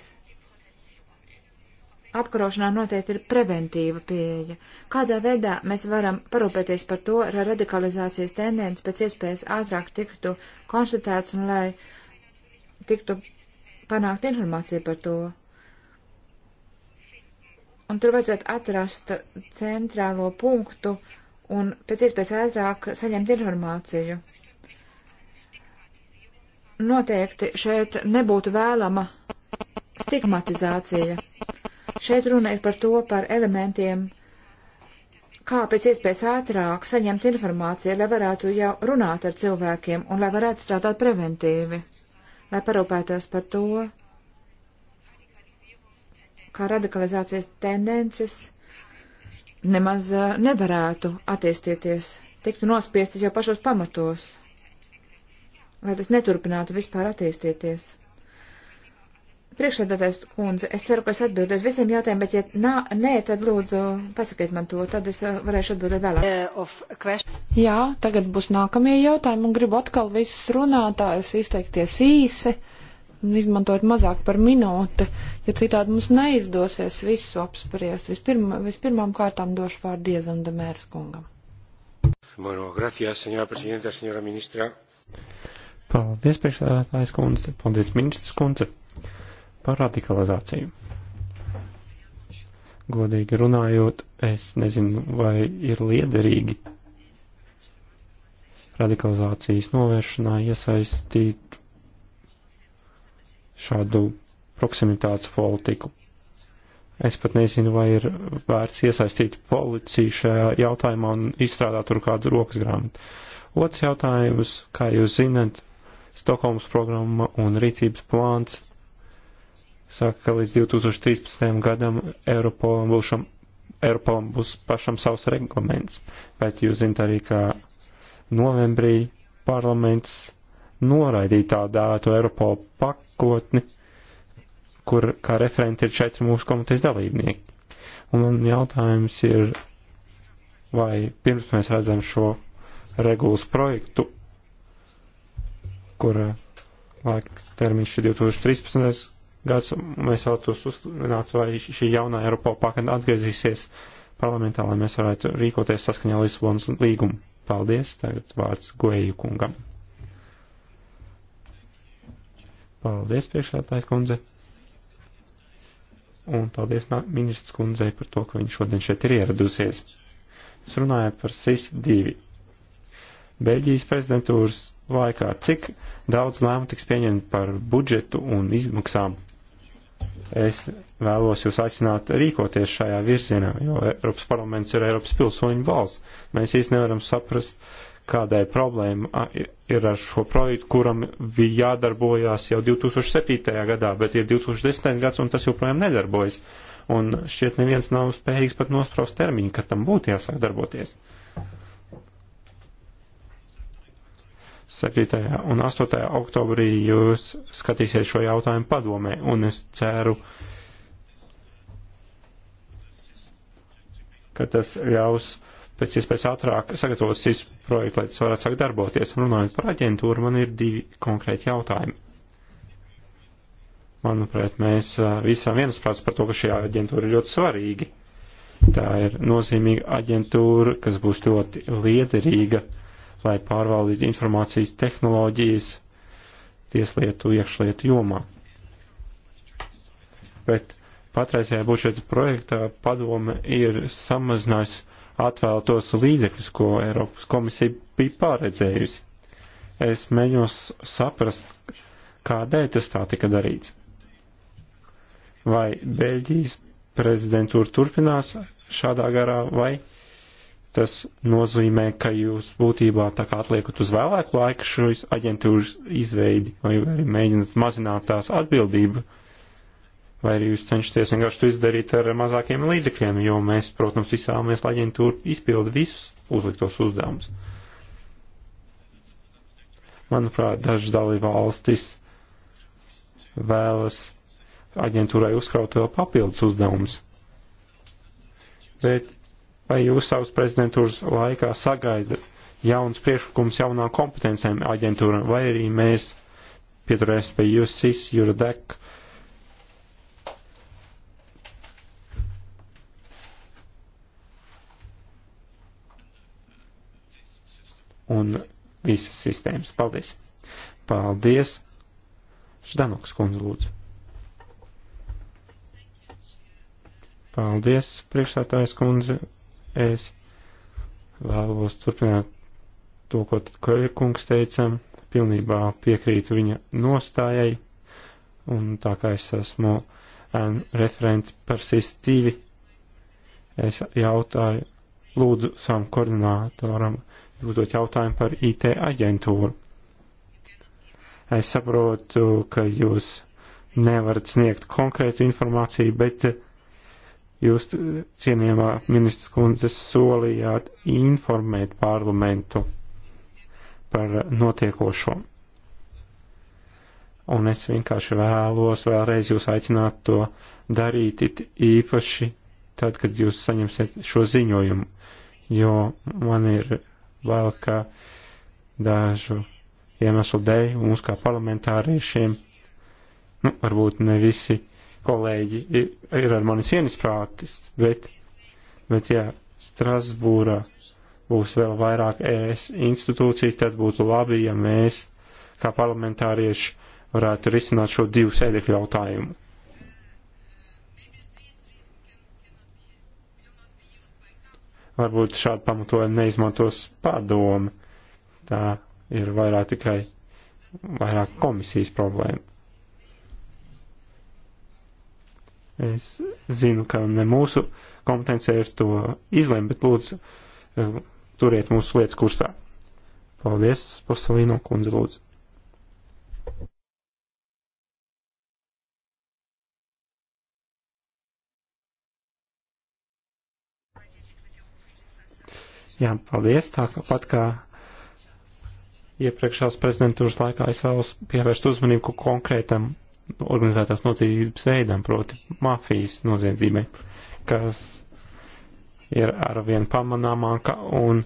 apkarošanā noteikti ir preventīva pieeja. Kādā veidā mēs varam parūpēties par to, lai radikalizācijas tendence pēc iespējas ātrāk tiktu konstatēts un lai tiktu panākt informāciju par to. Un tur vajadzētu atrast centrālo punktu un pēc iespējas ātrāk saņemt informāciju noteikti šeit nebūtu vēlama stigmatizācija. Šeit runa ir par to, par elementiem, kā pēc iespējas ātrāk saņemt informāciju, lai varētu jau runāt ar cilvēkiem un lai varētu strādāt preventīvi, lai parūpētos par to, kā radikalizācijas tendences nemaz eh, nevarētu attīstīties, tiktu nospiestas jau pašos pamatos lai tas neturpinātu vispār attīstīties. Priekšsēdētājs kundze, es ceru, ka es atbildēšu visiem jautājumiem, bet ja nā, nē, tad lūdzu pasakiet man to, tad es uh, varēšu atbildēt vēlāk. Uh, Jā, tagad būs nākamie jautājumi un gribu atkal visus runātājus izteikties īsi un izmantojot mazāk par minūti, jo citādi mums neizdosies visu apspriest. Vispirm, vispirmām kārtām došu vārdu Diezam Demērs kungam. Bueno, gracias, señora presidenta, señora ministra. Paldies, priekšsēdētājs kundze, paldies, ministrs kundze, par radikalizāciju. Godīgi runājot, es nezinu, vai ir liederīgi radikalizācijas novēršanā iesaistīt šādu proximitātes politiku. Es pat nezinu, vai ir vērts iesaistīt policiju šajā jautājumā un izstrādāt tur kādu rokas grāmatu. Otrs jautājums, kā jūs zinat, Stokholmas programma un rīcības plāns saka, ka līdz 2013. gadam Eiropolam būs, Eiropolam būs pašam savs reglaments, bet jūs zināt arī, ka novembrī parlaments noraidīja tā dēvēto Eiropola pakotni, kur kā referenti ir četri mūsu komitejas dalībnieki. Un man jautājums ir, vai pirms mēs redzam šo regulas projektu, kur laika termiņš ir 2013. gads, un mēs vēlētos uzzināt, vai šī jaunā Eiropā pakāpe atgriezīsies parlamentā, lai mēs varētu rīkoties saskaņā Lisbonas līgumu. Paldies, tagad vārds Goeju kungam. Paldies, priekšētājs kundze. Un paldies ministrs kundzei par to, ka viņa šodien šeit ir ieradusies. Jūs runājat par SIS-2. Beļģijas prezidentūras laikā, cik daudz lēmu tiks pieņemt par budžetu un izmaksām. Es vēlos jūs aicināt rīkoties šajā virzienā, jo Eiropas parlaments ir Eiropas pilsoņu valsts. Mēs īsti nevaram saprast, kādai problēma ir ar šo projektu, kuram bija jādarbojās jau 2007. gadā, bet ir 2010. gads un tas joprojām nedarbojas. Un šķiet neviens nav spējīgs pat nospraust termiņu, kad tam būtu jāsāk darboties. Uh, 7. un 8. oktobrī jūs skatīsiet šo jautājumu padomē, un es ceru, ka tas ļaus pēc iespējas ātrāk sagatavot šis projekts, lai tas varētu sākt darboties. Runājot par aģentūru, man ir divi konkrēti jautājumi. Manuprāt, mēs visam viensprāts par to, ka šī aģentūra ir ļoti svarīga. Tā ir nozīmīga aģentūra, kas būs ļoti liederīga lai pārvaldītu informācijas tehnoloģijas tieslietu iekšlietu jomā. Bet patreizējā budžeta projektā padome ir samazinājusi atvēltos līdzekļus, ko Eiropas komisija bija pārredzējusi. Es mēģinos saprast, kādēļ tas tā tika darīts. Vai Beļģijas prezidentūra turpinās šādā garā, vai Tas nozīmē, ka jūs būtībā tā kā atliekat uz vēlāku laiku šīs aģentūras izveidi, vai arī mēģināt mazināt tās atbildību, vai arī jūs cenšaties vienkārši to izdarīt ar mazākiem līdzekļiem, jo mēs, protams, visāmies, lai aģentūra izpilda visus uzliktos uzdevumus. Manuprāt, dažas dalība valstis vēlas aģentūrai uzkraut vēl papildus uzdevumus. Bet Vai jūs savas prezidentūras laikā sagaidat jauns priekšlikums jaunām kompetencijām aģentūram, vai arī mēs pieturēsim pie USIS, Eurodec? Un visas sistēmas. Paldies! Paldies! Ždanoks kundze lūdzu. Paldies, priekšsētājas kundze. Es vēlos turpināt to, ko tad Kojkungs teica, pilnībā piekrītu viņa nostājai, un tā kā es esmu um, referenti par SIS-2, es jautāju, lūdzu savam koordinātoram, lūdot jautājumu par IT aģentūru. Es saprotu, ka jūs nevarat sniegt konkrētu informāciju, bet uh, Jūs, cienījamā ministrs kundze, solījāt informēt parlamentu par notiekošo. Un es vienkārši vēlos vēlreiz jūs aicināt to darīt it īpaši tad, kad jūs saņemsiet šo ziņojumu, jo man ir vēl kā dažu iemeslu dēļ mums kā parlamentāriešiem, nu, varbūt ne visi kolēģi ir, ir ar mani sienisprātis, bet, bet ja Strasbūrā būs vēl vairāk ES institūciju, tad būtu labi, ja mēs, kā parlamentārieši, varētu risināt šo divu sēdekļu jautājumu. Varbūt šādu pamatojumu neizmantos padome. Tā ir vairāk tikai vairāk komisijas problēma. Es zinu, ka ne mūsu kompetencija ir to izlemt, bet lūdzu eh, turiet mūsu lietas kursā. Paldies, Posalīno kundze, lūdzu. Jā, paldies. Tāpat kā iepriekšējās prezidentūras laikā es vēlos pievērst uzmanību konkrētam organizētās nocīdības veidam, proti mafijas noziedzībai, kas ir arvien pamanāmāka un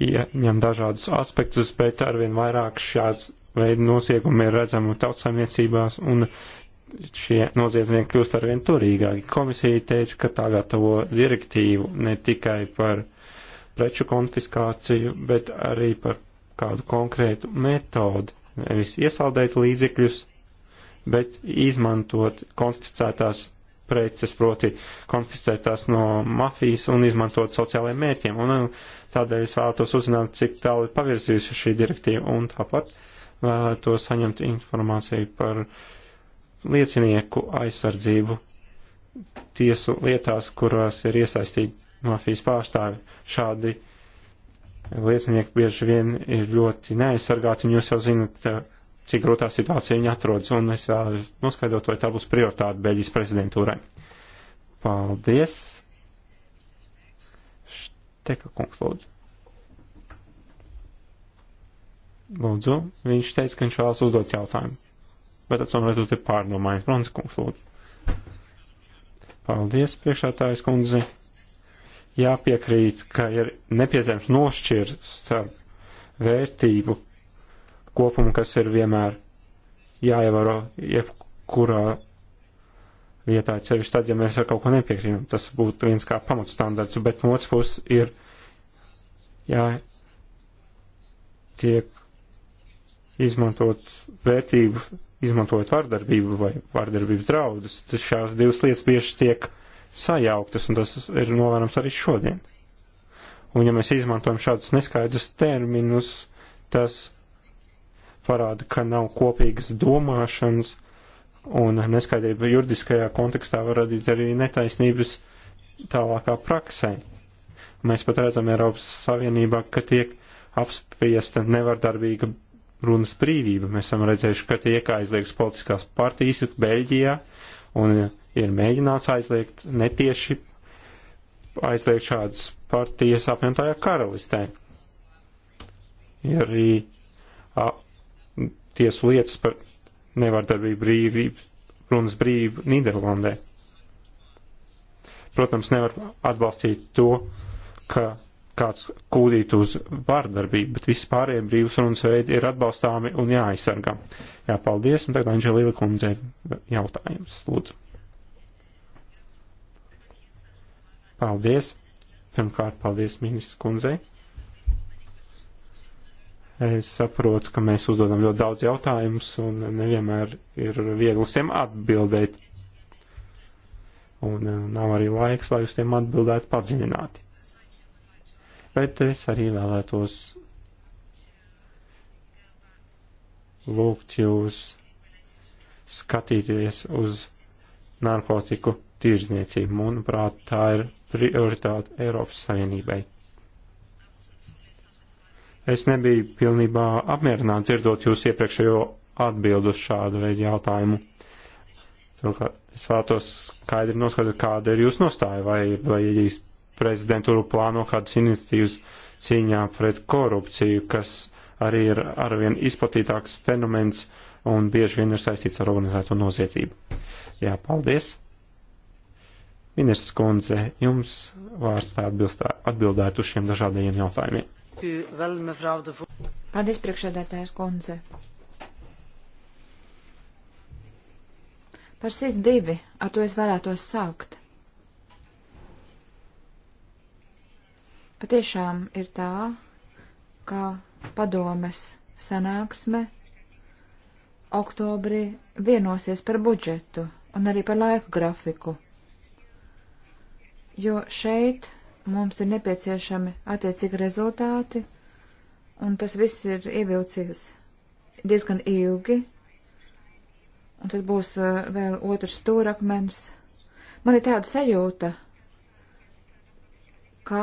ieņem dažādus aspektus, bet arvien vairāk šāds veidu nosiegumi ir redzami tautsaimniecībās un šie noziedznieki kļūst arvien turīgāki. Komisija teica, ka tā gatavo direktīvu ne tikai par preču konfiskāciju, bet arī par kādu konkrētu metodi, nevis iesaldēt līdzekļus, bet izmantot konfiscētās preces, proti konfiscētās no mafijas un izmantot sociālajiem mērķiem. Un um, tādēļ es vēlētos uzzināt, cik tālu ir pavirzījusi šī direktīva un tāpat vēlētos saņemt informāciju par liecinieku aizsardzību tiesu lietās, kurās ir iesaistīti mafijas pārstāvi. Šādi liecinieki bieži vien ir ļoti neaizsargāti, un jūs jau zinat, cik grūtā situācija viņi atrodas, un es vēl noskaidrot, vai tā būs prioritāte Beļģijas prezidentūrai. Paldies! Šteka kungs, lūdzu. Lūdzu, viņš teica, ka viņš vēlas uzdot jautājumu, bet atcīm redzot ir pārdomājis. Brons kungs, lūdzu. Paldies, priekšētājas kundze. Jāpiekrīt, ka ir nepieciešams nošķirt starp vērtību, kopumu, kas ir vienmēr jāievaro jebkurā vietā, cevišķi tad, ja mēs ar kaut ko nepiekrītam. Tas būtu viens kā pamatstandards, bet no otras puses ir jā, tiek izmantot vērtību, izmantojot vardarbību vai vardarbības draudus. Tas šās divas lietas bieži tiek sajauktas, un tas ir novērams arī šodien. Un ja mēs izmantojam šādus neskaidrus terminus, tas parāda, ka nav kopīgas domāšanas, un neskaidrība juridiskajā kontekstā var radīt arī netaisnības tālākā praksē. Mēs pat redzam Eiropas Savienībā, ka tiek apspiesta nevardarbīga runas brīvība. Mēs esam redzējuši, ka tiek aizliegts politiskās partijas Beļģijā, un ir mēģināts aizliegt netieši aizliegt šādas partijas apvienotajā karalistē. Ir arī tiesu lietas par nevardarbību brīvību, runas brīvību Nīderlandē. Protams, nevar atbalstīt to, ka kāds kūdīt uz vārdarbību, bet visi pārējie brīvas runas veidi ir atbalstāmi un jāaizsargā. Jā, paldies, un tagad Anģelīla kundze jautājums, lūdzu. Paldies. Pirmkārt, paldies ministrs kundzei Es saprotu, ka mēs uzdodam ļoti daudz jautājumus un nevienmēr ir viegli uz tiem atbildēt. Un eh, nav arī laiks, lai uz tiem atbildētu padziļināti. Bet es arī vēlētos lūgt jūs skatīties uz narkotiku tirdzniecību. Manuprāt, tā ir prioritāte Eiropas Savienībai. Es nebiju pilnībā apmierināts dzirdot jūs iepriekšējo atbildu uz šādu veidu jautājumu. Es vēlētos skaidri noskatīt, kāda ir jūsu nostāja, vai, vai Iģijas prezidentūra plāno kādas iniciatīvas cīņā pret korupciju, kas arī ir arvien izplatītāks fenomens un bieži vien ir saistīts ar organizēto noziedzību. Jā, paldies! Ministrs Kundze, jums vārds tā atbildētu uz šiem dažādajiem jautājumiem. Paldies, priekšsēdētājs kundze. Par SIS divi, ar to es vēlētos sākt. Patiešām ir tā, ka padomes sanāksme oktobrī vienosies par budžetu un arī par laiku grafiku, jo šeit Mums ir nepieciešami attiecīgi rezultāti, un tas viss ir ievilcies diezgan ilgi, un tad būs uh, vēl otrs stūrakmens. Man ir tāda sajūta, ka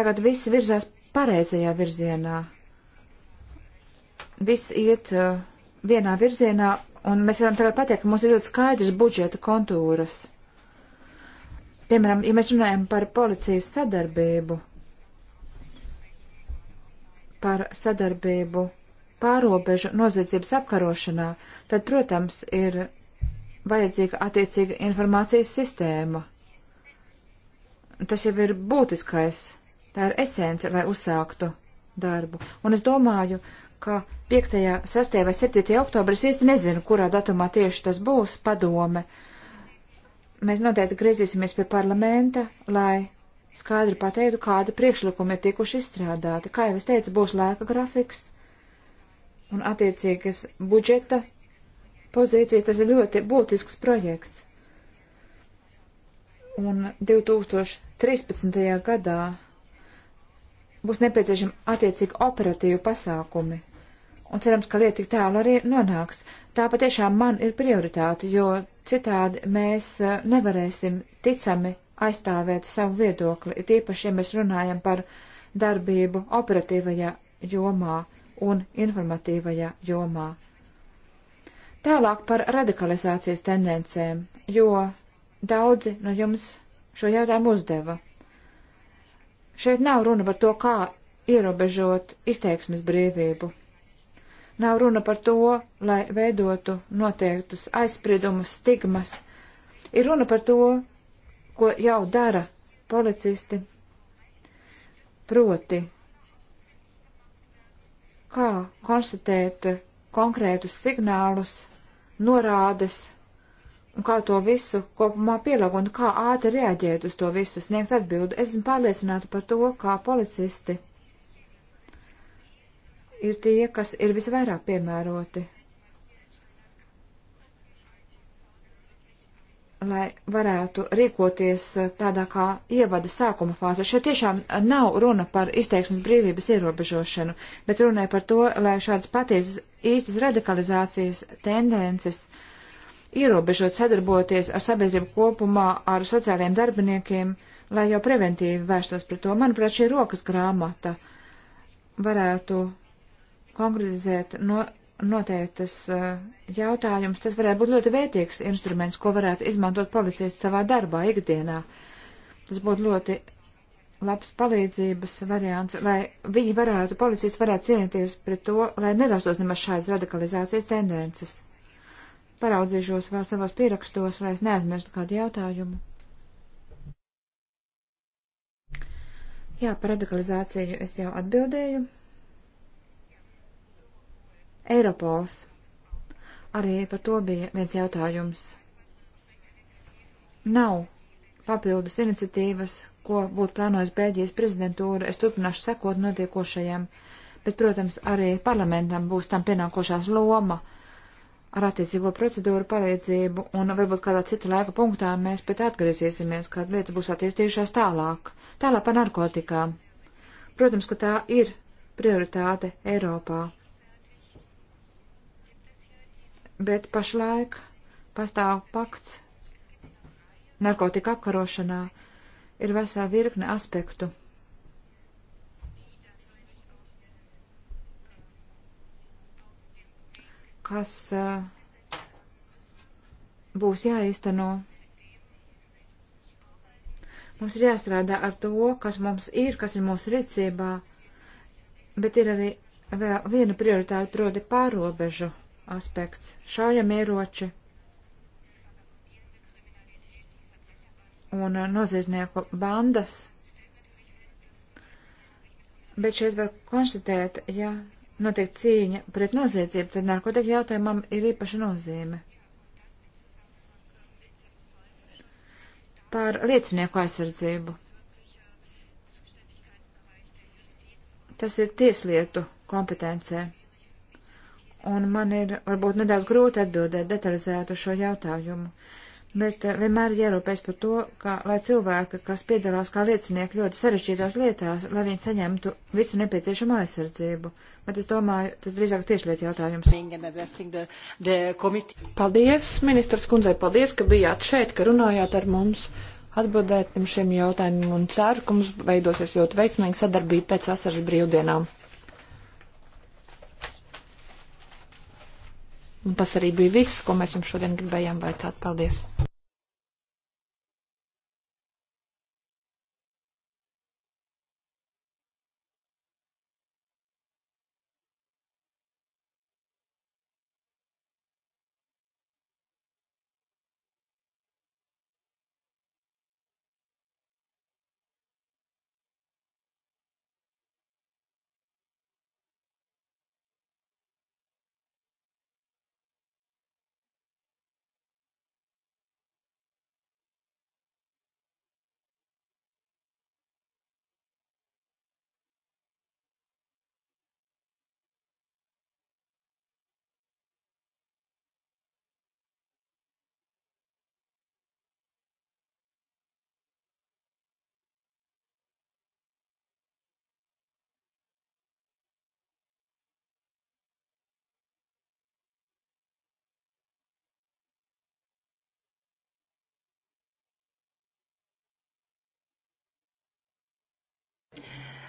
tagad viss virzās pareizajā virzienā. Viss iet uh, vienā virzienā, un mēs varam tagad pateikt, ka mums ir ļoti skaidrs budžeta kontūras. Piemēram, ja mēs runājam par policijas sadarbību, par sadarbību pārobežu noziedzības apkarošanā, tad, protams, ir vajadzīga attiecīga informācijas sistēma. Tas jau ir būtiskais, tā ir esence, lai uzsāktu darbu. Un es domāju, ka 5., 6. vai 7. oktobris īsti nezinu, kurā datumā tieši tas būs padome. Uh, mēs noteikti griezīsimies pie parlamenta, lai skaidri pateiktu, kāda priekšlikuma ir tikuši izstrādāti. Kā jau es teicu, būs laika grafiks un attiecīgas budžeta pozīcijas. Tas ir ļoti būtisks projekts. Un 2013. gadā būs nepieciešama attiecīga operatīva pasākumi un cerams, ka lieta tik tālu arī nonāks. Tā patiešām man ir prioritāte, jo citādi mēs eh, nevarēsim ticami aizstāvēt savu viedokli, it īpaši, ja mēs runājam par darbību operatīvajā jomā un informatīvajā jomā. Tālāk par radikalizācijas tendencēm, jo daudzi no jums šo jautājumu uzdeva. Šeit nav runa par to, kā ierobežot izteiksmes brīvību. Nav runa par to, lai veidotu noteiktus aizspriedumus, stigmas. Ir runa par to, ko jau dara policisti. Proti, kā konstatēt konkrētus signālus, norādes un kā to visu kopumā pielāgot un kā ātri reaģēt uz to visu, sniegt atbildi. Esmu pārliecināta par to, kā policisti ir tie, kas ir visvairāk piemēroti, lai varētu rīkoties tādā kā ievada sākuma fāze. Šeit tiešām nav runa par izteiksmes brīvības ierobežošanu, bet runē par to, lai šādas patiesas īstas radikalizācijas tendences ierobežot sadarboties ar sabiedrību kopumā, ar sociālajiem darbiniekiem, lai jau preventīvi vērstos pret to. Manuprāt, šī rokas grāmata varētu konkretizēt no, noteiktas eh, jautājumus, tas varētu būt ļoti vērtīgs instruments, ko varētu izmantot policists savā darbā ikdienā. Tas būtu ļoti labs palīdzības variants, lai viņi varētu, policisti varētu cīnīties pret to, lai nerastos nemaz šādas radikalizācijas tendences. Paraudzīšos vēl savos pierakstos, lai es neaizmirstu kādu jautājumu. Jā, par radikalizāciju es jau atbildēju. Eiropols. Arī par to bija viens jautājums. Nav papildus iniciatīvas, ko būtu plānojis Bēļģijas prezidentūra. Es turpināšu sekot notiekošajam, bet, protams, arī parlamentam būs tam pienākošās loma ar attiecīgo procedūru palīdzību, un varbūt kādā cita laika punktā mēs pēc atgriezīsimies, kad lietas būs attīstījušās tālāk. Tālāk par narkotikām. Protams, ka tā ir prioritāte Eiropā bet pašlaik pastāv pakts narkotika apkarošanā, ir veselā virkne aspektu. kas uh, būs jāizteno. Mums ir jāstrādā ar to, kas mums ir, kas ir mūsu rīcībā, bet ir arī vēl viena prioritāte, proti pārobežu aspekts - šaujamieroči un noziedznieku bandas. Bet šeit var konstatēt, ja notiek cīņa pret noziedzību, tad narkotika jautājumam ir īpaša nozīme. Par liecinieku aizsardzību. Tas ir tieslietu kompetencē un man ir varbūt nedaudz grūti atbildēt detalizēt uz šo jautājumu. Bet eh, vienmēr ir jārūpēs par to, ka, lai cilvēki, kas piedalās kā liecinieki ļoti sarežģītās lietās, lai viņi saņemtu visu nepieciešamo aizsardzību. Bet es domāju, tas drīzāk tiešliet jautājums. Paldies, ministrs kundzei, paldies, ka bijāt šeit, ka runājāt ar mums atbildēt šiem jautājumiem un ceru, ka mums veidosies ļoti veiksmīga sadarbība pēc vasaras brīvdienām. Un tas arī bija viss, ko mēs jums šodien gribējām vaicāt. Paldies!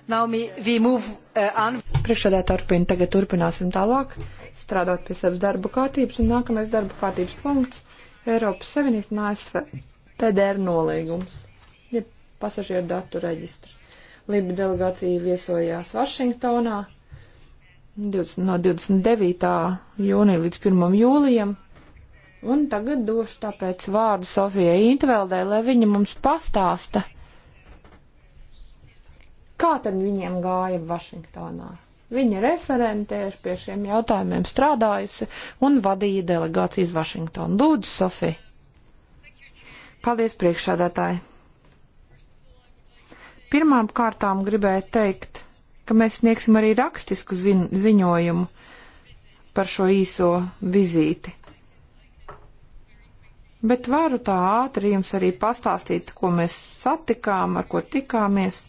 Uh, Priekšādā turpina, tagad turpināsim tālāk, strādāt pie savas darba kārtības, un nākamais darba kārtības punkts - Eiropas Savienība un ASV PDR nolīgums, ja pasažieru datu reģistrs. Liba delegācija viesojās Vašingtonā 20, no 29. jūnija līdz 1. jūlijam. Un tagad došu tāpēc vārdu Sofijai Intveldē, lai viņa mums pastāsta Kā tad viņiem gāja Vašingtonā? Viņa referentē pie šiem jautājumiem strādājusi un vadīja delegāciju uz Vašingtonu. Lūdzu, Sofija. Paldies, priekšādātāji. Pirmām kārtām gribēju teikt, ka mēs sniegsim arī rakstisku ziņojumu par šo īso vizīti. Bet varu tā ātri jums arī pastāstīt, ko mēs satikām, ar ko tikāmies.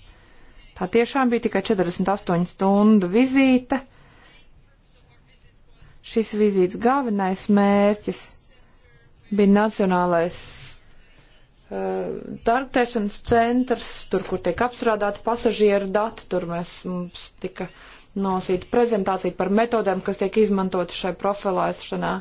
Tā tiešām bija tikai 48 stundu vizīte. Šis vizītes galvenais mērķis bija Nacionālais tarptēšanas eh, centrs, tur, kur tiek apstrādāti pasažieru dati, tur mēs mums tika nosīta prezentācija par metodēm, kas tiek izmantotas šai profilēšanā.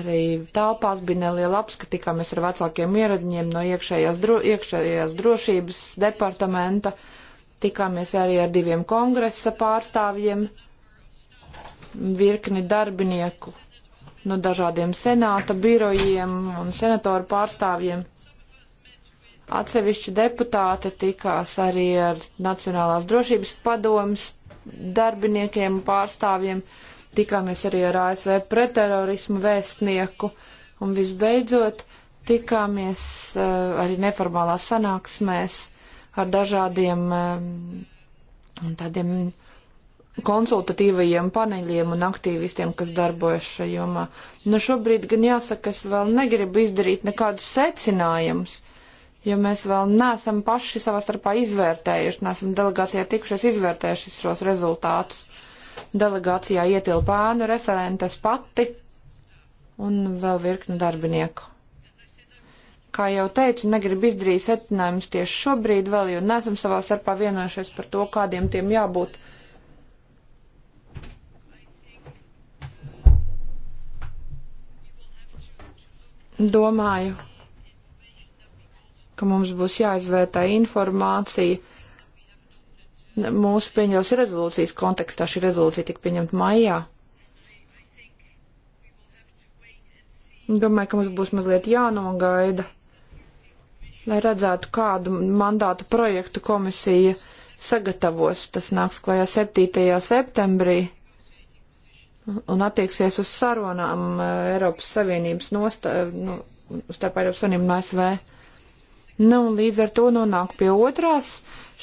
Arī telpās bija neliela apskati, kā mēs ar vecākiem ieradņiem no iekšējās, dro, iekšējās drošības departamenta uh, Tikāmies arī ar diviem kongresa pārstāvjiem, virkni darbinieku no dažādiem senāta birojiem un senatoru pārstāvjiem. Atsevišķi deputāti tikās arī ar Nacionālās drošības padomas darbiniekiem un pārstāvjiem, tikāmies arī ar ASV pretterorismu vēstnieku un visbeidzot tikāmies uh, arī neformālās sanāksmēs ar dažādiem um, tādiem konsultatīvajiem paneļiem un aktīvistiem, kas darbojas šajā jomā. Nu, šobrīd gan jāsaka, es vēl negribu izdarīt nekādus secinājumus, jo mēs vēl neesam paši savā starpā izvērtējuši, neesam delegācijā tikušies izvērtējuši šos rezultātus. Delegācijā ietilpā ēnu referentes pati un vēl virkni darbinieku kā jau teicu, negribu izdarīt secinājumus tieši šobrīd vēl, jo nesam savā starpā vienojušies par to, kādiem tiem jābūt. Domāju, ka mums būs jāizvērtē informācija mūsu pieņemas rezolūcijas kontekstā. Šī rezolūcija tika pieņemta maijā. Domāju, ka mums būs mazliet jānogaida lai redzētu, kādu mandātu projektu komisija sagatavos. Tas nāks klajā 7. septembrī un attieksies uz sarunām eh, Eiropas Savienības nostā, eh, nu, starp Eiropas Savienību un ASV. Nu, un līdz ar to nonāk pie otrās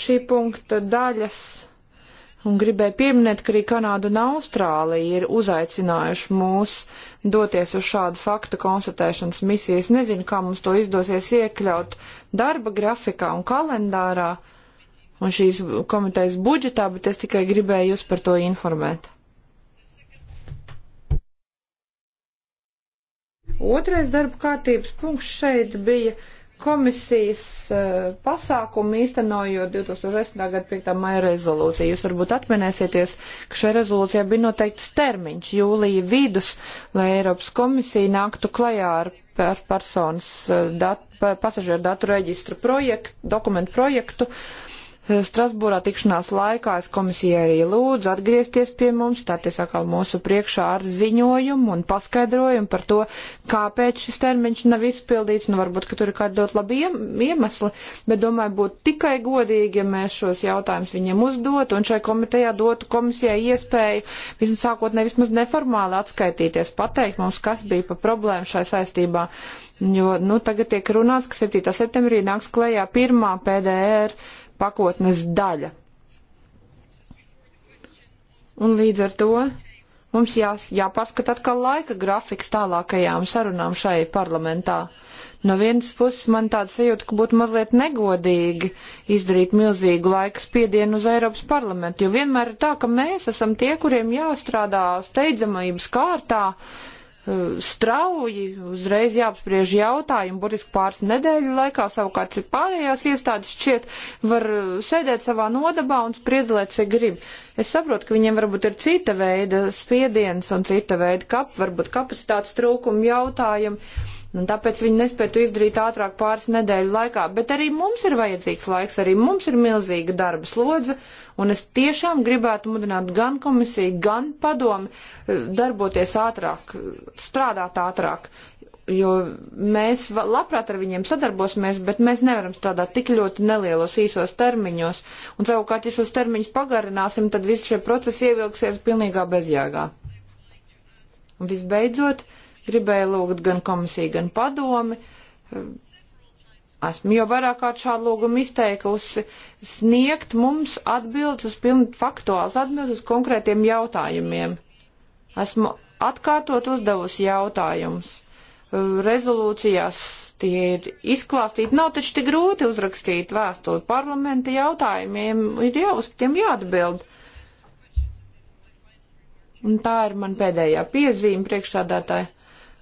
šī punkta daļas Un gribēju pieminēt, ka arī Kanāda un Austrālija ir uzaicinājuši mūs doties uz šādu faktu konstatēšanas misiju. Es nezinu, kā mums to izdosies iekļaut darba grafikā un kalendārā un šīs komitejas budžetā, bet es tikai gribēju jūs par to informēt. Otrais darba kārtības punkts šeit bija komisijas eh, pasākumu īstenojot 2010. gada 5. maija rezolūciju. Jūs varbūt atminēsieties, ka šai rezolūcijā bija noteikts termiņš jūlija vidus, lai Eiropas komisija nāktu klajā ar par personas eh, dat, pasažieru datu reģistra projektu, dokumentu projektu. Uh, Strasbūrā tikšanās laikā es komisijai arī lūdzu atgriezties pie mums, tāties atkal mūsu priekšā ar ziņojumu un paskaidrojumu par to, kāpēc šis termiņš nav izpildīts. Nu, varbūt, ka tur ir kādi ļoti labi iemesli, bet domāju, būtu tikai godīgi, ja mēs šos jautājumus viņiem uzdotu un šai komitejā dotu komisijai iespēju vismaz sākot nevis maz neformāli atskaitīties, pateikt mums, kas bija pa problēmu šai saistībā. Jo, nu, tagad tiek runāts, ka 7. septembrī nāks klējā pirmā PDR pakotnes daļa. Un līdz ar to mums jā, jāpārskat atkal laika grafiks tālākajām sarunām šai parlamentā. No vienas puses man tāds sajūta, ka būtu mazliet negodīgi izdarīt milzīgu laika spiedienu uz Eiropas parlamentu, jo vienmēr ir tā, ka mēs esam tie, kuriem jāstrādā steidzamības kārtā, uh, strauji uzreiz jāapspriež jautājumi, burtiski pāris nedēļu laikā, savukārt pārējās iestādes šķiet var sēdēt savā nodabā un spriedzelēt, cik grib. Es saprotu, ka viņiem varbūt ir cita veida spiediens un cita veida kap, varbūt kapacitātes trūkuma jautājumi, un tāpēc viņi nespētu izdarīt ātrāk pāris nedēļu laikā. Bet arī mums ir vajadzīgs laiks, arī mums ir milzīga darba slodze, un es tiešām gribētu mudināt gan komisiju, gan padomu eh, darboties ātrāk, strādāt ātrāk, jo mēs labprāt ar viņiem sadarbosimies, bet mēs nevaram strādāt tik ļoti nelielos īsos termiņos, un savukārt, ja šos termiņus pagarināsim, tad visi šie procesi ievilksies pilnīgā bezjēgā. Un visbeidzot, gribēju lūgt gan komisiju, gan padomi. Esmu jau vairāk kārt šādu lūgumu izteikusi sniegt mums atbildes uz piln faktuāls atbildes uz konkrētiem jautājumiem. Esmu atkārtot uzdevusi jautājumus rezolūcijās tie ir izklāstīti. Nav taču tik grūti uzrakstīt vēstuli parlamenta jautājumiem, ir jau uz tiem jāatbild. Un tā ir man pēdējā piezīme priekšsādātāji.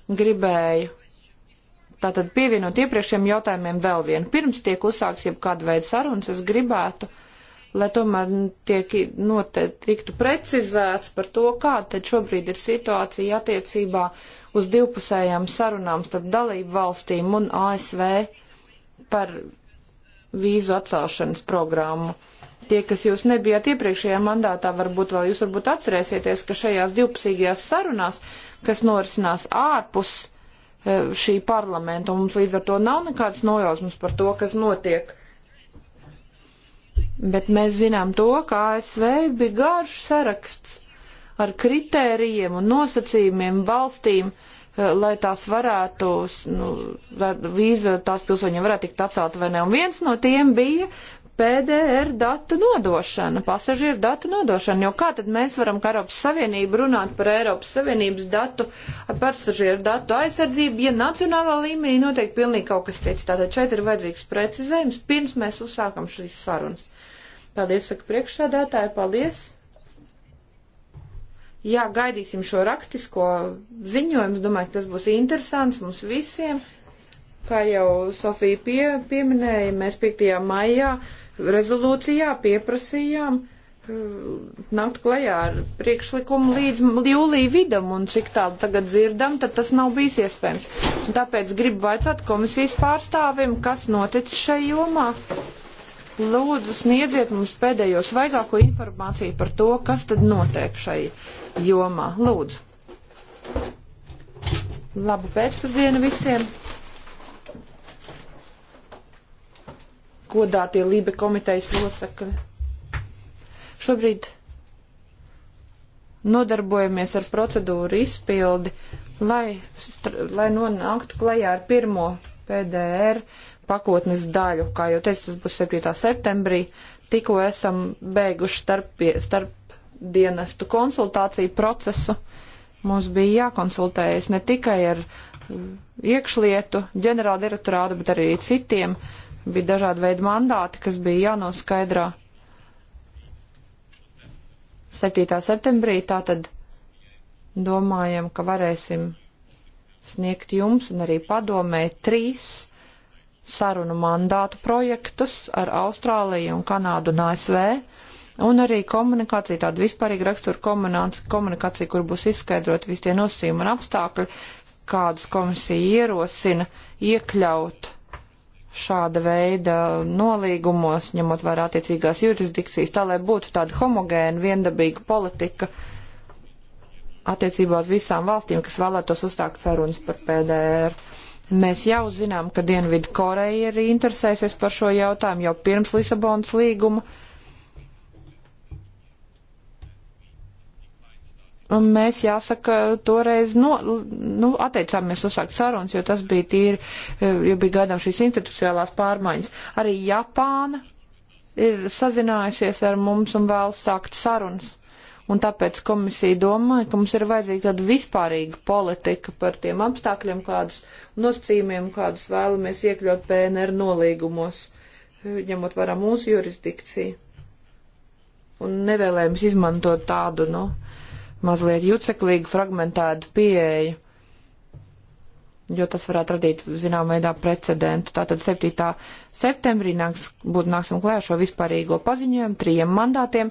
Gribēju tātad pievienot iepriekšējiem jautājumiem vēl vienu. Pirms tiek uzsāks jebkāda veida sarunas, es gribētu lai tomēr tiek noteikti tiktu precizēts par to, kāda tad šobrīd ir situācija attiecībā uz divpusējām sarunām starp dalību valstīm un ASV par vīzu atcelšanas programmu. Tie, kas jūs nebijāt iepriekšējā mandātā, varbūt vēl jūs varbūt atcerēsieties, ka šajās divpusīgajās sarunās, kas norisinās ārpus eh, šī parlamenta, un mums līdz ar to nav nekāds nojausmas par to, kas notiek Bet mēs zinām to, ka ASV bija garš saraksts ar kritērijiem un nosacījumiem valstīm, eh, lai tās varētu, nu, vīza tās pilsoņiem varētu tikt atcelt vai ne. Un viens no tiem bija PDR datu nodošanu, pasažieru datu nodošanu, jo kā tad mēs varam kā Eiropas Savienība runāt par Eiropas Savienības datu, pasažieru datu aizsardzību, ja nacionālā līmenī notiek pilnīgi kaut kas cits. Tātad šeit ir vajadzīgs precizējums, pirms mēs uzsākam šīs sarunas. Paldies, saka priekšsādātāja, paldies. Jā, gaidīsim šo rakstisko ziņojumu, domāju, ka tas būs interesants mums visiem. Kā jau Sofija pie, pieminēja, mēs 5. maijā rezolūcijā pieprasījām uh, nākt klajā ar priekšlikumu līdz jūlija vidam, un cik tālu tagad dzirdam, tad tas nav bijis iespējams. Un tāpēc gribu vaicāt komisijas pārstāvim, kas noticis šai jomā. Lūdzu, sniedziet mums pēdējo svaigāko informāciju par to, kas tad notiek šai jomā. Lūdzu. Labu pēcpusdienu visiem! godātie Lībe komitejas locekļi. Šobrīd nodarbojamies ar procedūru izpildi, lai, lai nonāktu klajā ar pirmo PDR pakotnes daļu. Kā jau teicu, tas būs 7. septembrī. Tikko esam beiguši starp, starp dienestu konsultāciju procesu. Mums bija jākonsultējas ne tikai ar iekšlietu ģenerāldirektorātu, bet arī citiem uh, bija dažādi veidi mandāti, kas bija jānoskaidrā. 7. septembrī tātad domājam, ka varēsim sniegt jums un arī padomē trīs sarunu mandātu projektus ar Austrāliju un Kanādu un ASV, un arī komunikāciju, tādu vispārīgu raksturu komunikāciju, kur būs izskaidrot visi tie nosacījumi un apstākļi, kādus komisija ierosina iekļaut šāda veida nolīgumos, ņemot vērā attiecīgās jurisdikcijas, tā lai būtu tāda homogēna, viendabīga politika attiecībā uz visām valstīm, kas vēlētos uzstākt sarunas par PDR. Mēs jau zinām, ka Dienvidu Koreja ir interesēsies par šo jautājumu jau pirms Lisabonas līguma Un mēs, jāsaka, toreiz no, nu, atteicāmies uzsākt sarunas, jo tas bija tīri, eh, jo bija gaidām šīs institucionālās pārmaiņas. Arī Japāna ir sazinājusies ar mums un vēlas sākt sarunas. Un tāpēc komisija domāja, ka mums ir vajadzīga tāda vispārīga politika par tiem apstākļiem, kādus nosacījumiem, kādus vēlamies iekļaut PNR nolīgumos, ņemot vērā mūsu jurisdikciju. Un nevēlējums izmantot tādu, nu. No, mazliet juceklīgu, fragmentētu pieeju, jo tas varētu radīt, zinām, veidā precedentu. Tātad 7. septembrī nāks, būtu nāksim klējā šo vispārīgo paziņojumu trījiem mandātiem.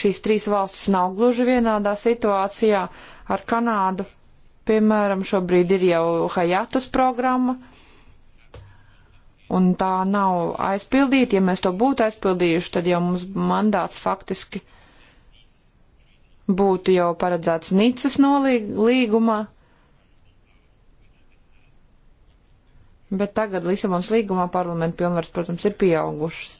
Šīs trīs valstis nav gluži vienādā situācijā ar Kanādu. Piemēram, šobrīd ir jau Hajatus programma, un tā nav aizpildīta. Ja mēs to būtu aizpildījuši, tad jau mums mandāts faktiski būtu jau paredzēts Nicas nolīgumā, bet tagad Lisabons līgumā parlamentu pilnvaras, protams, ir pieaugušas.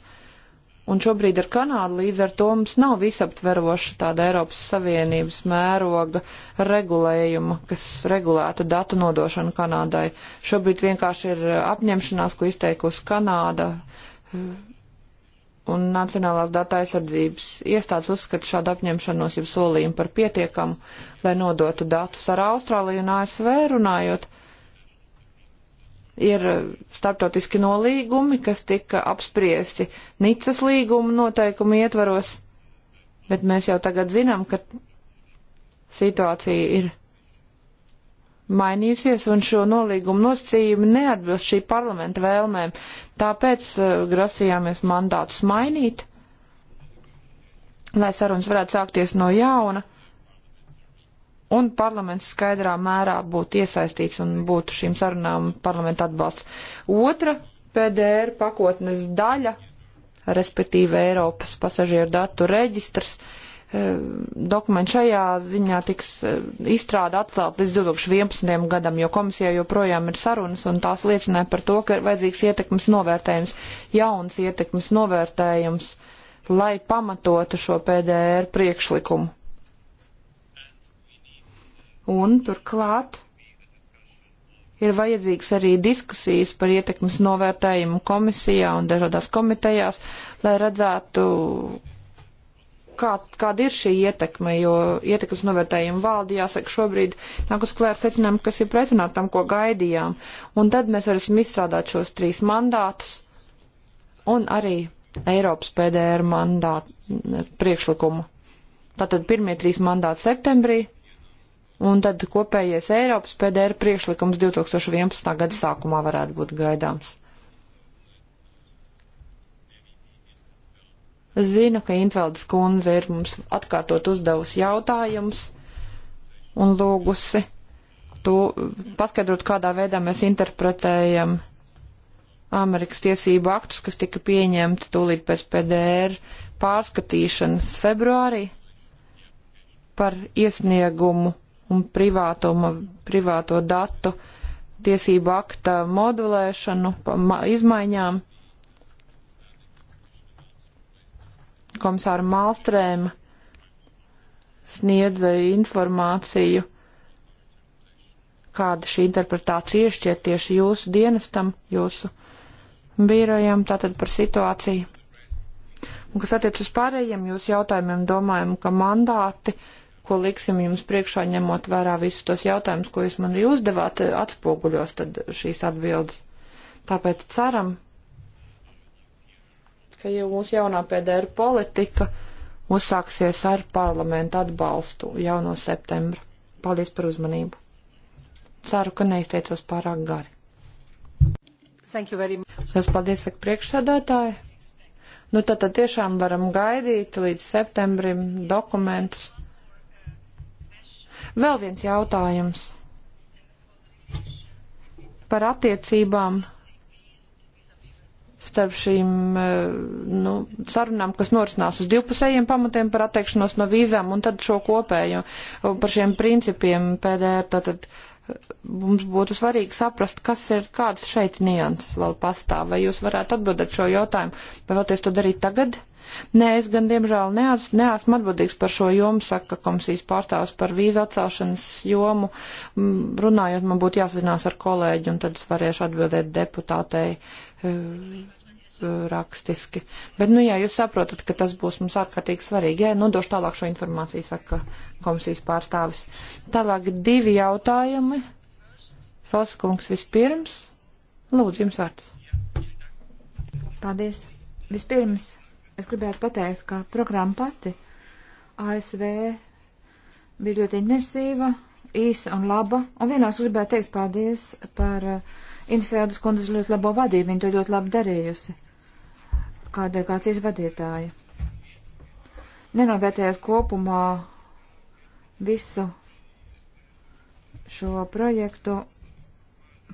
Un šobrīd ar Kanādu līdz ar to mums nav visaptveroša tāda Eiropas Savienības mēroga regulējuma, kas regulētu datu nodošanu Kanādai. Šobrīd vienkārši ir apņemšanās, ko izteikusi Kanāda un Nacionālās data aizsardzības iestādes uzskata šādu apņemšanos jau solījumu par pietiekamu, lai nodotu datus ar Austrāliju un ASV runājot. Ir starptautiski nolīgumi, kas tika apspriesti Nicas līguma noteikumu ietvaros, bet mēs jau tagad zinām, ka situācija ir mainījusies, un šo nolīgumu nosacījumi neatbilst šī parlamenta vēlmēm. Tāpēc uh, grasījāmies mandātus mainīt, lai sarunas varētu sākties no jauna, un parlaments skaidrā mērā būtu iesaistīts un būtu šīm sarunām parlamenta atbalsts. Otra PDR pakotnes daļa, respektīvi Eiropas pasažieru datu reģistrs, uh, Eh, dokumenti šajā ziņā tiks eh, izstrāda atcelt līdz 2011. gadam, jo komisijā joprojām ir sarunas un tās liecināja par to, ka ir vajadzīgs ietekmes novērtējums, jauns ietekmes novērtējums, lai pamatotu šo PDR priekšlikumu. Un turklāt ir vajadzīgs arī diskusijas par ietekmes novērtējumu komisijā un dažādās komitejās, lai redzētu, kā, kāda ir šī ietekme, jo ietekmes novērtējuma valdi, jāsaka, šobrīd nāk uz klēra secinājumu, kas ir pretrunā tam, ko gaidījām. Un tad mēs varēsim izstrādāt šos trīs mandātus un arī Eiropas PDR mandātu priekšlikumu. Tātad pirmie trīs mandāti septembrī un tad kopējais Eiropas PDR priekšlikums 2011. gada sākumā varētu būt gaidāms. Zinu, ka Intveldes kundze ir mums atkārtot uzdevusi jautājumus un lūgusi to paskaidrot, kādā veidā mēs interpretējam Amerikas tiesību aktus, kas tika pieņemti tūlīt pēc PDR pārskatīšanas februārī par iesniegumu un privātuma, privāto datu tiesību akta modulēšanu, izmaiņām. komisāra Malstrēma sniedza informāciju, kāda šī interpretācija ir šķiet tieši jūsu dienestam, jūsu birojam, tātad par situāciju. Un kas attiec uz pārējiem jūsu jautājumiem, domājam, ka mandāti, ko liksim jums priekšā ņemot vērā visus tos jautājumus, ko jūs man arī uzdevāt, atspoguļos tad šīs atbildes. Tāpēc ceram, ka jau mūsu jaunā PDR politika uzsāksies ar parlamentu atbalstu jau no septembra. Paldies par uzmanību. Ceru, ka neizteicos pārāk gari. Lielas paldies, saka priekšsādātāji. Nu, tad, tad tiešām varam gaidīt līdz septembrim dokumentus. Vēl viens jautājums par attiecībām starp šīm eh, nu, sarunām, kas norisinās uz divpusējiem pamatiem par atteikšanos no vīzām un tad šo kopējo eh, par šiem principiem PDR. Tātad eh, mums būtu svarīgi saprast, kas ir, kādas šeit nianses vēl pastāv. Vai jūs varētu atbildēt šo jautājumu, vai vēlties to darīt tagad? Nē, es gan, diemžēl, neās, neesmu atbildīgs par šo jomu, saka komisijas pārstāvs par vīzu atcelšanas jomu. Mm, runājot, man būtu jāsazinās ar kolēģi, un tad es varēšu atbildēt deputātei. Uh, Eh, rakstiski. Bet, nu jā, jūs saprotat, ka tas būs mums ārkārtīgi svarīgi. Jā, nodošu tālāk šo informāciju, saka komisijas pārstāvis. Tālāk divi jautājumi. Foskungs vispirms. Lūdzu, jums vārds. Paldies. Vispirms es gribētu pateikt, ka programma pati ASV bija ļoti intensīva, īsa un laba. Un vienos gribētu teikt paldies par uh, Infēdas kundzes ļoti labo vadību, viņa to ļoti labi darījusi, kā delegācijas vadītāja. Nenovērtējot kopumā visu šo projektu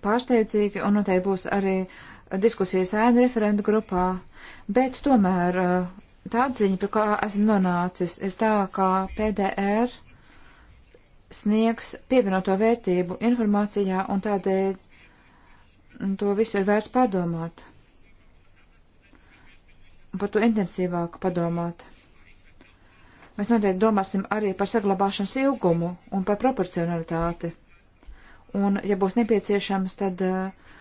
pārsteidzīgi, un noteikti nu, būs arī diskusijas ēnu referentu grupā, bet tomēr eh, tā atziņa, pie kā esam nonācis, ir tā, kā PDR sniegs pievienoto vērtību informācijā, un tādēļ Un to visu ir vērts pārdomāt. Un par to intensīvāk padomāt. Mēs noteikti domāsim arī par saglabāšanas ilgumu un par proporcionalitāti. Un, ja būs nepieciešams, tad uh,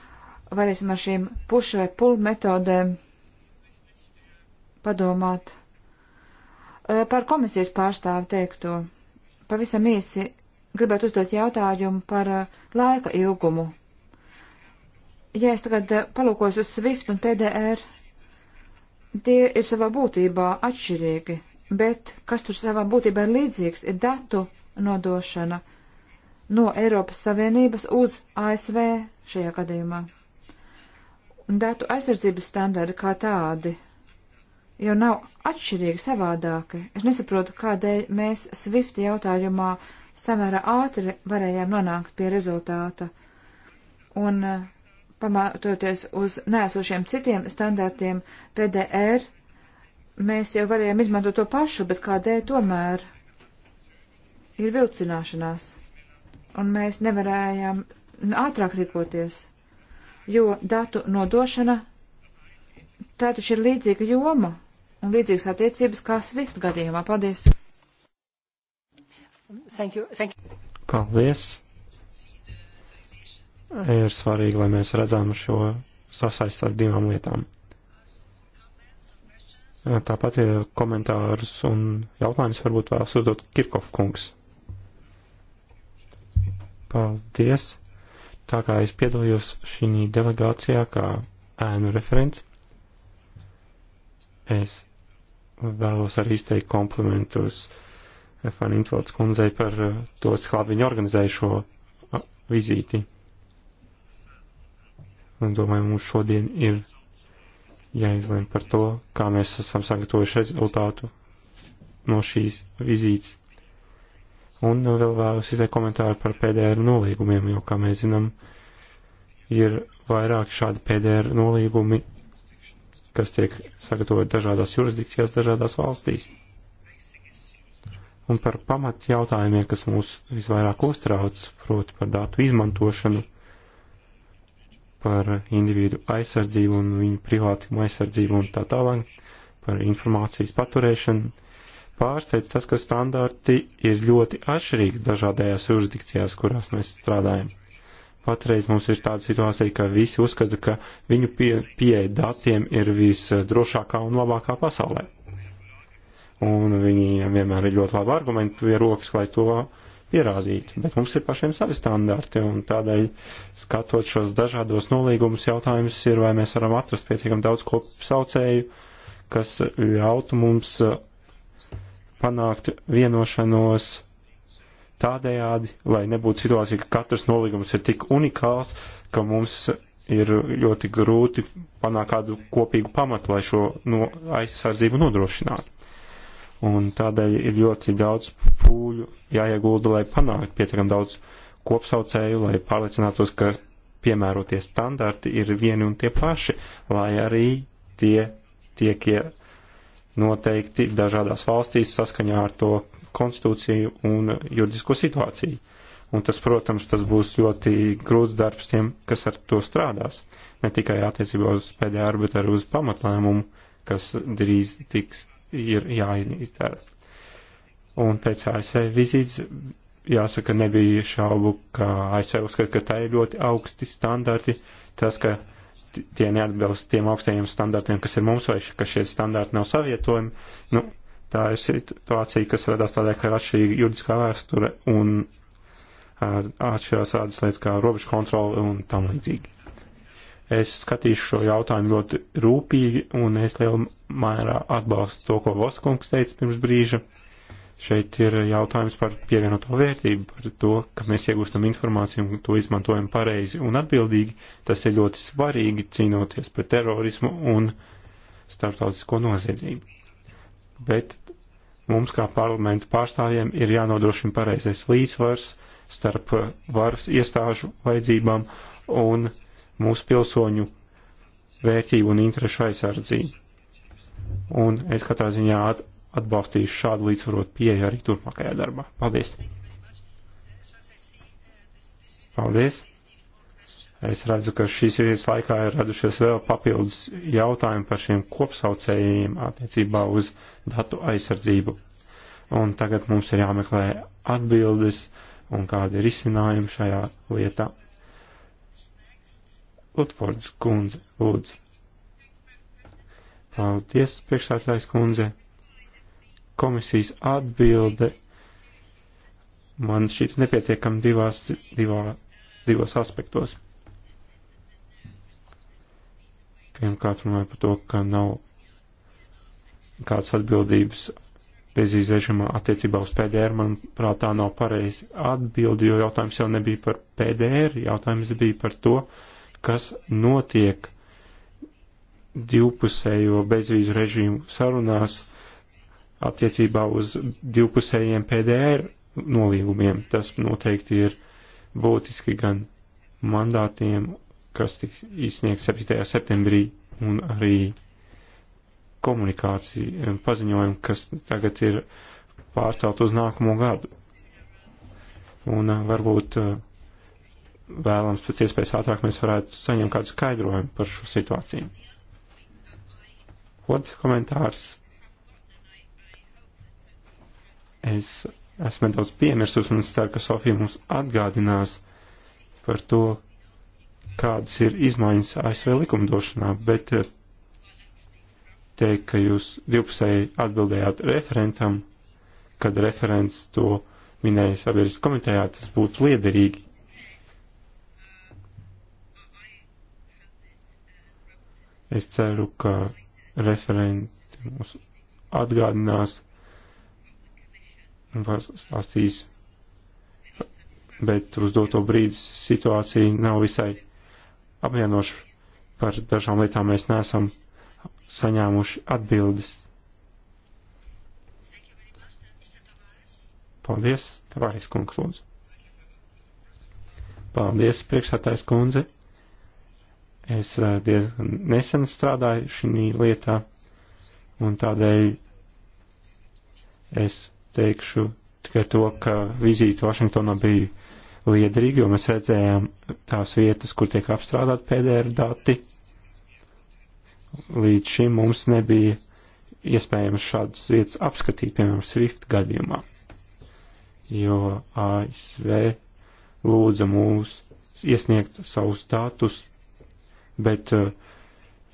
varēsim ar šīm pušu vai pulu metodēm padomāt uh, par komisijas pārstāvu teikto. Pavisam īsi gribētu uzdot jautājumu par uh, laika ilgumu ja es tagad eh, palūkos uz SWIFT un PDR, tie ir savā būtībā atšķirīgi, bet kas tur savā būtībā ir līdzīgs, ir datu nodošana no Eiropas Savienības uz ASV šajā gadījumā. Datu aizsardzības standarti kā tādi jau nav atšķirīgi savādāki. Es nesaprotu, kādēļ mēs SWIFT jautājumā samērā ātri varējām nonākt pie rezultāta. Un uh, pamatoties uz nēsošiem citiem standartiem PDR, mēs jau varējām izmantot to pašu, bet kādēļ tomēr ir vilcināšanās, un mēs nevarējām ātrāk rīkoties, jo datu nodošana tā taču ir līdzīga joma un līdzīgas attiecības kā Swift gadījumā. Paldies! Thank you, thank you. Paldies! ir svarīgi, lai mēs redzam šo sasaist ar divām lietām. Tāpat ir komentārus un jautājums varbūt vēlas uzdot Kirkov kungs. Paldies! Tā kā es piedalījos šī delegācijā kā ēnu referents, es vēlos arī izteikt komplimentus Fani Intvalds kundzei par to, kā viņi organizēja šo vizīti Un domāju, mums šodien ir jāizlēm par to, kā mēs esam sagatavojuši rezultātu no šīs vizītes. Un vēl vēlos izteikt komentāru par PDR nolīgumiem, jo, kā mēs zinām, ir vairāk šādi PDR nolīgumi, kas tiek sagatavoti dažādās jurisdikcijās, dažādās valstīs. Un par pamat jautājumiem, kas mūs visvairāk uztrauc, proti par datu izmantošanu par individu aizsardzību un viņu privātumu aizsardzību un tā tālāk, par informācijas paturēšanu. Pārsteidz tas, ka standarti ir ļoti atšķirīgi dažādajās jurisdikcijās, kurās mēs strādājam. Patreiz mums ir tāda situācija, ka visi uzskata, ka viņu pie, pieeja datiem ir visdrošākā un labākā pasaulē. Un viņiem vienmēr ir ļoti labi argumenti pie rokas, lai to uh, pierādīt, bet mums ir pašiem savi standarti, un tādēļ, skatot šos dažādos nolīgumus, jautājums ir, vai mēs varam atrast pietiekam daudz kopsaucēju, kas ļautu mums uh, panākt vienošanos tādējādi, lai nebūtu situācija, ka katrs nolīgums ir tik unikāls, ka mums ir ļoti grūti panākt kādu kopīgu pamatu, lai šo no aizsardzību nodrošinātu un tādēļ ir ļoti daudz pūļu jāiegulda, lai panāktu pietiekam daudz kopsaucēju, lai pārliecinātos, ka piemērotie standarti ir vieni un tie paši, lai arī tie tiekie noteikti dažādās valstīs saskaņā ar to konstitūciju un juridisko situāciju. Un tas, protams, tas būs ļoti grūts darbs tiem, kas ar to strādās. Ne tikai attiecībā uz PDR, bet arī uz pamatlēmumu, kas drīz tiks ir jāizdara. Un pēc ASV vizītes jāsaka, nebija šaubu, ka ASV uzskata, ka tā ir ļoti augsti standarti. Tas, ka tie neatbilst tiem augstajiem standartiem, kas ir mums, vai ka šie standarti nav savietojami, nu, tā ir situācija, kas radās tādēļ, ka ir atšķirīga juridiskā vēsture un atšķirās tādas lietas kā robežu kontrole un tam līdzīgi. Es skatīšu šo jautājumu ļoti rūpīgi, un es lielu mērā atbalstu to, ko Voskungs teica pirms brīža. Šeit ir jautājums par pievienoto vērtību, par to, ka mēs iegūstam informāciju un to izmantojam pareizi un atbildīgi. Tas ir ļoti svarīgi cīnoties pret terorismu un starptautisko noziedzību. Bet mums kā parlamenta pārstāvjiem ir jānodrošina pareizais līdzsvars starp varas iestāžu vajadzībām un mūsu pilsoņu vērtību un interešu aizsardzību. Un es katrā ziņā atbalstīšu šādu līdzsvarot pieeju arī turpmākajā darbā. Paldies! Paldies! Es redzu, ka šīs vietas laikā ir radušies vēl papildus jautājumi par šiem kopsaucējiem attiecībā uz datu aizsardzību. Un tagad mums ir jāmeklē atbildes un kādi ir izcinājumi šajā lietā. Lutfords kundze, lūdzu. Paldies, priekšstādājas kundze. Komisijas atbilde man šķiet nepietiekam divās, divā, divos aspektos. Pirmkārt, runāju par to, ka nav kādas atbildības bezizrežamā attiecībā uz PDR, manuprāt, tā nav pareizi atbildi, jo jautājums jau nebija par PDR, jautājums bija par to, uh, kas notiek divpusējo bezvīzu režīmu sarunās attiecībā uz divpusējiem PDR nolīgumiem. Tas noteikti ir būtiski gan mandātiem, kas tiks izsniegts 7. septembrī, un arī komunikāciju eh, paziņojumu, kas tagad ir pārcelt uz nākamo gadu. Un eh, varbūt uh, vēlams pēc iespējas ātrāk mēs varētu saņemt kādu skaidrojumu par šo situāciju. Otrs komentārs. Es esmu daudz piemirsus un es ceru, ka Sofija mums atgādinās par to, kādas ir izmaiņas ASV likumdošanā, bet eh, teikt, ka jūs divpusēji atbildējāt referentam, kad referents to minēja sabiedrības komitejā, tas būtu liederīgi Es ceru, ka referenti mums atgādinās un pastāstīs, bet uz doto brīdi situācija nav visai apvienoša. Par dažām lietām mēs nesam saņēmuši atbildes. Paldies, Tavares kungs, lūdzu. Paldies, priekšsātais kundze. Es eh, diezgan nesen strādāju šī lietā, un tādēļ es teikšu tikai to, ka vizīte Vašingtonā bija liederīga, jo mēs redzējām tās vietas, kur tiek apstrādāt PDR dati. Līdz šim mums nebija iespējams šādas vietas apskatīt, piemēram, Swift gadījumā, jo ASV lūdza mūs iesniegt savus datus bet eh,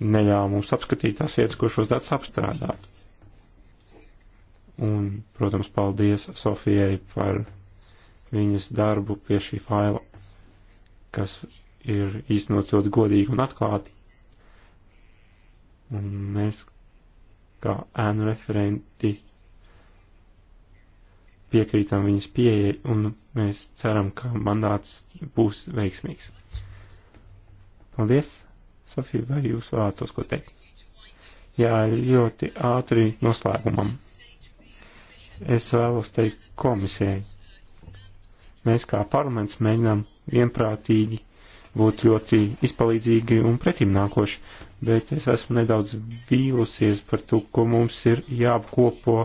neļāva mums apskatīt tās vietas, kur šos datus apstrādāt. Un, protams, paldies Sofijai par viņas darbu pie šī faila, kas ir īstenot ļoti godīgi un atklāti. Un mēs, kā ēnu referenti, piekrītam viņas pieejai un mēs ceram, ka mandāts būs veiksmīgs. Paldies! Sofija, vai jūs vēlētos ko teikt? Jā, ļoti ātri noslēgumam. Es vēlos teikt komisijai. Mēs kā parlaments mēģinām vienprātīgi būt ļoti izpalīdzīgi un pretim nākoši, bet es esmu nedaudz vīlusies par to, ko mums ir jāapkopo,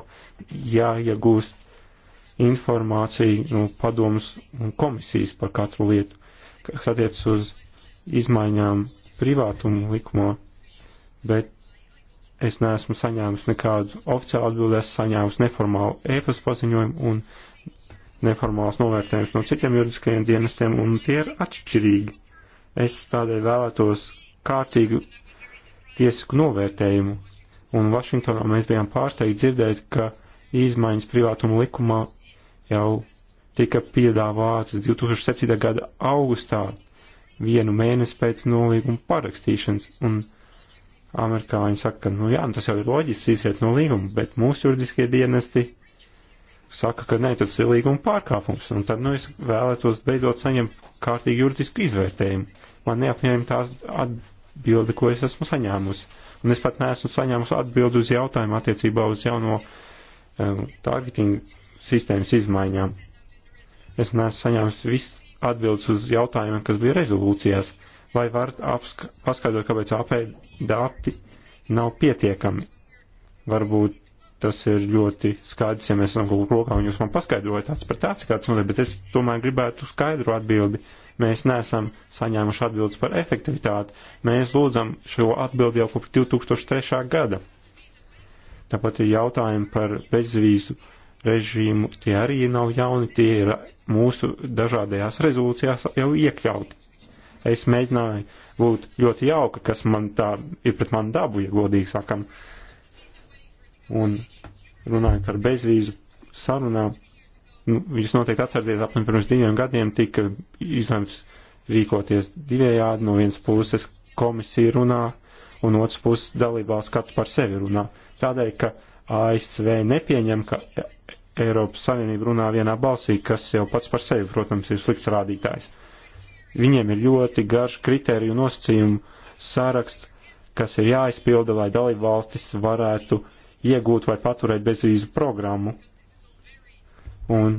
jāiegūst informācija no nu, padomus un komisijas par katru lietu, kas attiec uz izmaiņām privātumu likumā, bet es neesmu saņēmusi nekādu oficiālu atbildi, esmu saņēmusi neformālu ēpas paziņojumu un neformāls novērtējums no citiem juridiskajiem dienestiem, un tie ir atšķirīgi. Es tādēļ vēlētos kārtīgu tiesisku novērtējumu, un Vašingtonā mēs bijām pārsteigti dzirdēt, ka izmaiņas privātuma likumā jau tika piedāvātas 2007. gada augustā, vienu mēnesi pēc nolīguma parakstīšanas, un amerikāņi saka, ka, nu jā, nu tas jau ir loģisks izriet no līguma, bet mūsu juridiskie dienesti saka, ka nē, tas ir līguma pārkāpums, un tad, nu, es vēlētos beidzot saņemt kārtīgi juridisku izvērtējumu. Man neapņēma tās atbildi, ko es esmu saņēmusi, un es pat neesmu saņēmusi atbildi uz jautājumu attiecībā uz jauno um, targeting sistēmas izmaiņām. Es neesmu saņēmusi visas atbildes uz jautājumiem, kas bija rezolūcijās. Vai varat paskaidrot, kāpēc AP dati nav pietiekami? Varbūt tas ir ļoti skaidrs, ja mēs esam kaut kur lokā, un jūs man paskaidrojat tāds par tāds kāds, bet es tomēr gribētu skaidru atbildi. Mēs neesam saņēmuši atbildes par efektivitāti. Mēs lūdzam šo atbildi jau kopš 2003. gada. Tāpat ir jautājumi par bezvīzu uh, režīmu, tie arī nav jauni, tie ir mūsu dažādajās rezolūcijās jau iekļauti. Es mēģināju būt ļoti jauka, kas man tā ir pret manu dabu, ja godīgi sakam. Un runājot par bezvīzu sarunām, nu, jūs noteikti atcerieties, apmēram pirms diviem gadiem tika izlemts rīkoties divējādi. No vienas puses komisija runā, un otrs puses dalībās katrs par sevi runā. Tādēļ, ka ASV nepieņem, ka Eiropas Savienība runā vienā balsī, kas jau pats par sevi, protams, ir slikts rādītājs. Viņiem ir ļoti garš kritēriju nosacījumu saraksts, kas ir jāizpilda, lai dalību valstis varētu iegūt vai paturēt bezvīzu programmu. Un,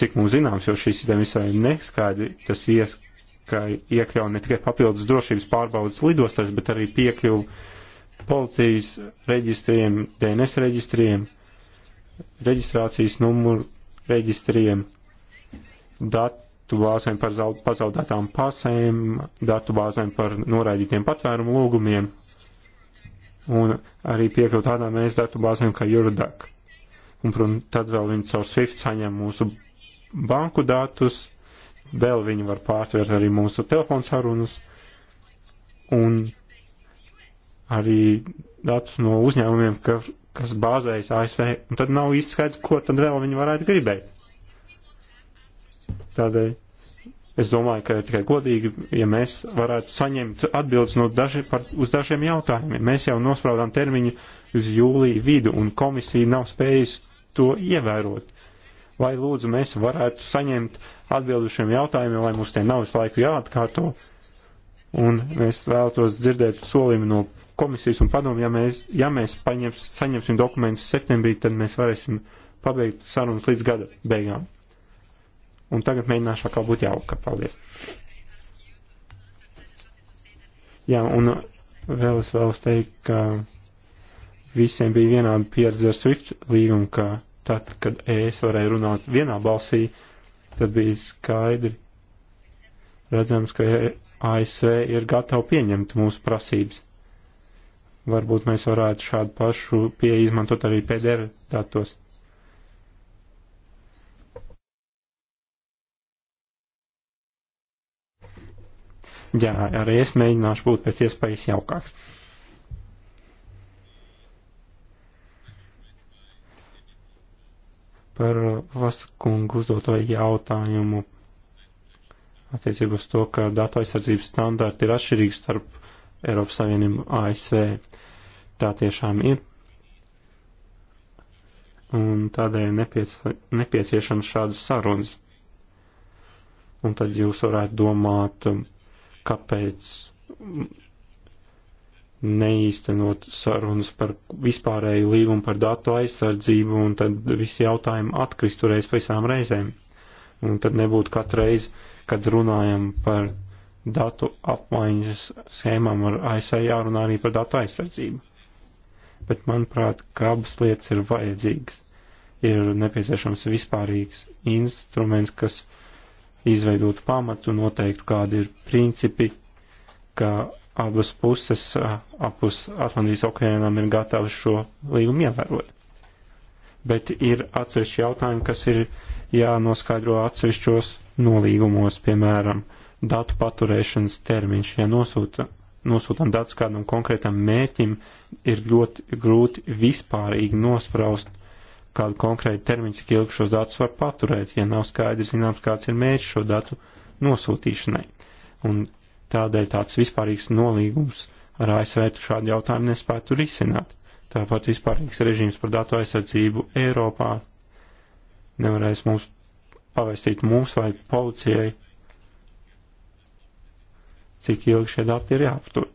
cik mums zināms, jo šī sistēma visai neskaidri, tas ies, ka iekļauj ne tikai papildus drošības pārbaudas lidostās, bet arī piekļuvu policijas reģistriem, DNS reģistriem, uh, reģistrācijas numuru reģistriem, datu bāzēm par pazaudētām pasēm, datu bāzēm par noraidītiem patvērumu lūgumiem un arī piekļūt tādām mēs datu bāzēm kā Eurodac. Un, protams, tad vēl viņi caur Swift saņem mūsu banku datus, vēl viņi var pārtvērt arī mūsu telefonsarunas un arī datus no uzņēmumiem, kas kas bāzējas ASV, un tad nav īsti skaidrs, ko tad vēl viņi varētu gribēt. Tādēļ es domāju, ka ir tikai godīgi, ja mēs varētu saņemt atbildes no daži, par, uz dažiem jautājumiem. Mēs jau nospraudām termiņu uz jūliju vidu, un komisija nav spējusi to ievērot. Vai lūdzu mēs varētu saņemt atbildi uz šiem jautājumiem, lai mums tie nav visu laiku jāatkārto, un mēs vēlētos dzirdēt solījumu no komisijas un padomu, ja mēs, ja mēs paņems, saņemsim dokumentus septembrī, tad mēs varēsim pabeigt sarunas līdz gada beigām. Un tagad mēģināšu atkal būt jauka. Paldies. Jā, un vēl es vēlos teikt, ka visiem bija vienāda pieredze ar Swift līgumu, ka tad, kad es varēju runāt vienā balsī, tad bija skaidri redzams, ka ASV ir gatava pieņemt mūsu prasības. Varbūt mēs varētu šādu pašu pieeju izmantot arī PDR datos. Jā, arī es mēģināšu būt pēc iespējas jaukāks. par Vaskungu uzdoto jautājumu attiecībā uz to, ka datu aizsardzības standarti ir atšķirīgi starp Eiropas Savienību ASV. Tā tiešām ir. Un tādēļ nepieci nepieciešams šādas sarunas. Un tad jūs varētu domāt, um, kāpēc neīstenot sarunas par vispārēju līgumu par datu aizsardzību, un tad visi jautājumi atkristu reiz pēc visām reizēm. Un tad nebūtu katru reizi, kad runājam par datu apmaiņas schēmām ar ASV jārunā arī par datu aizsardzību. Bet, manuprāt, ka abas lietas ir vajadzīgas. Ir nepieciešams vispārīgs instruments, kas izveidotu pamatu, noteiktu, kādi ir principi, ka abas puses apus Atlantijas okeānām ir gatavas šo līgumu ievērot. Bet ir atsevišķi jautājumi, kas ir jānoskaidro atsevišķos nolīgumos, piemēram, uh, datu paturēšanas termiņš. Ja nosūta, nosūtam datus kādam konkrētam mērķim, ir ļoti grūti vispārīgi nospraust kādu konkrētu termiņu, cik ilgi šos datus var paturēt, ja nav skaidrs zināms, kāds ir mērķis šo datu nosūtīšanai. Un tādēļ tāds vispārīgs nolīgums ar ASV šādu jautājumu nespētu risināt. Tāpat vispārīgs režīms par datu aizsardzību Eiropā nevarēs mums pavēstīt mums vai policijai cik ilgi šie dati ir jāaptur.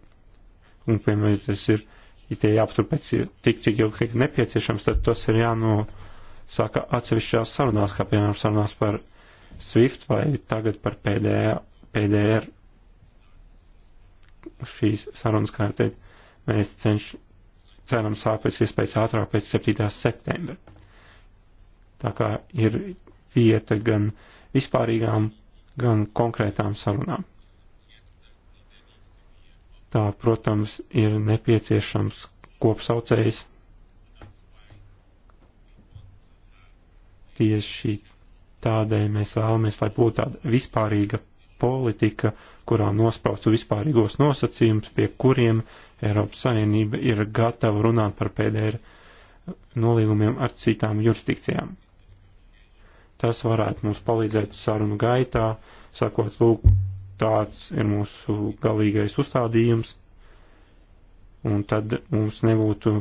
Un, piemēram, tas ir, ja tie jāaptur pēc tik, cik ilgi tiek nepieciešams, tad tas ir jānosaka atsevišķās sarunās, kā piemēram sarunās par SWIFT vai tagad par PDR. PDR. Šīs sarunas, kā jau teicu, mēs cenš, ceram sākt pēc iespējas ātrāk pēc 7. septembra. Tā kā ir vieta gan vispārīgām, gan konkrētām sarunām tā, protams, ir nepieciešams kopsaucējs. Tieši tādēļ mēs vēlamies, lai būtu tāda vispārīga politika, kurā nospaustu vispārīgos nosacījumus, pie kuriem Eiropas Savienība ir gatava runāt par PDR nolīgumiem ar citām jurisdikcijām. Tas varētu mums palīdzēt sarunu gaitā, sakot, lūk, Tāds ir mūsu galīgais uzstādījums. Un tad mums nebūtu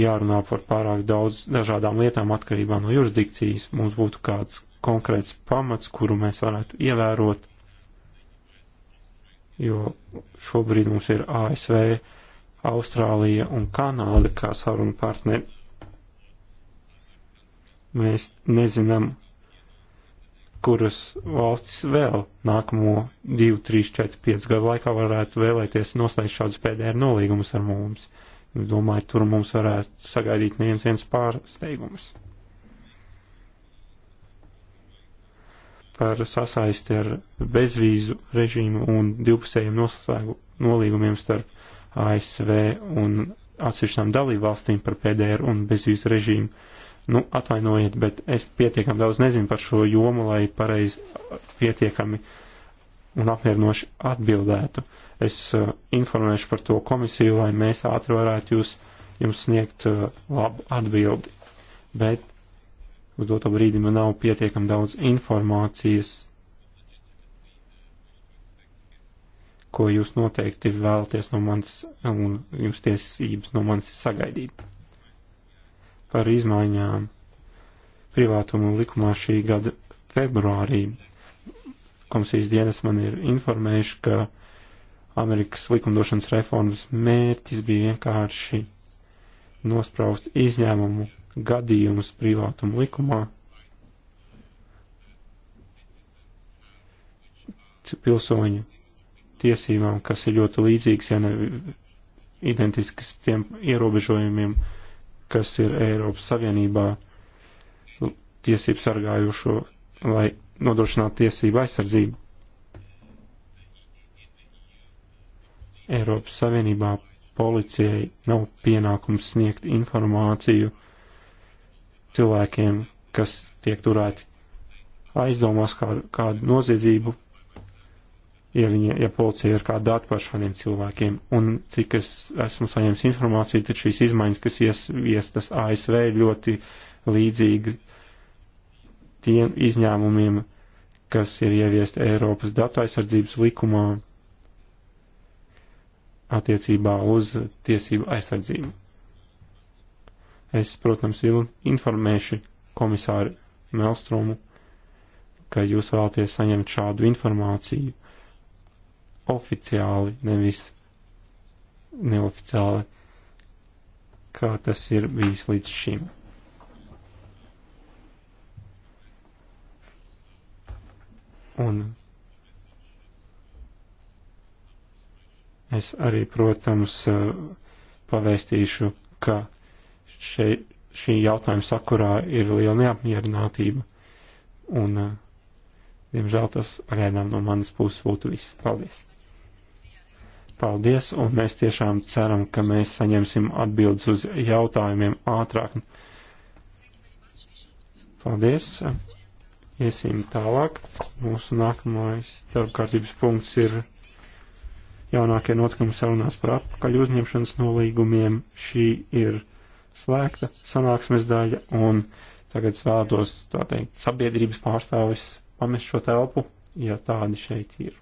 jārunā par pārāk daudz dažādām lietām atkarībā no jurisdikcijas. Mums būtu kāds konkrēts pamats, kuru mēs varētu ievērot, jo šobrīd mums ir ASV, Austrālija un Kanāda kā sarunu partneri. Mēs nezinām, kurus valstis vēl nākamo 2, 3, 4, 5 gadu laikā varētu vēlēties noslēgt šādus PDR nolīgumus ar mums. Domāju, tur mums varētu sagaidīt neviens viens pārsteigums. Par sasaisti ar bezvīzu režīmu un divpusējiem noslēgu nolīgumiem starp ASV un atsevišķām dalībvalstīm par PDR un bezvīzu režīmu. Uh, Nu, atvainojiet, bet es pietiekami daudz nezinu par šo jomu, lai pareizi pietiekami un apmierinoši atbildētu. Es uh, informēšu par to komisiju, lai mēs ātri varētu jūs, jums sniegt uh, labu atbildi. Bet uz doto brīdi man nav pietiekami daudz informācijas, ko jūs noteikti vēlaties no manis un jums tiesības no manis sagaidīt par izmaiņām privātumu likumā šī gada februārī. Komisijas dienas man ir informējuši, ka Amerikas likumdošanas reformas mērķis bija vienkārši nospraust izņēmumu gadījumus privātumu likumā, pilsoņu tiesībām, kas ir ļoti līdzīgas, ja ne identiskas tiem ierobežojumiem, uh, kas ir Eiropas Savienībā tiesību sargājušo, lai nodrošinātu tiesību aizsardzību. Eiropas Savienībā policijai nav pienākums sniegt informāciju cilvēkiem, kas tiek turēti aizdomās kā, kādu noziedzību ja, viņa, ja policija ir kāda data par šādiem cilvēkiem. Un cik es esmu saņēmis informāciju, tad šīs izmaiņas, kas ieviestas ASV, ļoti līdzīgi tiem izņēmumiem, kas ir ieviesti Eiropas datu aizsardzības likumā attiecībā uz tiesību aizsardzību. Es, protams, informēšu komisāru Melstromu, ka jūs vēlaties saņemt šādu informāciju oficiāli, nevis neoficiāli, kā tas ir bijis līdz šim. Un es arī, protams, pavēstīšu, ka šeit, šī jautājuma sakurā ir liela neapmierinātība. Un, diemžēl, tas pagaidām no manas puses būtu viss. Paldies! Paldies, un mēs tiešām ceram, ka mēs saņemsim atbildes uz jautājumiem ātrāk. Paldies. Iesim tālāk. Mūsu nākamais darbkārtības punkts ir jaunākie notikumi sarunās par atpakaļ uzņemšanas nolīgumiem. Šī ir slēgta sanāksmes daļa, un tagad es vēlos, tā teikt, sabiedrības pārstāvis pamest šo telpu, ja tādi šeit ir.